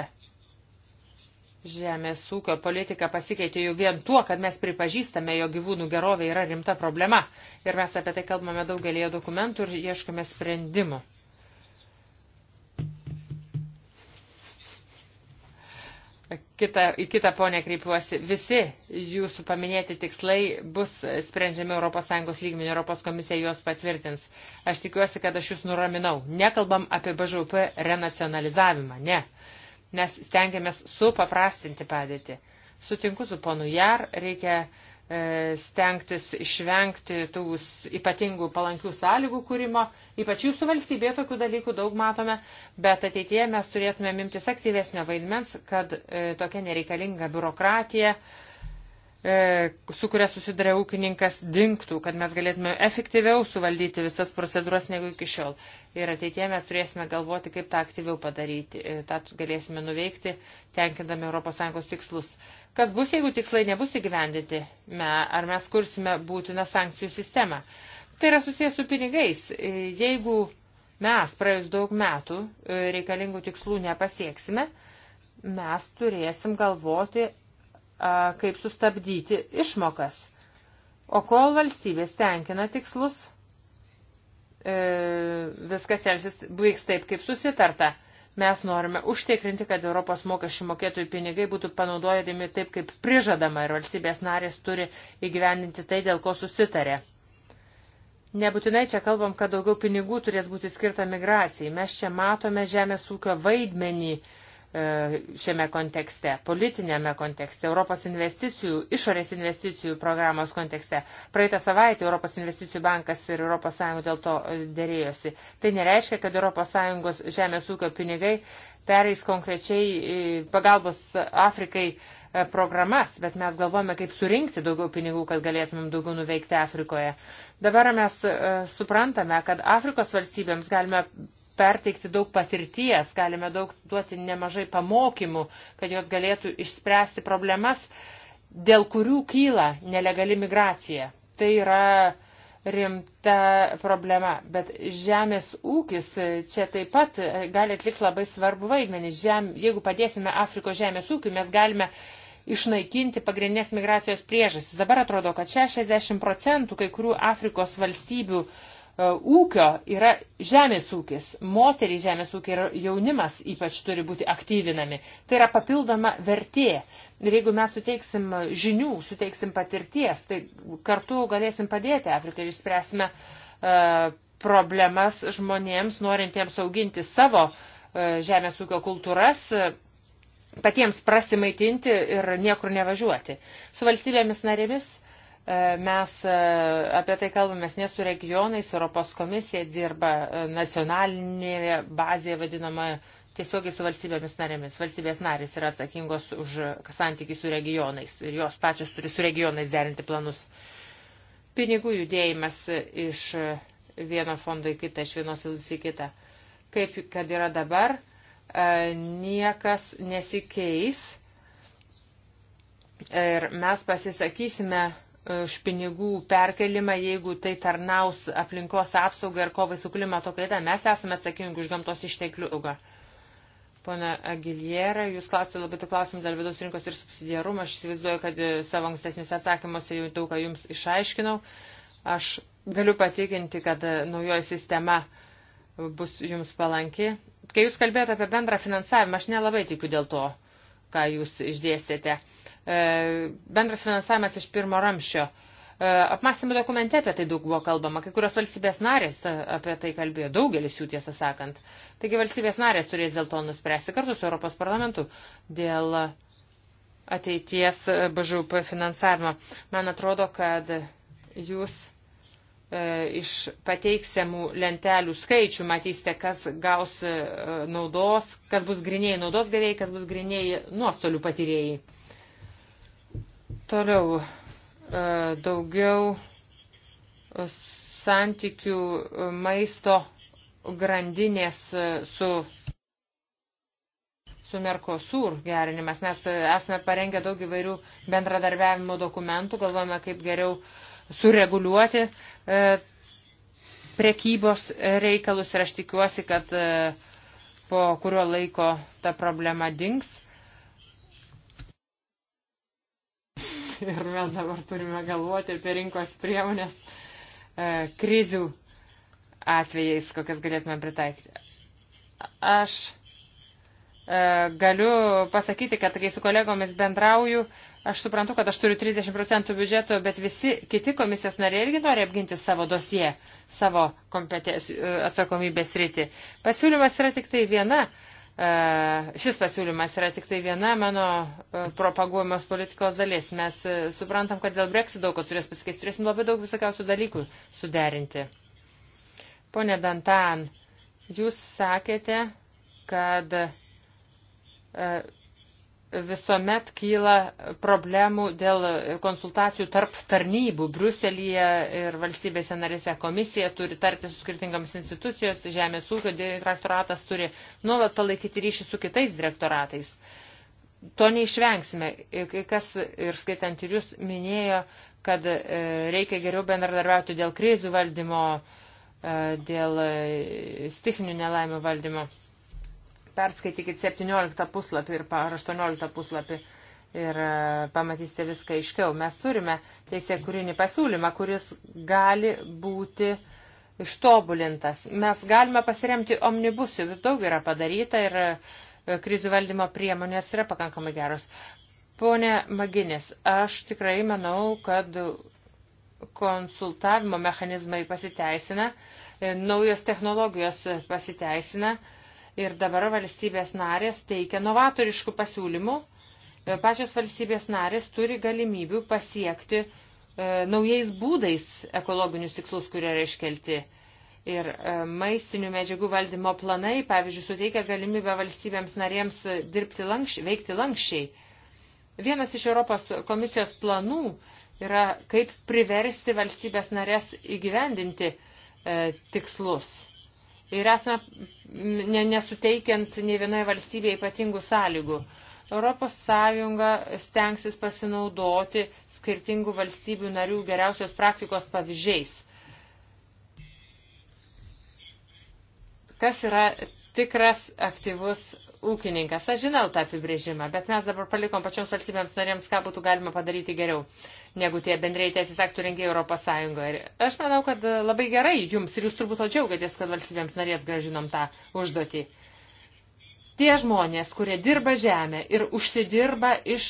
Žemės ūkio politika pasikeitė jau vien tuo, kad mes pripažįstame, jo gyvūnų gerovė yra rimta problema. Ir mes apie tai kalbame daugelėje dokumentų ir ieškome sprendimų. Kita, į kitą ponę kreipiuosi. Visi jūsų paminėti tikslai bus sprendžiami ES lygmenį, ES komisija juos patvirtins. Aš tikiuosi, kad aš jūs nuraminau. Nekalbam apie BŽUP renacionalizavimą, ne. Mes stengiamės supaprastinti padėtį. Sutinku su ponu Jar, reikia uh, E, stengtis išvengti tų ypatingų palankių sąlygų kūrimo. Ypač jūsų valstybėje tokių dalykų daug matome, bet ateityje mes turėtume imtis aktyvesnio vaidmens, kad e, tokia nereikalinga biurokratija, e, su kuria susiduria ūkininkas, dinktų, kad mes galėtume efektyviau suvaldyti visas procedūras negu iki šiol. Ir ateityje mes turėsime galvoti, kaip tą aktyviau padaryti. E, tą galėsime nuveikti, tenkindami ES tikslus. E, Kas bus, jeigu tikslai nebus įgyvendinti? Me, ar mes kursime būtiną sankcijų sistemą? Tai yra susijęs su pinigais. E, jeigu mes praėjus daug metų e, reikalingų tikslų nepasieksime, mes turėsim galvoti, kaip sustabdyti išmokas. O kol valstybės tenkina tikslus, e, viskas elgsis, baigs taip, kaip susitarta. Mes norime užtikrinti, kad Europos mokesčių mokėtojų pinigai būtų panaudojami taip, kaip prižadama ir valstybės narės turi įgyvendinti tai, dėl ko susitarė. Nebūtinai čia kalbam, kad daugiau pinigų turės būti skirta migracijai. Mes čia matome žemės ūkio vaidmenį uh, E, šiame kontekste, politinėme kontekste, Europos investicijų, išorės investicijų programos kontekste. Praeitą savaitę Europos investicijų bankas ir ES dėl to e, dėrėjosi. Tai nereiškia, kad ES žemės ūkio pinigai pereis konkrečiai pagalbos Afrikai e, programas, bet mes galvojame, kaip surinkti daugiau pinigų, kad galėtumėm daugiau nuveikti Afrikoje. Dabar mes suprantame, kad Afrikos valstybėms galime perteikti daug patirties, galime daug duoti nemažai pamokymų, kad jos galėtų išspręsti problemas, dėl kurių kyla nelegali migracija. Tai yra rimta problema. Bet žemės ūkis čia taip pat gali atlikti labai svarbu vaidmenį. Žem, jeigu padėsime Afrikos žemės ūkiui, mes galime išnaikinti pagrindinės migracijos priežastis. Dabar atrodo, kad 60 procentų kai kurių Afrikos valstybių uh, E, ūkio yra žemės ūkis. Moteriai žemės ūkiai ir jaunimas ypač turi būti aktyvinami. Tai yra papildoma vertė. Ir jeigu mes suteiksim žinių, suteiksim patirties, tai kartu galėsim padėti Afrikai ir išspręsime uh, problemas žmonėms, norintiems auginti savo uh, žemės ūkio kultūras, uh, patiems prasimaitinti ir niekur nevažiuoti. Su valstybėmis narėmis uh, E, mes e, apie tai kalbamės ne su regionais, Europos komisija dirba e, nacionalinėje bazėje vadinamoje tiesiogiai su valstybėmis narėmis. Valstybės narės yra atsakingos už santykį su regionais ir jos pačios turi su regionais derinti planus. Pinigų judėjimas iš vieno fondo į kitą, iš vienos ilus į kitą. Kaip kad yra dabar, niekas nesikeis ir mes pasisakysime už pinigų perkelimą, jeigu tai tarnaus aplinkos apsaugai ir kovai su klimato kaita. Mes esame atsakingi už gamtos išteklių augą. Pone Agiljera, jūs klausėte labai tik klausimų dėl vidaus rinkos ir subsidiarumo. Aš įsivaizduoju, kad e, savo ankstesnėse atsakymuose jau daug ką jums išaiškinau. Aš galiu patikinti, kad e, naujoji sistema bus jums palanki. Kai jūs kalbėjote apie bendrą finansavimą, aš nelabai tikiu dėl to, ką jūs išdėsite E, bendras finansavimas iš pirmo ramščio. E, apmąstymų dokumente apie tai daug buvo kalbama, kai kurios valstybės narės apie tai kalbėjo, daugelis jų tiesą sakant. Taigi valstybės narės turės dėl to nuspręsti kartu su Europos parlamentu dėl ateities BŽUP finansavimo. Man atrodo, kad jūs e, iš pateiksiamų lentelių skaičių matysite, kas gaus naudos, kas bus grinėjai naudos gavėjai, kas bus grinėjai nuostolių patyrėjai. Toliau e, daugiau santykių maisto grandinės su, su Merkosur gerinimas. Mes esame parengę daug įvairių bendradarbiavimo dokumentų, galvojame, kaip geriau sureguliuoti e, prekybos reikalus ir aš tikiuosi, kad e, po kurio laiko ta problema dinks. (laughs) ir mes dabar turime galvoti apie rinkos priemonės e, krizių atvejais, kokias galėtume pritaikyti. Aš e, galiu pasakyti, kad kai su kolegomis bendrauju, aš suprantu, kad aš turiu 30 procentų biudžeto, bet visi kiti komisijos nariai irgi nori apginti savo dosie, savo e, atsakomybės rytį. Pasiūlymas yra tik tai viena E, šis pasiūlymas yra tik tai viena mano e, propaguojamos politikos dalis. Mes e, suprantam, kad dėl Brexit daug kas turės pasikeisti, turėsim labai daug visokiausių dalykų suderinti. Pone Dantan, jūs sakėte, kad visuomet kyla problemų dėl konsultacijų tarp tarnybų. Bruselėje ir valstybėse narėse komisija turi tarti su skirtingams institucijos, Žemės ūkio direktoratas turi nuolat palaikyti ryšį su kitais direktoratais. To neišvengsime. Kai kas ir skaitant ir jūs minėjo, kad e, reikia geriau bendradarbiauti dėl krizių valdymo, e, dėl e, stichinių nelaimių valdymo perskaitykit 17 puslapį ir ar 18 puslapį ir e, pamatysite viską aiškiau. Mes turime teisė kūrinį pasiūlymą, kuris gali būti ištobulintas. Mes galime pasiremti omnibusiu, daug yra padaryta ir e, krizių valdymo priemonės yra pakankamai geros. Pone Maginis, aš tikrai manau, kad konsultavimo mechanizmai pasiteisina, e, naujos technologijos pasiteisina Ir dabar valstybės narės teikia novatoriškų pasiūlymų. E, pačios valstybės narės turi galimybių pasiekti e, naujais būdais ekologinius tikslus, kurie yra iškelti. Ir e, maistinių medžiagų valdymo planai, pavyzdžiui, suteikia galimybę valstybėms narėms dirbti lankš, veikti lankščiai. Vienas iš Europos komisijos planų yra, kaip priversti valstybės narės įgyvendinti e, tikslus ir esame nesuteikiant nei vienoje valstybėje ypatingų sąlygų. Europos Sąjunga stengsis pasinaudoti skirtingų valstybių narių geriausios praktikos pavyzdžiais. Kas yra tikras aktyvus ūkininkas? Aš žinau tą apibrėžimą, bet mes dabar palikom pačioms valstybėms narėms, ką būtų galima padaryti geriau negu tie bendrėjai teisės aktų rengėjai Europos Sąjungoje. Ir aš manau, kad e, labai gerai jums ir jūs turbūt to džiaugiatės, kad valstybėms narės gražinom tą užduotį. Tie žmonės, kurie dirba žemę ir užsidirba iš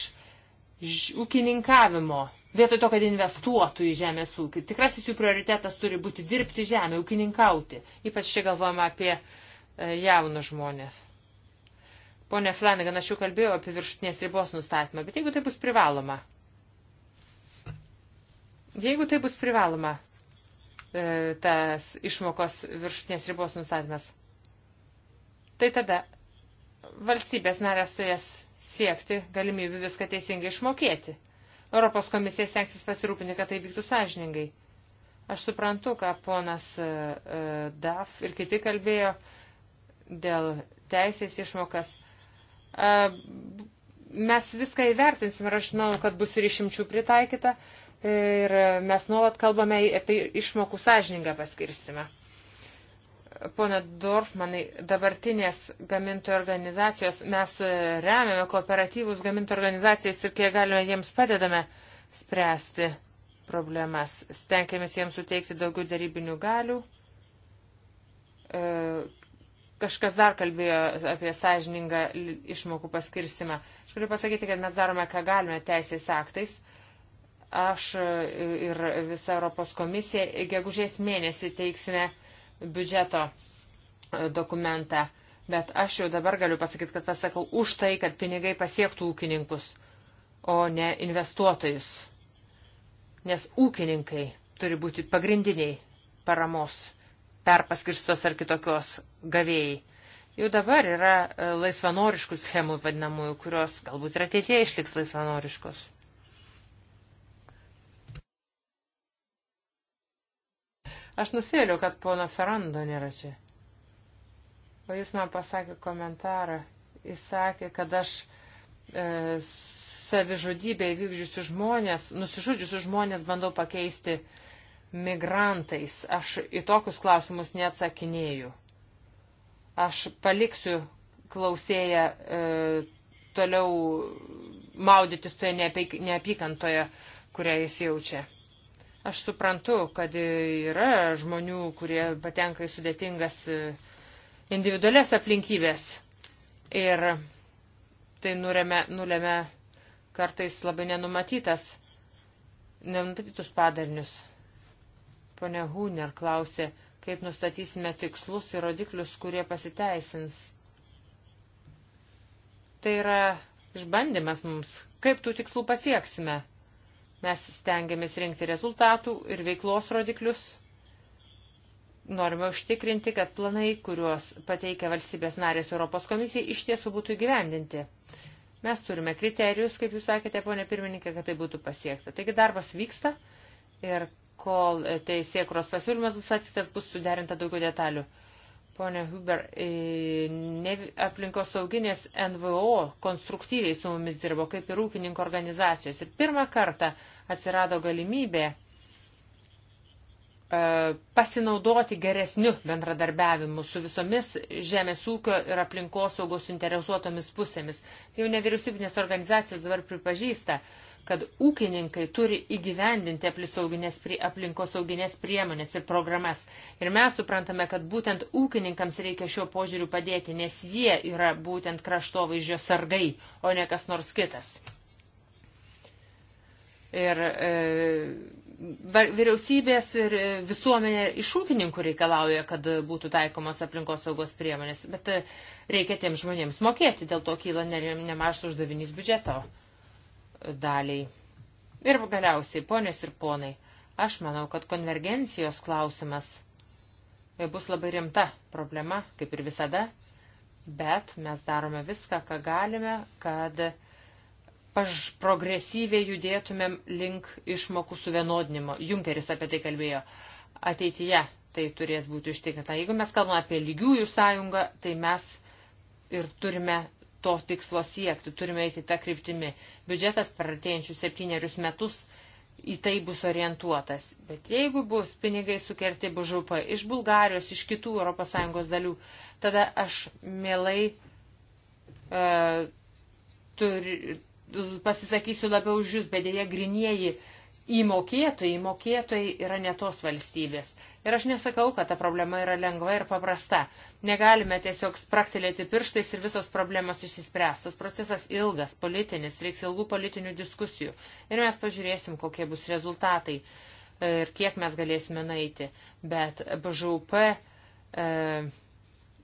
ūkininkavimo, vietoj to, kad investuotų į žemės ūkį, tikrasis jų prioritetas turi būti dirbti žemę, ūkininkauti. Ypač čia galvojama apie e, jaunus žmonės. Pone Flanagan, aš jau kalbėjau apie viršutinės ribos nustatymą, bet jeigu tai bus privaloma, Jeigu tai bus privaloma, e, tas išmokos viršutinės ribos nustatymas, tai tada valstybės narės turės siekti galimybių viską teisingai išmokėti. Europos komisija stengsis pasirūpinti, kad tai vyktų sąžiningai. Aš suprantu, ką ponas e, e, Daf ir kiti kalbėjo dėl teisės išmokas. Mes viską įvertinsim ir aš žinau, kad bus ir išimčių pritaikyta ir mes nuolat kalbame apie išmokų sąžiningą paskirstimą. Pone Dorfmanai, dabartinės gamintojų organizacijos, mes remiame kooperatyvus gamintojų organizacijas ir kiek galime jiems padedame spręsti problemas. Stengiamės jiems suteikti daugiau darybinių galių. E, kažkas dar kalbėjo apie sąžiningą išmokų paskirstimą. Aš galiu pasakyti, kad mes darome, ką galime teisės aktais aš ir visa Europos komisija gegužės mėnesį teiksime biudžeto dokumentą. Bet aš jau dabar galiu pasakyti, kad pasakau už tai, kad pinigai pasiektų ūkininkus, o ne investuotojus. Nes ūkininkai turi būti pagrindiniai paramos perpaskirstos ar kitokios gavėjai. Jau dabar yra laisvanoriškų schemų vadinamųjų, kurios galbūt ir ateitie išliks laisvanoriškos. Aš nusėliau, kad pono Ferrando nėra čia. O jis man pasakė komentarą. Jis sakė, kad aš e, savižudybę įvykdžiusių žmonės, nusižudžiusių žmonės bandau pakeisti migrantais. Aš į tokius klausimus neatsakinėju. Aš paliksiu klausėję e, toliau maudytis toje neapykantoje, kurią jis jaučia. Aš suprantu, kad yra žmonių, kurie patenka į sudėtingas e, individualias aplinkybės. Ir tai nulėmė, nulėmė kartais labai nenumatytas, nenumatytus padarnius. Pone Hūner klausė, kaip nustatysime tikslus ir rodiklius, kurie pasiteisins. Tai yra išbandymas mums, kaip tų tikslų pasieksime. Mes stengiamės rinkti rezultatų ir veiklos rodiklius. Norime užtikrinti, kad planai, kuriuos pateikia valstybės narės Europos komisijai, iš tiesų būtų įgyvendinti. Mes turime kriterijus, kaip jūs sakėte, ponė pirmininkė, kad tai būtų pasiekta. Taigi darbas vyksta ir kol teisėkuros pasiūlymas bus atliktas, bus suderinta daugiau detalių. Pone Huber, e, ne, aplinkosauginės NVO konstruktyviai su mumis dirbo, kaip ir ūkininko organizacijos. Ir pirmą kartą atsirado galimybė E, pasinaudoti geresniu bendradarbiavimu su visomis žemės ūkio ir aplinkosaugos interesuotomis pusėmis. Jau nevyriausybinės organizacijos dabar pripažįsta, kad ūkininkai turi įgyvendinti prie, aplinkosauginės priemonės ir programas. Ir mes suprantame, kad būtent ūkininkams reikia šiuo požiūriu padėti, nes jie yra būtent kraštovaizdžio sargai, o ne kas nors kitas. Ir e, Vyriausybės ir e, visuomenė iš ūkininkų reikalauja, kad būtų taikomos aplinkos saugos priemonės, bet e, reikia tiems žmonėms mokėti, dėl to kyla nemažas uždavinys biudžeto daliai. Ir galiausiai, ponios ir ponai, aš manau, kad konvergencijos klausimas e, bus labai rimta problema, kaip ir visada, bet mes darome viską, ką galime, kad progresyviai judėtumėm link išmokų suvienodinimo. Junkeris apie tai kalbėjo. Ateityje tai turės būti užtikrinta. Jeigu mes kalbame apie lygiųjų sąjungą, tai mes ir turime to tikslo siekti, turime eiti tą kryptimį. Biudžetas per artėjančius septynerius metus į tai bus orientuotas. Bet jeigu bus pinigai sukerti bužupai iš Bulgarijos, iš kitų ES dalių, tada aš mielai e, turi, pasisakysiu labiau už jūs, bet dėja grinieji įmokėtojai, įmokėtojai yra ne tos valstybės. Ir aš nesakau, kad ta problema yra lengva ir paprasta. Negalime tiesiog spraktelėti pirštais ir visos problemos išsispręs. Tas procesas ilgas, politinis, reiks ilgų politinių diskusijų. Ir mes pažiūrėsim, kokie bus rezultatai ir kiek mes galėsime nueiti. Bet BŽUP e,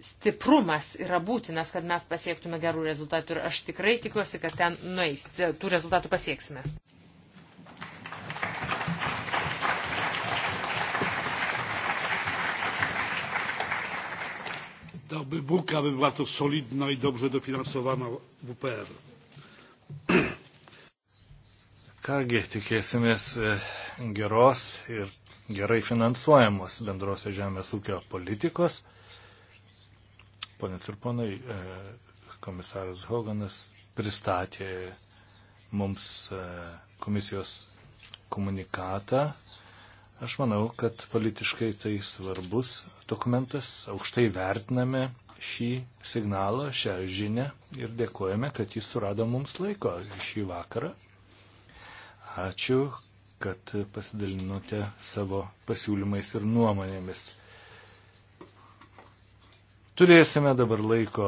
stiprumas yra būtinas, kad mes pasiektume gerų rezultatų ir aš tikrai tikiuosi, kad ten nueis, tų rezultatų pasieksime. Dałby Bóg, aby była to solidna i dobrze dofinansowana WPR. Kągi, tikėsimės e, geros ir gerai finansuojamos bendrosios žemės ūkio politikos. Ponės ir ponai, e, komisaras Hoganas pristatė mums e, komisijos komunikatą. Aš manau, kad politiškai tai svarbus dokumentas, aukštai vertiname šį signalą, šią žinę ir dėkojame, kad jis surado mums laiko šį vakarą. Ačiū, kad pasidalinote savo pasiūlymais ir nuomonėmis. Turėsime dabar laiko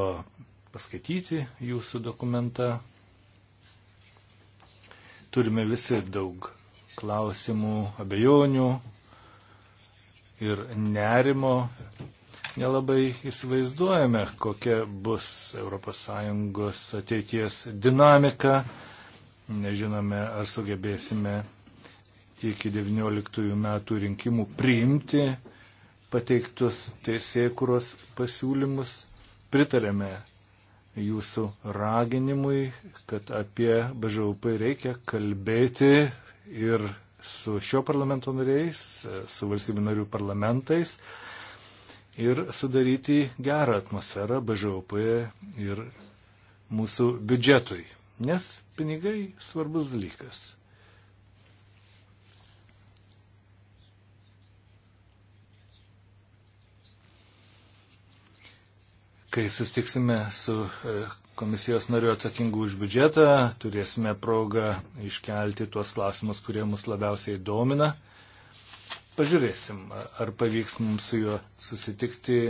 paskaityti jūsų dokumentą. Turime visi daug klausimų, abejonių ir nerimo. Nelabai įsivaizduojame, kokia bus ES ateities dinamika. Nežinome, ar sugebėsime iki 19 metų rinkimų priimti pateiktus teisėkuros pasiūlymus. Pritarėme jūsų raginimui, kad apie BŽUP reikia kalbėti ir su šio parlamento nariais, su valstybių narių parlamentais ir sudaryti gerą atmosferą BŽUP ir mūsų biudžetui, nes pinigai svarbus dalykas. kai sustiksime su e, komisijos nariu atsakingu už biudžetą, turėsime progą iškelti tuos klausimus, kurie mus labiausiai domina. Pažiūrėsim, ar pavyks mums su juo susitikti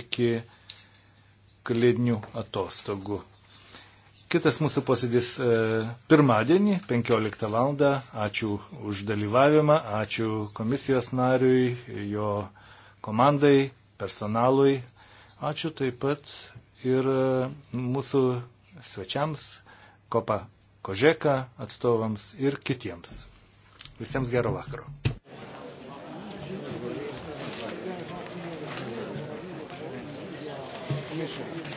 iki kalėdinių atostogų. Kitas mūsų posėdis e, pirmadienį, 15 val. Ačiū už dalyvavimą, ačiū komisijos nariui, jo komandai, personalui, Ačiū taip pat ir e, mūsų svečiams, Kopa Kožeka atstovams ir kitiems. Visiems gero vakaro. Commission.